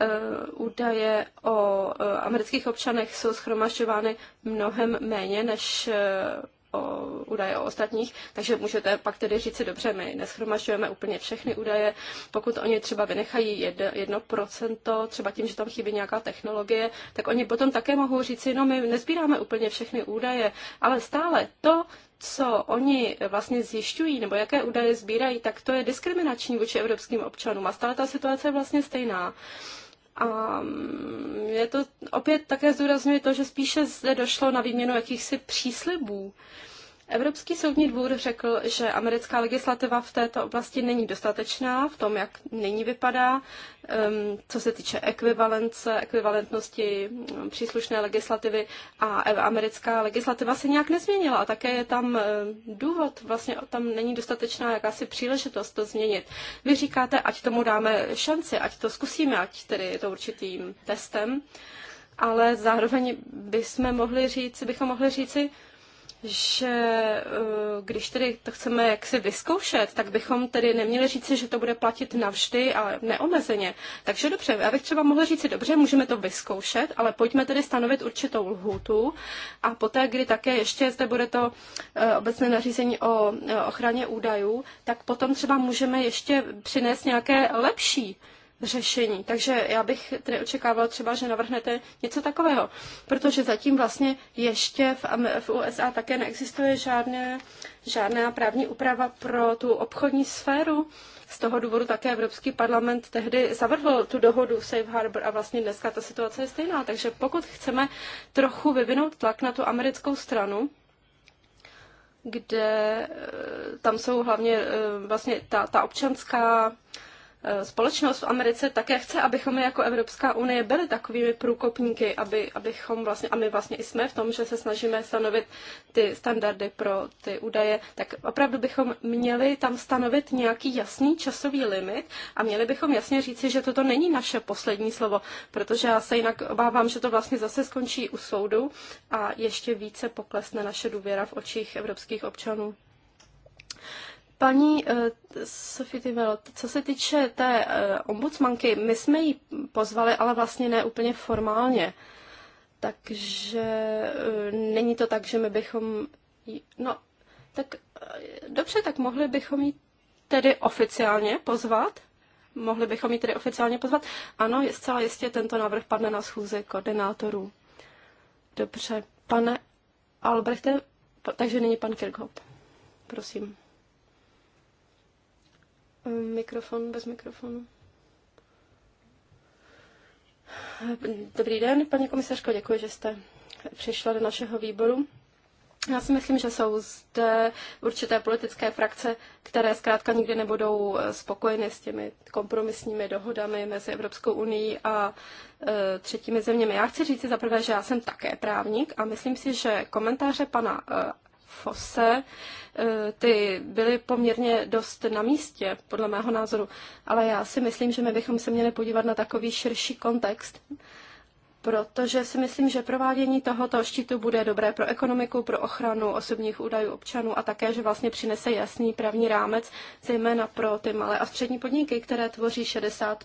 eh, údaje o eh, amerických občanech jsou schromažďovány mnohem méně než eh, o údaje o ostatních, takže můžete pak tedy říct si, dobře, my neschromažďujeme úplně všechny údaje, pokud oni třeba vynechají jedno, jedno procento, třeba tím, že tam chybí nějaká technologie, tak oni potom také mohou říct si, no my nezbíráme úplně všechny údaje, ale stále to, co oni vlastně zjišťují nebo jaké údaje sbírají, tak to je diskriminační vůči evropským občanům a stále ta situace je vlastně stejná. A mm, je to opět také zdůrazňuje to, že spíše zde došlo na výměnu jakýchsi příslibů Evropský soudní dvůr řekl, že americká legislativa v této oblasti není dostatečná v tom, jak nyní vypadá, ehm, co se týče ekvivalence, ekvivalentnosti ehm, příslušné legislativy a e- americká legislativa se nějak nezměnila a také je tam ehm, důvod, vlastně tam není dostatečná jakási příležitost to změnit. Vy říkáte, ať tomu dáme šanci, ať to zkusíme, ať tedy je to určitým testem, ale zároveň bychom mohli říci, bychom mohli říci, že eh, když tedy to chceme jaksi vyzkoušet, tak bychom tedy neměli říci, že to bude platit navždy a neomezeně. Takže dobře, já bych třeba mohla říci, dobře, můžeme to vyzkoušet, ale pojďme tedy stanovit určitou lhůtu a poté, kdy také ještě zde bude to eh, obecné nařízení o eh, ochraně údajů, tak potom třeba můžeme ještě přinést nějaké lepší řešení. Takže já bych tedy očekávala třeba, že navrhnete něco takového, protože zatím vlastně ještě v, v USA také neexistuje žádné, žádná právní úprava pro tu obchodní sféru. Z toho důvodu také Evropský parlament tehdy zavrhl tu dohodu Safe Harbor a vlastně dneska ta situace je stejná. Takže pokud chceme trochu vyvinout tlak na tu americkou stranu, kde eh, tam jsou hlavně eh, vlastně ta, ta občanská Eh, společnost v Americe také chce, abychom my jako Evropská unie byli takovými průkopníky, aby, abychom vlastně, a my vlastně i jsme v tom, že se snažíme stanovit ty standardy pro ty údaje, tak opravdu bychom měli tam stanovit nějaký jasný časový limit a měli bychom jasně říci, že toto není naše poslední slovo, protože já se jinak obávám, že to vlastně zase skončí u soudu a ještě více poklesne naše důvěra v očích evropských občanů. Paní uh, eh, Sophie Tivel, co se týče té uh, ombudsmanky, my jsme ji pozvali, ale vlastně ne úplně formálně. Takže uh, není to tak, že my bychom... Jí, no, tak uh, dobře, tak mohli bychom ji tedy oficiálně pozvat? Mohli bychom ji tedy oficiálně pozvat? Ano, je zcela jistě tento návrh padne na schůze koordinátorů. Dobře, pane Albrechte, takže nyní pan Kirchhoff. Prosím. Mm, mikrofon bez mikrofonu. Dobrý den, paní komisařko, děkuji, že jste přišla do našeho výboru. Já si myslím, že jsou zde určité politické frakce, které zkrátka nikdy nebudou eh, spokojeny s těmi kompromisními dohodami mezi Evropskou unii a eh, třetími zeměmi. Já chci říct si zaprvé, že já jsem také právník a myslím si, že komentáře pana eh, Fosse, eh, ty byly poměrně dost na místě, podle mého názoru. Ale já si myslím, že my bychom se měli podívat na takový širší kontext, protože si myslím, že provádění tohoto štítu bude dobré pro ekonomiku, pro ochranu osobních údajů občanů a také, že vlastně přinese jasný právní rámec, zejména pro ty malé a střední podniky, které tvoří 60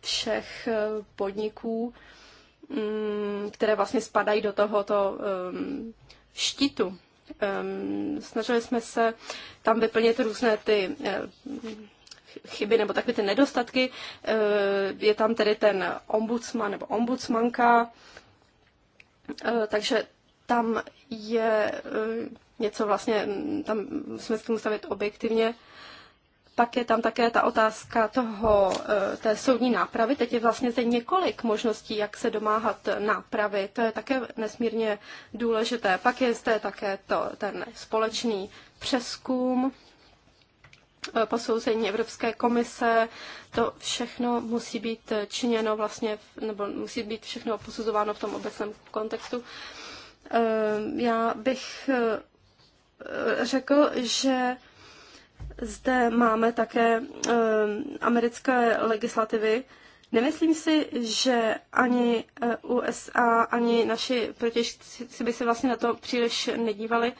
všech eh, podniků, mm, které vlastně spadají do tohoto ehm, štítu. Ehm, snažili jsme se tam vyplnit různé ty eh, chyby nebo takové ty nedostatky. Eh, je tam tedy ten ombudsman nebo ombudsmanka, eh, takže tam je něco vlastně, mm, tam musíme k tomu stavit objektivně. Pak je tam také ta otázka toho, eh, té soudní nápravy. Teď je vlastně zde několik možností, jak se domáhat nápravy. To je také nesmírně důležité. Pak je zde také to, ten společný přeskum, eh, posouzení Evropské komise, to všechno musí být činěno vlastně, nebo musí být všechno posuzováno v tom obecném kontextu. Eh, já bych řekl, že zde máme také ehm, americké legislativy. Nemyslím si, že ani eh, USA, ani naši protěžci by se vlastně na to příliš nedívali,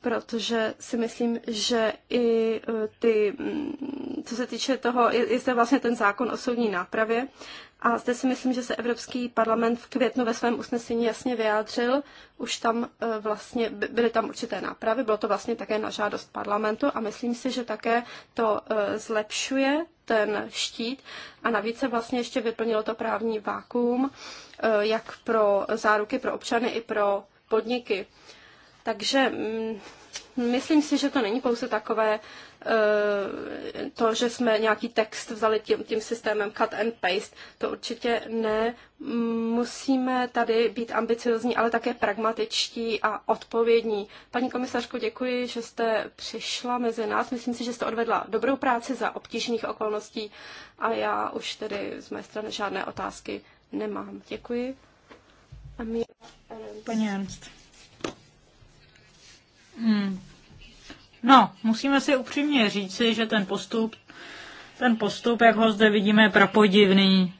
protože si myslím, že i eh, ty, mm, co se týče toho, je, je zde vlastně ten zákon o soudní nápravě. A zde si myslím, že se Evropský parlament v květnu ve svém usnesení jasně vyjádřil. Už tam e, vlastně byly tam určité nápravy, bylo to vlastně také na žádost parlamentu a myslím si, že také to e, zlepšuje ten štít a navíc se vlastně ještě vyplnilo to právní vákuum, e, jak pro záruky pro občany i pro podniky. Takže mm, myslím si, že to není pouze takové Eh, to, že jsme nějaký text vzali tím, tím systémem cut and paste, to určitě ne. Musíme tady být ambiciozní, ale také pragmatičtí a odpovědní. Paní komisařko, děkuji, že jste přišla mezi nás. Myslím si, že jste odvedla dobrou práci za obtížných okolností a já už tedy z mé strany žádné otázky nemám. Děkuji. A Paní Ernst. Hmm. No, musíme si upřímně říci, že ten postup, ten postup, jak ho zde vidíme, je prapodivný.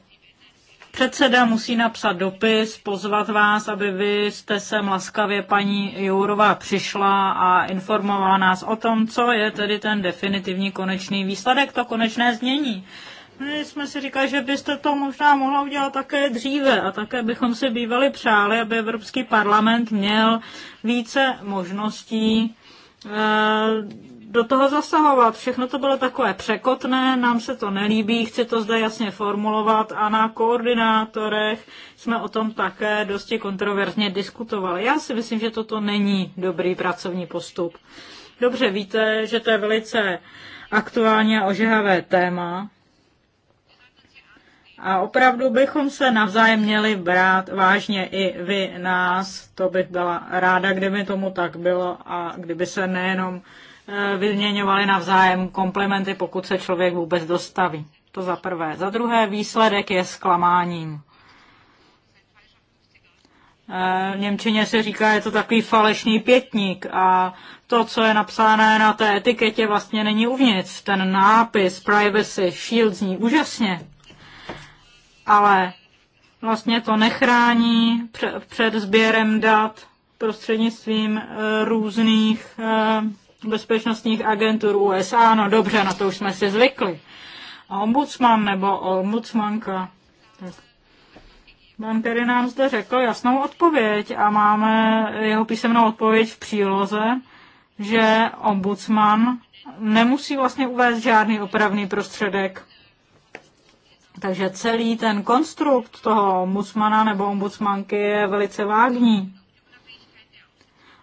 Předseda musí napsat dopis, pozvat vás, aby vy jste sem laskavě paní Jourová přišla a informovala nás o tom, co je tedy ten definitivní konečný výsledek, to konečné změní. My jsme si říkali, že byste to možná mohla udělat také dříve a také bychom si bývali přáli, aby Evropský parlament měl více možností Eh, do toho zasahovat. Všechno to bylo takové překotné, nám se to nelíbí, chci to zde jasně formulovat a na koordinátorech jsme o tom také dosti kontroverzně diskutovali. Já si myslím, že toto není dobrý pracovní postup. Dobře víte, že to je velice aktuální a ožehavé téma a opravdu bychom se navzájem měli brát vážně i vy nás. To bych byla ráda, kdyby tomu tak bylo a kdyby se nejenom eh, vyměňovali navzájem komplimenty, pokud se člověk vůbec dostaví. To za prvé. Za druhé, výsledek je zklamáním. Eh, v Němčině se říká, je to takový falešný pětník a to, co je napsané na té etiketě, vlastně není uvnitř. Ten nápis Privacy Shield zní úžasně, ale vlastně to nechrání před sběrem dat prostřednictvím eh, různých eh, bezpečnostních agentur USA. No dobře, na to už jsme si zvykli. A ombudsman nebo ombudsmanka. Tak. Pan Kerry nám zde řekl jasnou odpověď a máme jeho písemnou odpověď v příloze, že ombudsman nemusí vlastně uvést žádný opravný prostředek takže celý ten konstrukt toho ombudsmana nebo ombudsmanky je velice vágní.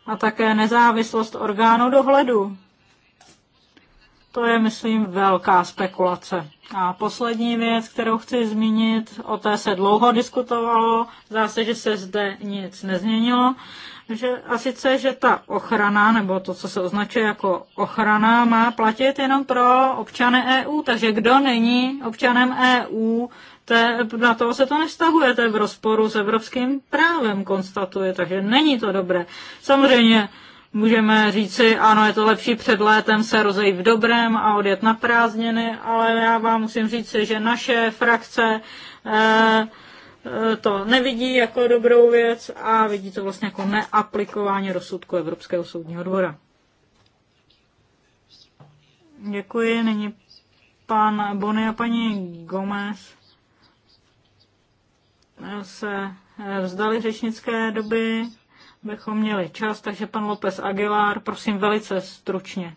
A také nezávislost orgánu dohledu. To je, myslím, velká spekulace. A poslední věc, kterou chci zmínit, o té se dlouho diskutovalo, zdá se, že se zde nic nezměnilo, že, a sice, že ta ochrana, nebo to, co se označuje jako ochrana, má platit jenom pro občany EU, takže kdo není občanem EU, te, na toho se to nestahuje. to je v rozporu s evropským právem, konstatuje, takže není to dobré. Samozřejmě můžeme říci, ano, je to lepší před létem se rozejít v dobrém a odjet na prázdniny, ale já vám musím říci, že naše frakce eh, Eh, to nevidí jako dobrou věc a vidí to vlastně jako neaplikování rozsudku Evropského soudního dvora. Děkuji. Nyní pan Bony a paní Gomez se eh, vzdali řečnické doby, bychom měli čas, takže pan López Aguilar, prosím velice stručně.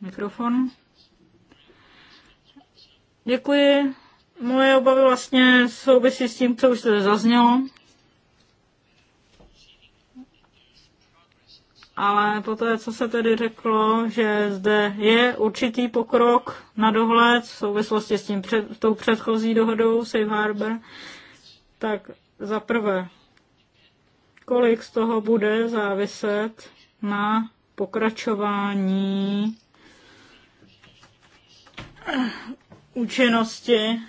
Mikrofon. Děkuji Moje obavy vlastně souvisí s tím, co už se zaznělo. Ale poté, co se tedy řeklo, že zde je určitý pokrok na dohled v souvislosti s tím před, tou předchozí dohodou Safe Harbor, tak za prvé, kolik z toho bude záviset na pokračování účinnosti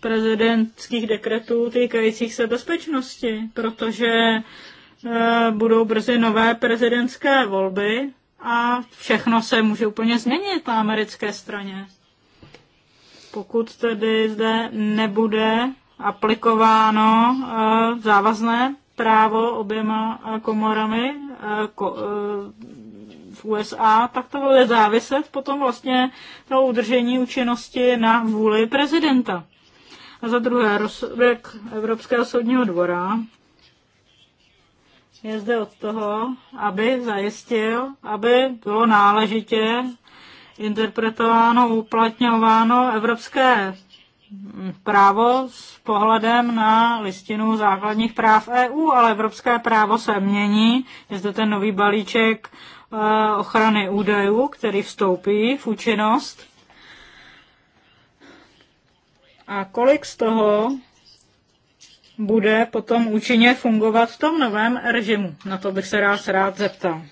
prezidentských dekretů týkajících se bezpečnosti, protože eh, budou brzy nové prezidentské volby a všechno se může úplně změnit na americké straně. Pokud tedy zde nebude aplikováno eh, závazné právo oběma eh, komorami v USA, tak to bude záviset potom vlastně na udržení účinnosti na vůli prezidenta. A za druhé rozsudek Evropského soudního dvora je zde od toho, aby zajistil, aby bylo náležitě interpretováno, uplatňováno evropské právo s pohledem na listinu základních práv EU, ale evropské právo se mění. Je zde ten nový balíček eh, ochrany údajů, který vstoupí v účinnost a kolik z toho bude potom účinně fungovat v tom novém režimu. Na to bych se rád, rád zeptal.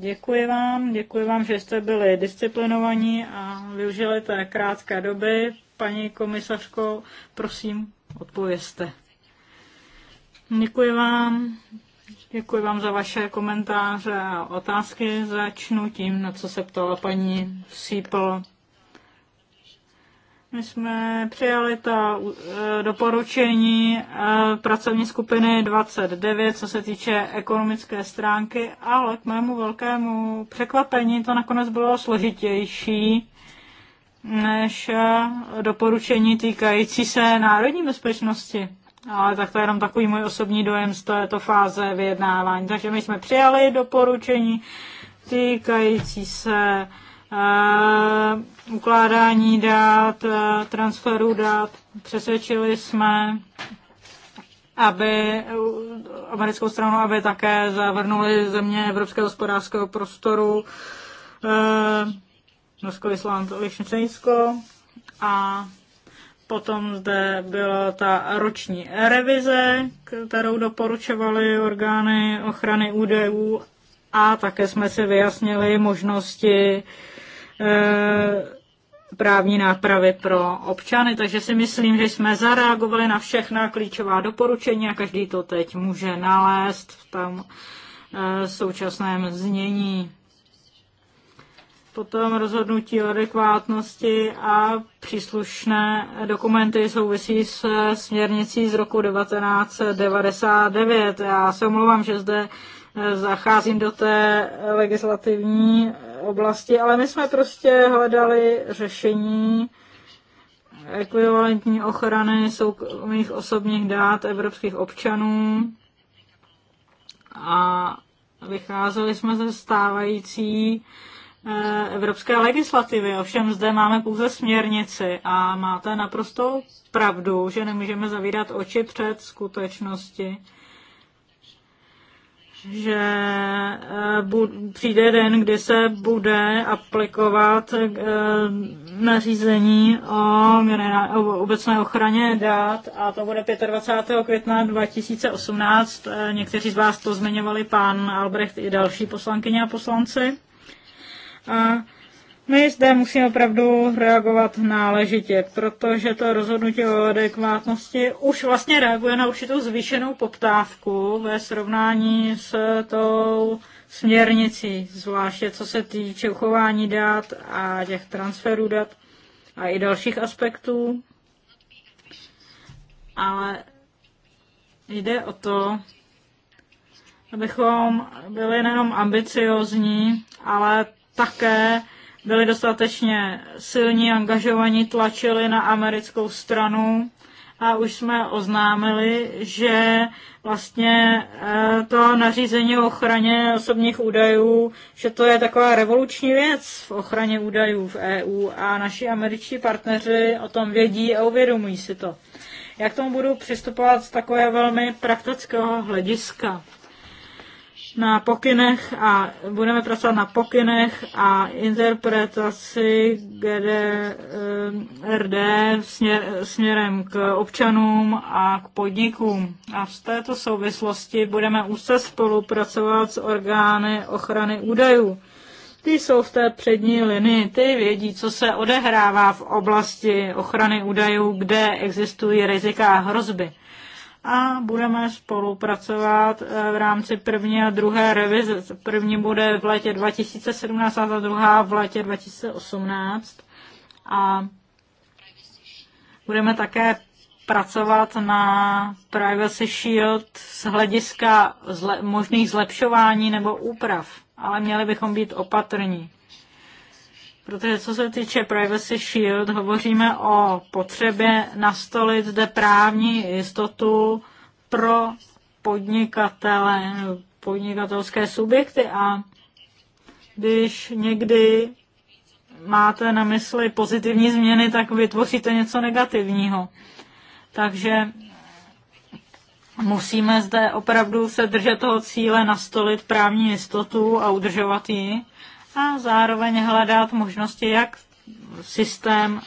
Děkuji vám, děkuji vám, že jste byli disciplinovaní a využili té krátké doby. Paní komisařko, prosím, odpověste. Děkuji vám, děkuji vám za vaše komentáře a otázky. Začnu tím, na co se ptala paní Sýpl. My jsme přijali to eh, doporučení eh, pracovní skupiny 29, co se týče ekonomické stránky, ale k mému velkému překvapení to nakonec bylo složitější než eh, doporučení týkající se národní bezpečnosti. Ale tak to je jenom takový můj osobní dojem z této fáze vyjednávání. Takže my jsme přijali doporučení týkající se ukládání dát, transferu dát. Přesvědčili jsme aby americkou stranu, aby také zavrnuli země Evropského hospodářského prostoru, e, Norsko, Island, Lichtensteinsko a potom zde byla ta roční revize, kterou doporučovaly orgány ochrany údajů a také jsme si vyjasnili možnosti Eh, právní nápravy pro občany, takže si myslím, že jsme zareagovali na všechna klíčová doporučení a každý to teď může nalézt v tom eh, současném znění. Potom rozhodnutí o adekvátnosti a příslušné dokumenty souvisí s směrnicí z roku 1999. Já se omlouvám, že zde eh, zacházím do té legislativní oblasti, ale my jsme prostě hledali řešení ekvivalentní ochrany soukromých osobních dát evropských občanů a vycházeli jsme ze stávající eh, evropské legislativy. Ovšem zde máme pouze směrnici a máte naprosto pravdu, že nemůžeme zavírat oči před skutečnosti, že eh, přijde den, kdy se bude aplikovat eh, nařízení o obecné ochraně dát a to bude 25. května 2018. Eh, někteří z vás to zmiňovali, pán Albrecht i další poslankyně a poslanci. My zde musíme opravdu reagovat náležitě, protože to rozhodnutí o adekvátnosti už vlastně reaguje na určitou zvýšenou poptávku ve srovnání s tou směrnicí, zvláště co se týče uchování dat a těch transferů dat a i dalších aspektů. Ale jde o to, abychom byli nejenom ambiciozní, ale také byli dostatečně silní, angažovaní, tlačili na americkou stranu a už jsme oznámili, že vlastně eh, to nařízení o ochraně osobních údajů, že to je taková revoluční věc v ochraně údajů v EU a naši američtí partneři o tom vědí a uvědomují si to. Jak tomu budu přistupovat z takového velmi praktického hlediska? na pokynech a budeme pracovat na pokynech a interpretaci GDRD eh, směr, směrem k občanům a k podnikům. A v této souvislosti budeme úzce spolupracovat s orgány ochrany údajů. Ty jsou v té přední linii, ty vědí, co se odehrává v oblasti ochrany údajů, kde existují rizika a hrozby a budeme spolupracovat eh, v rámci první a druhé revize. První bude v letě 2017 a ta druhá v letě 2018. A budeme také pracovat na Privacy Shield z hlediska zle- možných zlepšování nebo úprav, ale měli bychom být opatrní. Protože co se týče Privacy Shield, hovoříme o potřebě nastolit zde právní jistotu pro podnikatele, podnikatelské subjekty a když někdy máte na mysli pozitivní změny, tak vytvoříte něco negativního. Takže musíme zde opravdu se držet toho cíle, nastolit právní jistotu a udržovat ji a zároveň hledat možnosti, jak systém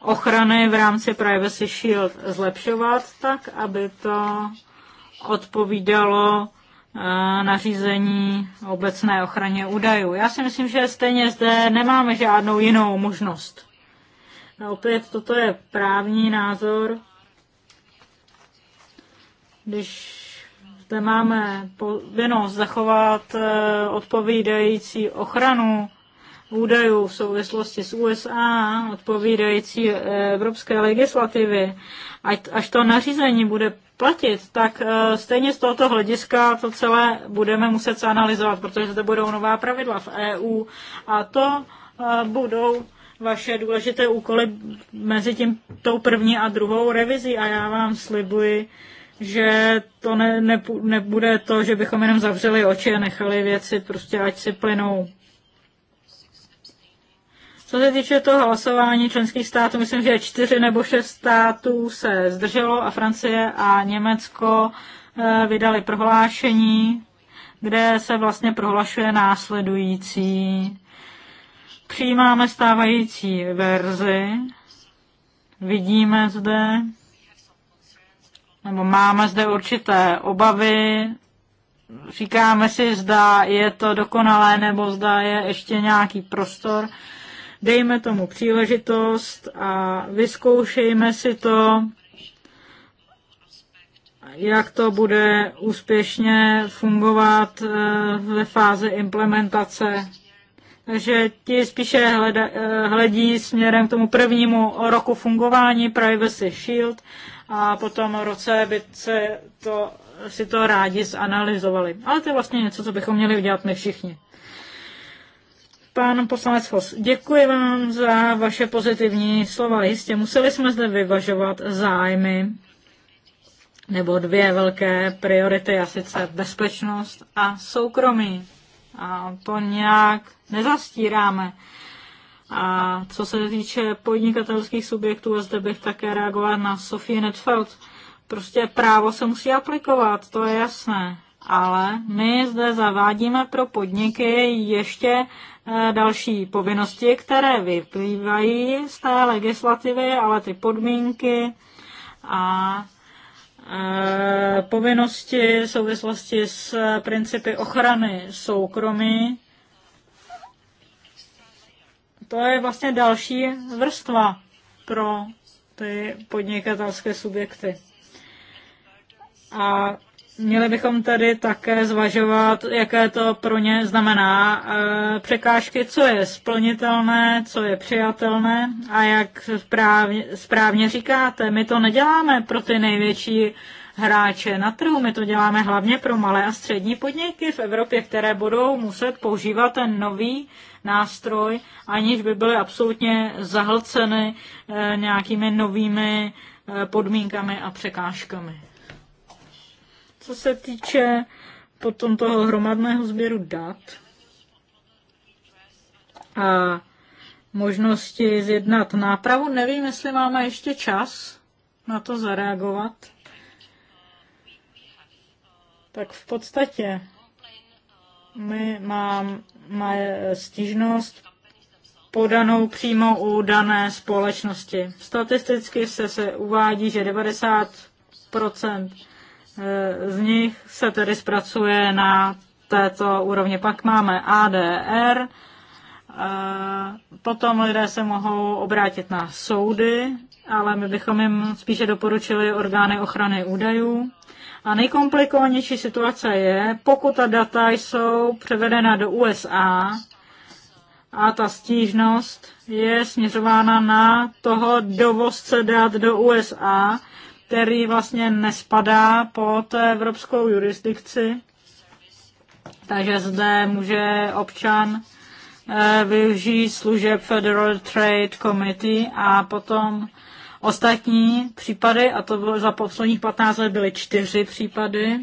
ochrany v rámci Privacy Shield zlepšovat tak, aby to odpovídalo eh, nařízení obecné ochraně údajů. Já si myslím, že stejně zde nemáme žádnou jinou možnost. A opět toto je právní názor. Když kde máme povinnost zachovat eh, odpovídající ochranu údajů v souvislosti s USA, odpovídající eh, evropské legislativy. Až to nařízení bude platit, tak eh, stejně z tohoto hlediska to celé budeme muset analyzovat, protože zde budou nová pravidla v EU a to budou vaše důležité úkoly mezi tím tou první a druhou revizí a já vám slibuji, že to ne, ne, nebude to, že bychom jenom zavřeli oči a nechali věci prostě ať si plynou. Co se týče toho hlasování členských států, myslím, že čtyři nebo šest států se zdrželo a Francie a Německo eh, vydali prohlášení, kde se vlastně prohlašuje následující. Přijímáme stávající verzi, vidíme zde nebo máme zde určité obavy, říkáme si, zda je to dokonalé, nebo zda je ještě nějaký prostor. Dejme tomu příležitost a vyzkoušejme si to, jak to bude úspěšně fungovat eh, ve fázi implementace. Takže ti spíše eh, hledí směrem k tomu prvnímu roku fungování Privacy Shield a potom v roce by se to, si to rádi zanalizovali. Ale to je vlastně něco, co bychom měli udělat my všichni. Pan poslanec Hos, děkuji vám za vaše pozitivní slova. Jistě museli jsme zde vyvažovat zájmy nebo dvě velké priority, a sice bezpečnost a soukromí. A to nějak nezastíráme. A co se týče podnikatelských subjektů, zde bych také reagoval na Sofie Netfeld. Prostě právo se musí aplikovat, to je jasné. Ale my zde zavádíme pro podniky ještě eh, další povinnosti, které vyplývají z té legislativy, ale ty podmínky a eh, povinnosti v souvislosti s eh, principy ochrany soukromí to je vlastně další vrstva pro ty podnikatelské subjekty. A měli bychom tedy také zvažovat, jaké to pro ně znamená e, překážky, co je splnitelné, co je přijatelné a jak správně, správně říkáte, my to neděláme pro ty největší hráče na trhu. My to děláme hlavně pro malé a střední podniky v Evropě, které budou muset používat ten nový nástroj, aniž by byly absolutně zahlceny eh, nějakými novými eh, podmínkami a překážkami. Co se týče potom toho hromadného sběru dat a možnosti zjednat nápravu, nevím, jestli máme ještě čas na to zareagovat tak v podstatě my mám, má stížnost podanou přímo u dané společnosti. Statisticky se, se uvádí, že 90% eh, z nich se tedy zpracuje na této úrovni. Pak máme ADR, eh, potom lidé se mohou obrátit na soudy, ale my bychom jim spíše doporučili orgány ochrany údajů. A nejkomplikovanější situace je, pokud ta data jsou převedena do USA a ta stížnost je směřována na toho dovozce dat do USA, který vlastně nespadá pod evropskou jurisdikci. Takže zde může občan eh, využít služeb Federal Trade Committee a potom Ostatní případy, a to bylo za posledních 15 let byly čtyři případy,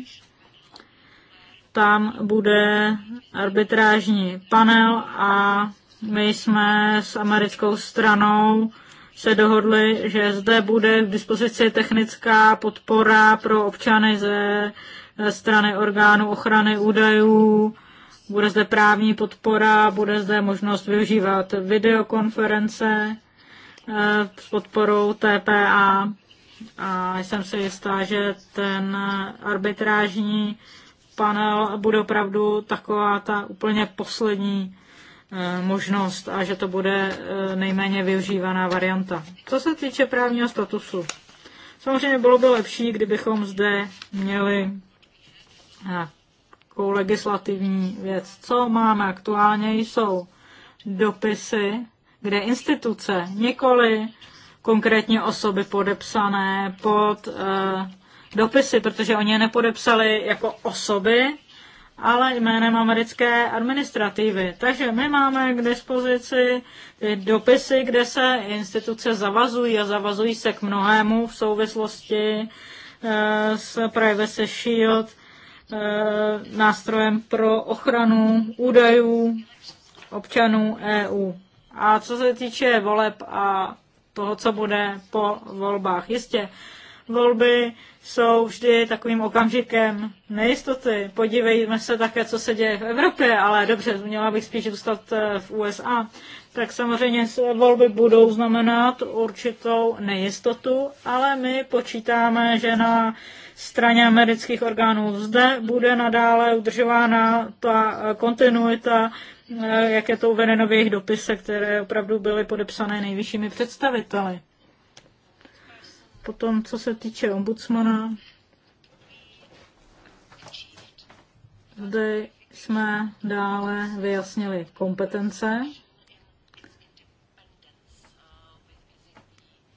tam bude arbitrážní panel a my jsme s americkou stranou se dohodli, že zde bude k dispozici technická podpora pro občany ze strany orgánu ochrany údajů, bude zde právní podpora, bude zde možnost využívat videokonference s podporou TPA a jsem si jistá, že ten arbitrážní panel bude opravdu taková ta úplně poslední eh, možnost a že to bude eh, nejméně využívaná varianta. Co se týče právního statusu, samozřejmě bylo by lepší, kdybychom zde měli nějakou eh, legislativní věc. Co máme aktuálně, jsou dopisy kde instituce, nikoli konkrétně osoby podepsané pod eh, dopisy, protože oni je nepodepsali jako osoby, ale jménem americké administrativy. Takže my máme k dispozici dopisy, kde se instituce zavazují a zavazují se k mnohému v souvislosti eh, s Privacy Shield, eh, nástrojem pro ochranu údajů občanů EU. A co se týče voleb a toho, co bude po volbách, jistě, volby jsou vždy takovým okamžikem nejistoty. Podívejme se také, co se děje v Evropě, ale dobře, měla bych spíš zůstat eh, v USA tak samozřejmě volby budou znamenat určitou nejistotu, ale my počítáme, že na straně amerických orgánů zde bude nadále udržována ta kontinuita, eh, jak je to uvedeno v jejich dopise, které opravdu byly podepsané nejvyššími představiteli. Potom, co se týče ombudsmana, zde jsme dále vyjasnili kompetence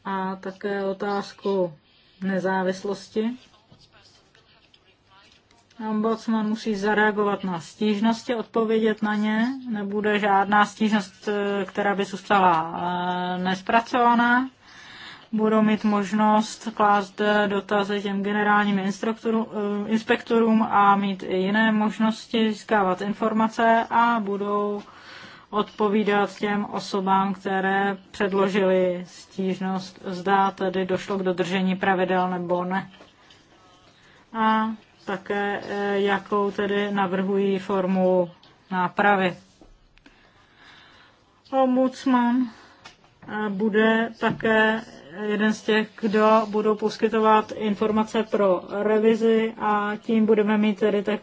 a také otázku nezávislosti. Ombudsman musí zareagovat na stížnosti, odpovědět na ně. Nebude žádná stížnost, e, která by zůstala e, nespracovaná. Budou mít možnost klást dotazy těm generálním e, inspektorům a mít i jiné možnosti získávat informace a budou odpovídat těm osobám, které předložili stížnost, zda tedy došlo k dodržení pravidel nebo ne. A také e, jakou tedy navrhují formu nápravy. Ombudsman e, bude také jeden z těch, kdo budou poskytovat informace pro revizi a tím budeme mít tedy tak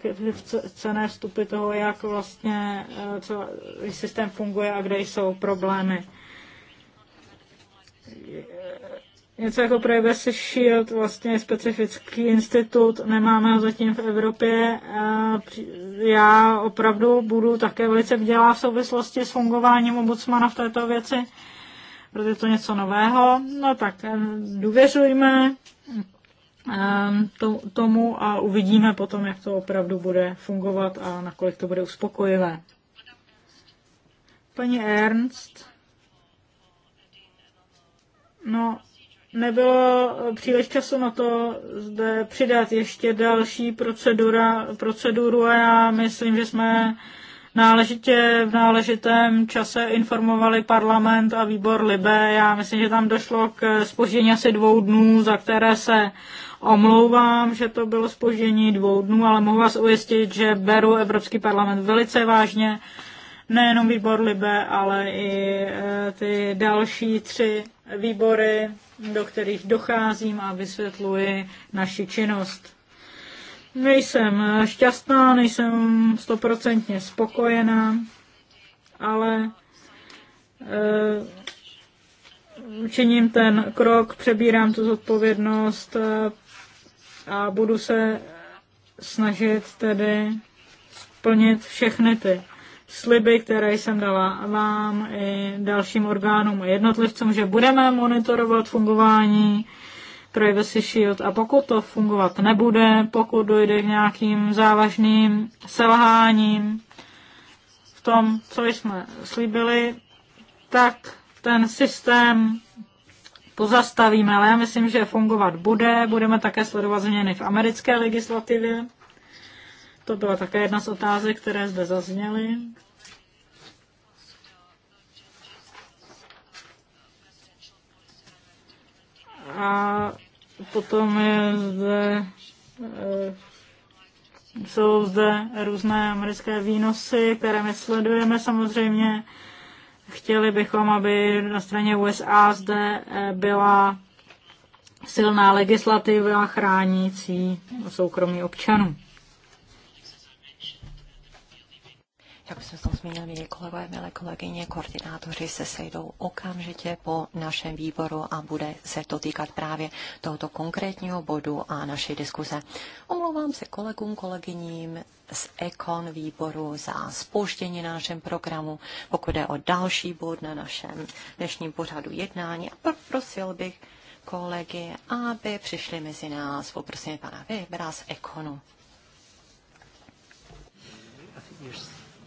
cené vstupy toho, jak vlastně eh, co systém funguje a kde jsou problémy. Něco jako Privacy Shield, vlastně specifický institut, nemáme ho zatím v Evropě. Já opravdu budu také velice vdělá v souvislosti s fungováním ombudsmana v této věci protože je to něco nového, no tak eh, důvěřujme eh, tomu a uvidíme potom, jak to opravdu bude fungovat a nakolik to bude uspokojivé. Paní Ernst, no, nebylo příliš času na to zde přidat ještě další procedura, proceduru a já myslím, že jsme náležitě v náležitém čase informovali parlament a výbor Libe. Já myslím, že tam došlo k spoždění asi dvou dnů, za které se omlouvám, že to bylo spoždění dvou dnů, ale mohu vás ujistit, že beru Evropský parlament velice vážně. Nejenom výbor Libe, ale i e, ty další tři výbory, do kterých docházím a vysvětluji naši činnost. Nejsem eh, šťastná, nejsem stoprocentně spokojená, ale e, eh, činím ten krok, přebírám tu zodpovědnost eh, a budu se snažit tedy splnit všechny ty sliby, které jsem dala vám i dalším orgánům a jednotlivcům, že budeme monitorovat fungování Privacy Shield a pokud to fungovat nebude, pokud dojde k nějakým závažným selháním v tom, co jsme slíbili, tak ten systém pozastavíme, ale já myslím, že fungovat bude. Budeme také sledovat změny v americké legislativě. To byla také jedna z otázek, které zde zazněly. A Potom je zde, eh, jsou zde různé americké výnosy, které my sledujeme samozřejmě. Chtěli bychom, aby na straně USA zde eh, byla silná legislativa chránící soukromí občanů. jak jsme to zmínili, milí kolegové, milé kolegyně, koordinátoři se sejdou okamžitě po našem výboru a bude se to týkat právě tohoto konkrétního bodu a naší diskuze. Omlouvám se kolegům, kolegyním z Ekon výboru za spoždění na našem programu, pokud je o další bod na našem dnešním pořadu jednání. A prosil bych kolegy, aby přišli mezi nás. Poprosím pana Vybra z Ekonu. Yes.